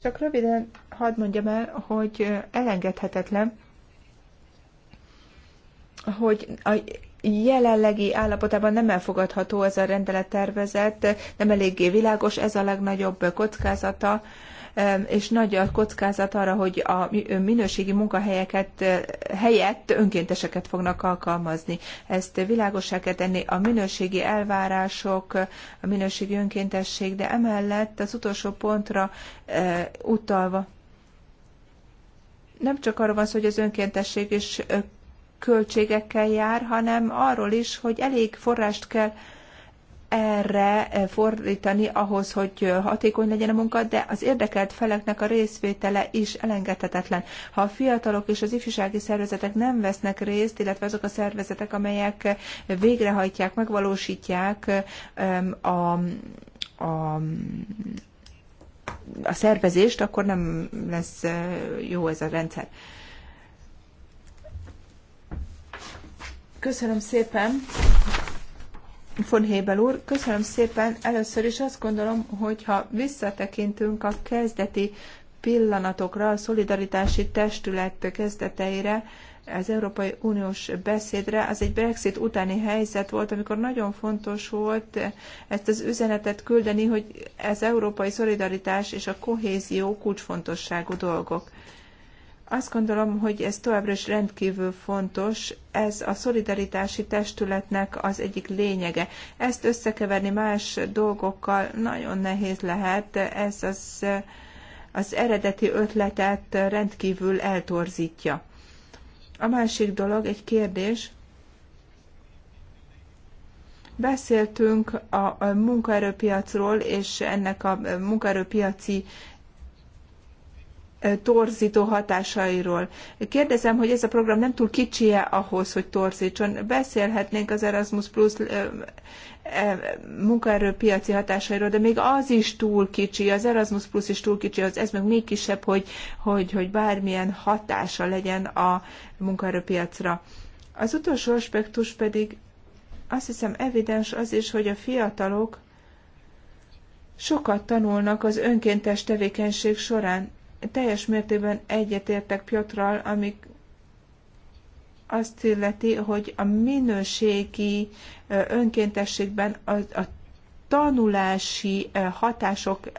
Csak röviden hadd mondjam el, hogy elengedhetetlen, hogy a jelenlegi állapotában nem elfogadható ez a rendelettervezet, nem eléggé világos, ez a legnagyobb kockázata és nagy a kockázat arra, hogy a minőségi munkahelyeket eh, helyett önkénteseket fognak alkalmazni. Ezt világosá kell tenni a minőségi elvárások, a minőségi önkéntesség, de emellett az utolsó pontra eh, utalva nem csak arról van szó, hogy az önkéntesség is költségekkel jár, hanem arról is, hogy elég forrást kell erre eh, fordítani ahhoz, hogy eh, hatékony legyen a munka, de az érdekelt feleknek a részvétele is elengedhetetlen. Ha a fiatalok és az ifjúsági szervezetek nem vesznek részt, illetve azok a szervezetek, amelyek eh, végrehajtják, megvalósítják a, a a szervezést, akkor nem lesz jó ez a rendszer. Köszönöm szépen von Hébel úr, köszönöm szépen. Először is azt gondolom, hogy ha visszatekintünk a kezdeti pillanatokra, a szolidaritási testület kezdeteire, az Európai Uniós beszédre, az egy Brexit utáni helyzet volt, amikor nagyon fontos volt ezt az üzenetet küldeni, hogy ez európai szolidaritás és a kohézió kulcsfontosságú dolgok. Azt gondolom, hogy ez továbbra is rendkívül fontos, ez a szolidaritási testületnek az egyik lényege. Ezt összekeverni más dolgokkal nagyon nehéz lehet, ez az, az eredeti ötletet rendkívül eltorzítja. A másik dolog, egy kérdés. Beszéltünk a munkaerőpiacról és ennek a munkaerőpiaci torzító hatásairól. Kérdezem, hogy ez a program nem túl kicsi -e ahhoz, hogy torzítson. Beszélhetnénk az Erasmus Plus munkaerőpiaci hatásairól, de még az is túl kicsi, az Erasmus Plus is túl kicsi, az ez meg még kisebb, hogy, hogy, hogy bármilyen hatása legyen a munkaerőpiacra. Az utolsó aspektus pedig azt hiszem evidens az is, hogy a fiatalok sokat tanulnak az önkéntes tevékenység során teljes mértében egyetértek Piotral, amik azt illeti, hogy a minőségi önkéntességben a, a tanulási hatások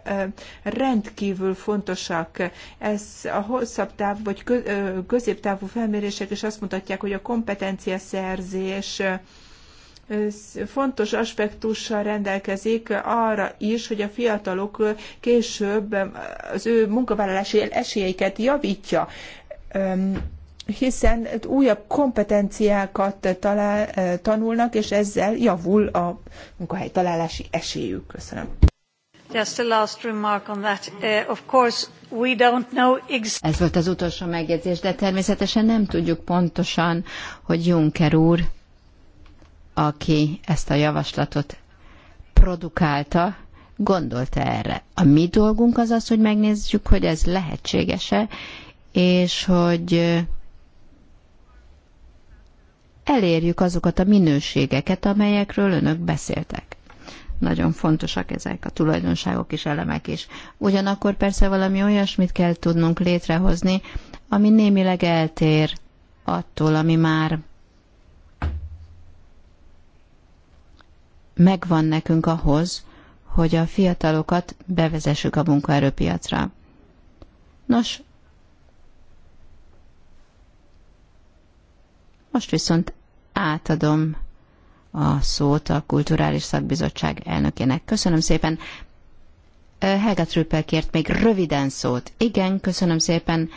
rendkívül fontosak. Ez a hosszabb táv vagy középtávú felmérések is azt mutatják, hogy a kompetenciaszerzés szerzés fontos aspektussal rendelkezik arra is, hogy a fiatalok később az ő munkavállalási esélyeiket javítja hiszen újabb kompetenciákat talál, tanulnak, és ezzel javul a munkahely találási esélyük. Köszönöm. Just a last remark on that. Uh, of course, we don't know exactly. Ez volt az utolsó megjegyzés, de természetesen nem tudjuk pontosan, hogy Juncker úr aki ezt a javaslatot produkálta, gondolta erre. A mi dolgunk az az, hogy megnézzük, hogy ez lehetséges-e, és hogy elérjük azokat a minőségeket, amelyekről önök beszéltek. Nagyon fontosak ezek a tulajdonságok és elemek is. Ugyanakkor persze valami olyasmit kell tudnunk létrehozni, ami némileg eltér attól, ami már megvan nekünk ahhoz, hogy a fiatalokat bevezessük a munkaerőpiacra. Nos, most viszont átadom a szót a Kulturális Szakbizottság elnökének. Köszönöm szépen. Helga Trüppel kért még röviden szót. Igen, köszönöm szépen.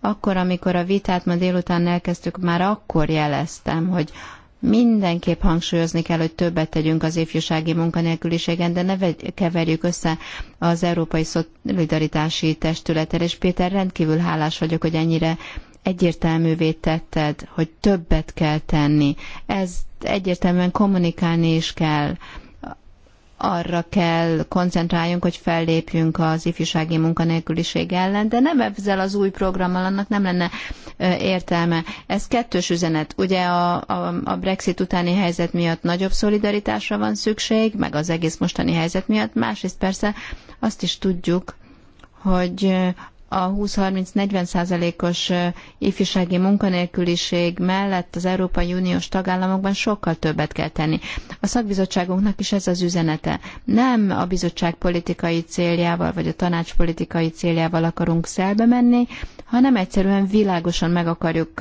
Akkor, amikor a vitát ma délután elkezdtük, már akkor jeleztem, hogy mindenképp hangsúlyozni kell, hogy többet tegyünk az ifjúsági munkanélküliségen, de ne keverjük össze az Európai Szolidaritási Testülettel, és Péter, rendkívül hálás vagyok, hogy ennyire egyértelművé tetted, hogy többet kell tenni. Ezt egyértelműen kommunikálni is kell arra kell koncentráljunk, hogy fellépjünk az ifjúsági munkanélküliség ellen, de nem ezzel az új programmal, annak nem lenne értelme. Ez kettős üzenet. Ugye a, a, a Brexit utáni helyzet miatt nagyobb szolidaritásra van szükség, meg az egész mostani helyzet miatt. Másrészt persze azt is tudjuk, hogy a 20-30-40 százalékos ifjúsági munkanélküliség mellett az Európai Uniós tagállamokban sokkal többet kell tenni. A szakbizottságunknak is ez az üzenete. Nem a bizottság politikai céljával, vagy a tanács politikai céljával akarunk szelbe menni, hanem egyszerűen világosan meg akarjuk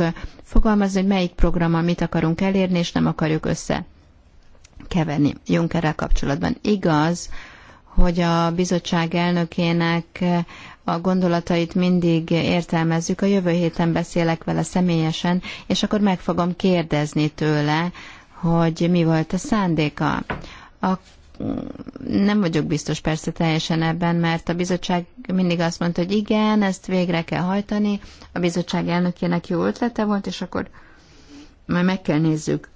fogalmazni, hogy melyik programmal mit akarunk elérni, és nem akarjuk össze keverni Junckerrel kapcsolatban. Igaz, hogy a bizottság elnökének a gondolatait mindig értelmezzük. A jövő héten beszélek vele személyesen, és akkor meg fogom kérdezni tőle, hogy mi volt a szándéka. A nem vagyok biztos persze teljesen ebben, mert a bizottság mindig azt mondta, hogy igen, ezt végre kell hajtani. A bizottság elnökének jó ötlete volt, és akkor majd meg kell nézzük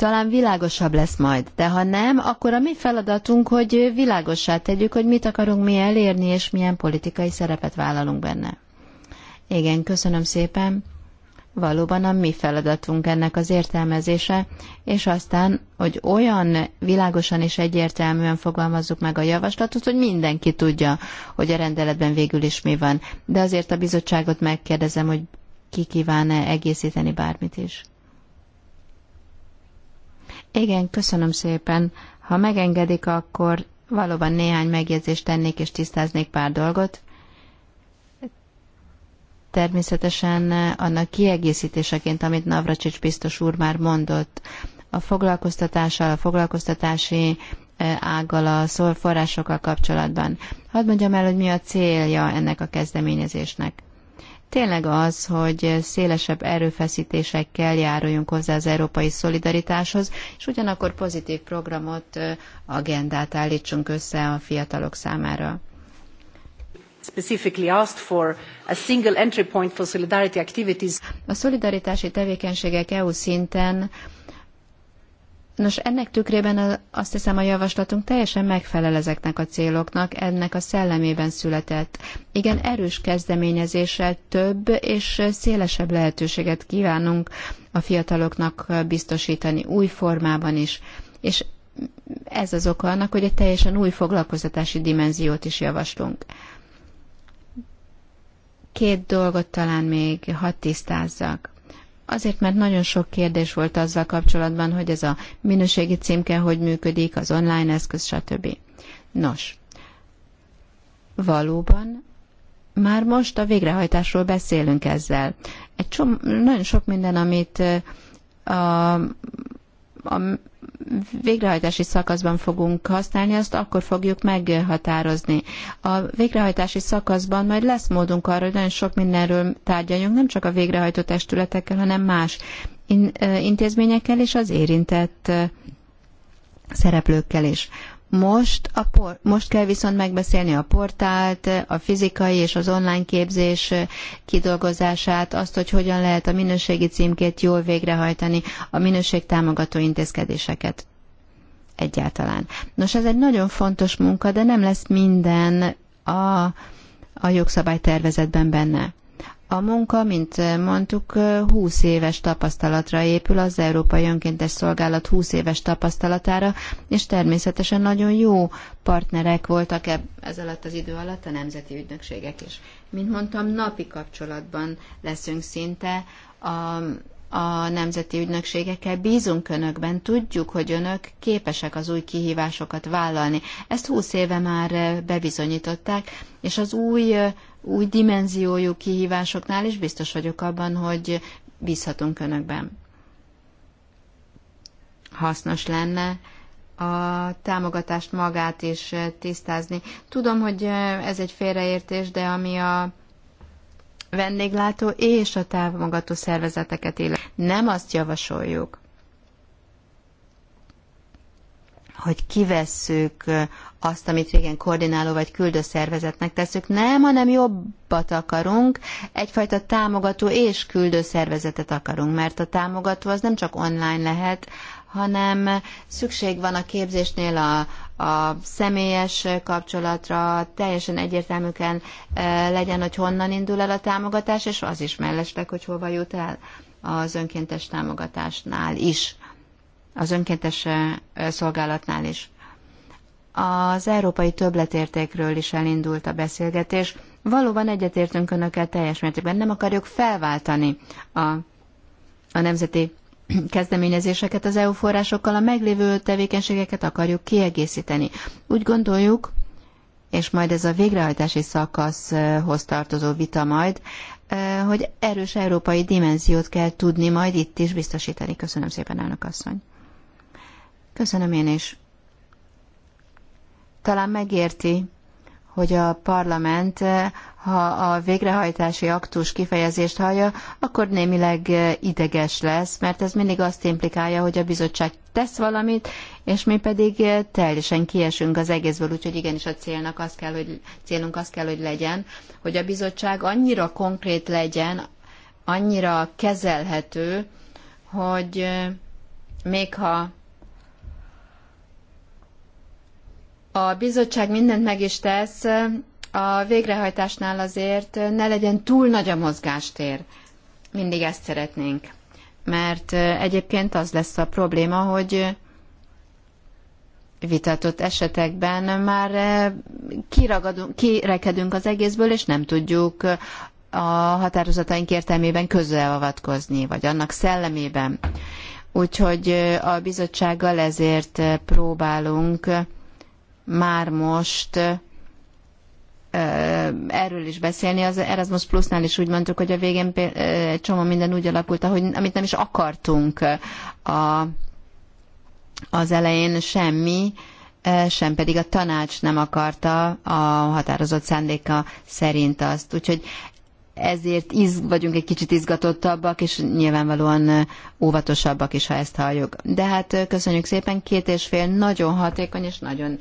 talán világosabb lesz majd. De ha nem, akkor a mi feladatunk, hogy világossá tegyük, hogy mit akarunk mi elérni, és milyen politikai szerepet vállalunk benne. Igen, köszönöm szépen. Valóban a mi feladatunk ennek az értelmezése, és aztán, hogy olyan világosan és egyértelműen fogalmazzuk meg a javaslatot, hogy mindenki tudja, hogy a rendeletben végül is mi van. De azért a bizottságot megkérdezem, hogy ki kíván-e egészíteni bármit is. Igen, köszönöm szépen. Ha megengedik, akkor valóban néhány megjegyzést tennék és tisztáznék pár dolgot. Természetesen annak kiegészítéseként, amit Navracsics biztos úr már mondott, a foglalkoztatással, a foglalkoztatási e, ággal, a szolforrásokkal kapcsolatban. Hadd mondjam el, hogy mi a célja ennek a kezdeményezésnek tényleg az, hogy szélesebb erőfeszítésekkel járuljunk hozzá az európai szolidaritáshoz, és ugyanakkor pozitív programot, agendát állítsunk össze a fiatalok számára specifically asked for a single entry point for solidarity activities. A szolidaritási tevékenységek EU szinten Nos, ennek tükrében azt hiszem a javaslatunk teljesen megfelel ezeknek a céloknak, ennek a szellemében született. Igen, erős kezdeményezéssel több és szélesebb lehetőséget kívánunk a fiataloknak biztosítani új formában is. És ez az oka annak, hogy egy teljesen új foglalkoztatási dimenziót is javaslunk. Két dolgot talán még hadd tisztázzak. Azért, mert nagyon sok kérdés volt azzal kapcsolatban, hogy ez a minőségi címke hogy működik, az online eszköz, stb. Nos, valóban már most a végrehajtásról beszélünk ezzel. Egy csom- nagyon sok minden, amit a a végrehajtási szakaszban fogunk használni, azt akkor fogjuk meghatározni. A végrehajtási szakaszban majd lesz módunk arra, hogy nagyon sok mindenről tárgyaljunk, nem csak a végrehajtó testületekkel, hanem más intézményekkel és az érintett szereplőkkel is. Most, a por, most kell viszont megbeszélni a portált, a fizikai és az online képzés kidolgozását, azt, hogy hogyan lehet a minőségi címkét jól végrehajtani, a minőség támogató intézkedéseket egyáltalán. Nos, ez egy nagyon fontos munka, de nem lesz minden a, a jogszabálytervezetben benne. A munka, mint eh, mondtuk, 20 eh, éves tapasztalatra épül, az Európai Önkéntes Szolgálat 20 éves tapasztalatára, és természetesen nagyon jó partnerek voltak ez alatt az idő alatt a nemzeti ügynökségek is. Mint mondtam, napi kapcsolatban leszünk szinte a, a nemzeti ügynökségekkel, bízunk önökben, tudjuk, hogy önök képesek az új kihívásokat vállalni. Ezt 20 éve már eh, bebizonyították, és az új új dimenziójú kihívásoknál, és biztos vagyok abban, hogy bízhatunk önökben. Hasznos lenne a támogatást magát is eh, tisztázni. Tudom, hogy eh, ez egy félreértés, de ami a vendéglátó és a támogató szervezeteket illeti. Nem azt javasoljuk, hogy kivesszük azt, amit régen koordináló vagy küldő szervezetnek tesszük. Nem, hanem jobbat akarunk, egyfajta támogató és küldő szervezetet akarunk, mert a támogató az nem csak online lehet, hanem szükség van a képzésnél a, a személyes kapcsolatra, teljesen egyértelműen e, legyen, hogy honnan indul el a támogatás, és az is mellesleg, hogy hova jut el az önkéntes támogatásnál is az önkéntes szolgálatnál is. Az európai többletértékről is elindult a beszélgetés. Valóban egyetértünk önökkel teljes mértékben. Nem akarjuk felváltani a, a nemzeti kezdeményezéseket az EU forrásokkal, a meglévő tevékenységeket akarjuk kiegészíteni. Úgy gondoljuk, és majd ez a végrehajtási szakaszhoz tartozó vita majd, hogy erős európai dimenziót kell tudni majd itt is biztosítani. Köszönöm szépen, elnök asszony. Köszönöm én is. Talán megérti, hogy a parlament, ha a végrehajtási aktus kifejezést hallja, akkor némileg ideges lesz, mert ez mindig azt implikálja, hogy a bizottság tesz valamit, és mi pedig teljesen kiesünk az egészből, úgyhogy igenis a célnak az kell, hogy, célunk az kell, hogy legyen, hogy a bizottság annyira konkrét legyen, annyira kezelhető, hogy még ha a bizottság mindent meg is tesz a végrehajtásnál azért ne legyen túl nagy a mozgástér. Mindig ezt szeretnénk. Mert egyébként az lesz a probléma, hogy vitatott esetekben már kiragadunk, kirekedünk az egészből, és nem tudjuk a határozataink értelmében közelavatkozni, vagy annak szellemében. Úgyhogy a bizottsággal ezért próbálunk már most erről is beszélni. Az Erasmus Plusnál is úgy mondtuk, hogy a végén egy csomó minden úgy alakult, ahogy, amit nem is akartunk a, az elején semmi, sem pedig a tanács nem akarta a határozott szándéka szerint azt. Úgyhogy ezért iz, vagyunk egy kicsit izgatottabbak, és nyilvánvalóan óvatosabbak is, ha ezt halljuk. De hát köszönjük szépen, két és fél nagyon hatékony és nagyon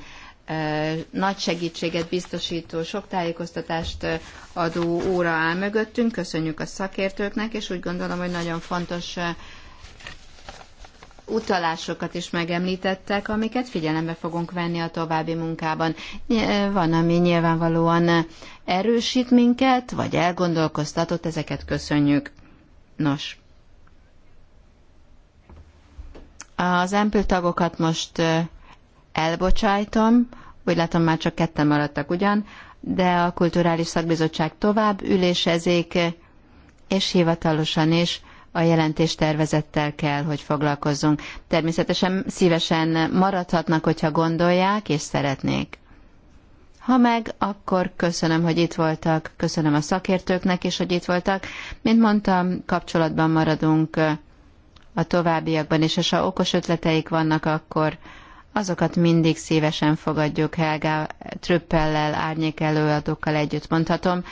nagy segítséget biztosító, sok tájékoztatást adó óra áll mögöttünk. Köszönjük a szakértőknek, és úgy gondolom, hogy nagyon fontos utalásokat is megemlítettek, amiket figyelembe fogunk venni a további munkában. Van, ami nyilvánvalóan erősít minket, vagy elgondolkoztatott, ezeket köszönjük. Nos. Az empül tagokat most elbocsájtom, úgy látom, már csak ketten maradtak ugyan, de a Kulturális Szakbizottság tovább ülésezik, és hivatalosan is a jelentés tervezettel kell, hogy foglalkozzunk. Természetesen szívesen maradhatnak, hogyha gondolják, és szeretnék. Ha meg, akkor köszönöm, hogy itt voltak, köszönöm a szakértőknek is, hogy itt voltak. Mint mondtam, kapcsolatban maradunk a továbbiakban, és ha okos ötleteik vannak, akkor azokat mindig szívesen fogadjuk Helga trüppellel árnyék előadókkal együtt mondhatom.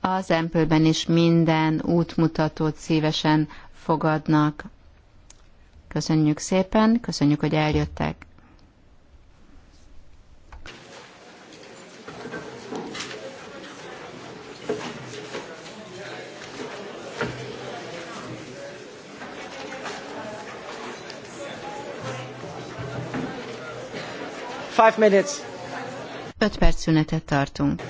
Az Empőben is minden útmutatót szívesen fogadnak. Köszönjük szépen, köszönjük, hogy eljöttek. Five minutes. Öt perc szünetet tartunk.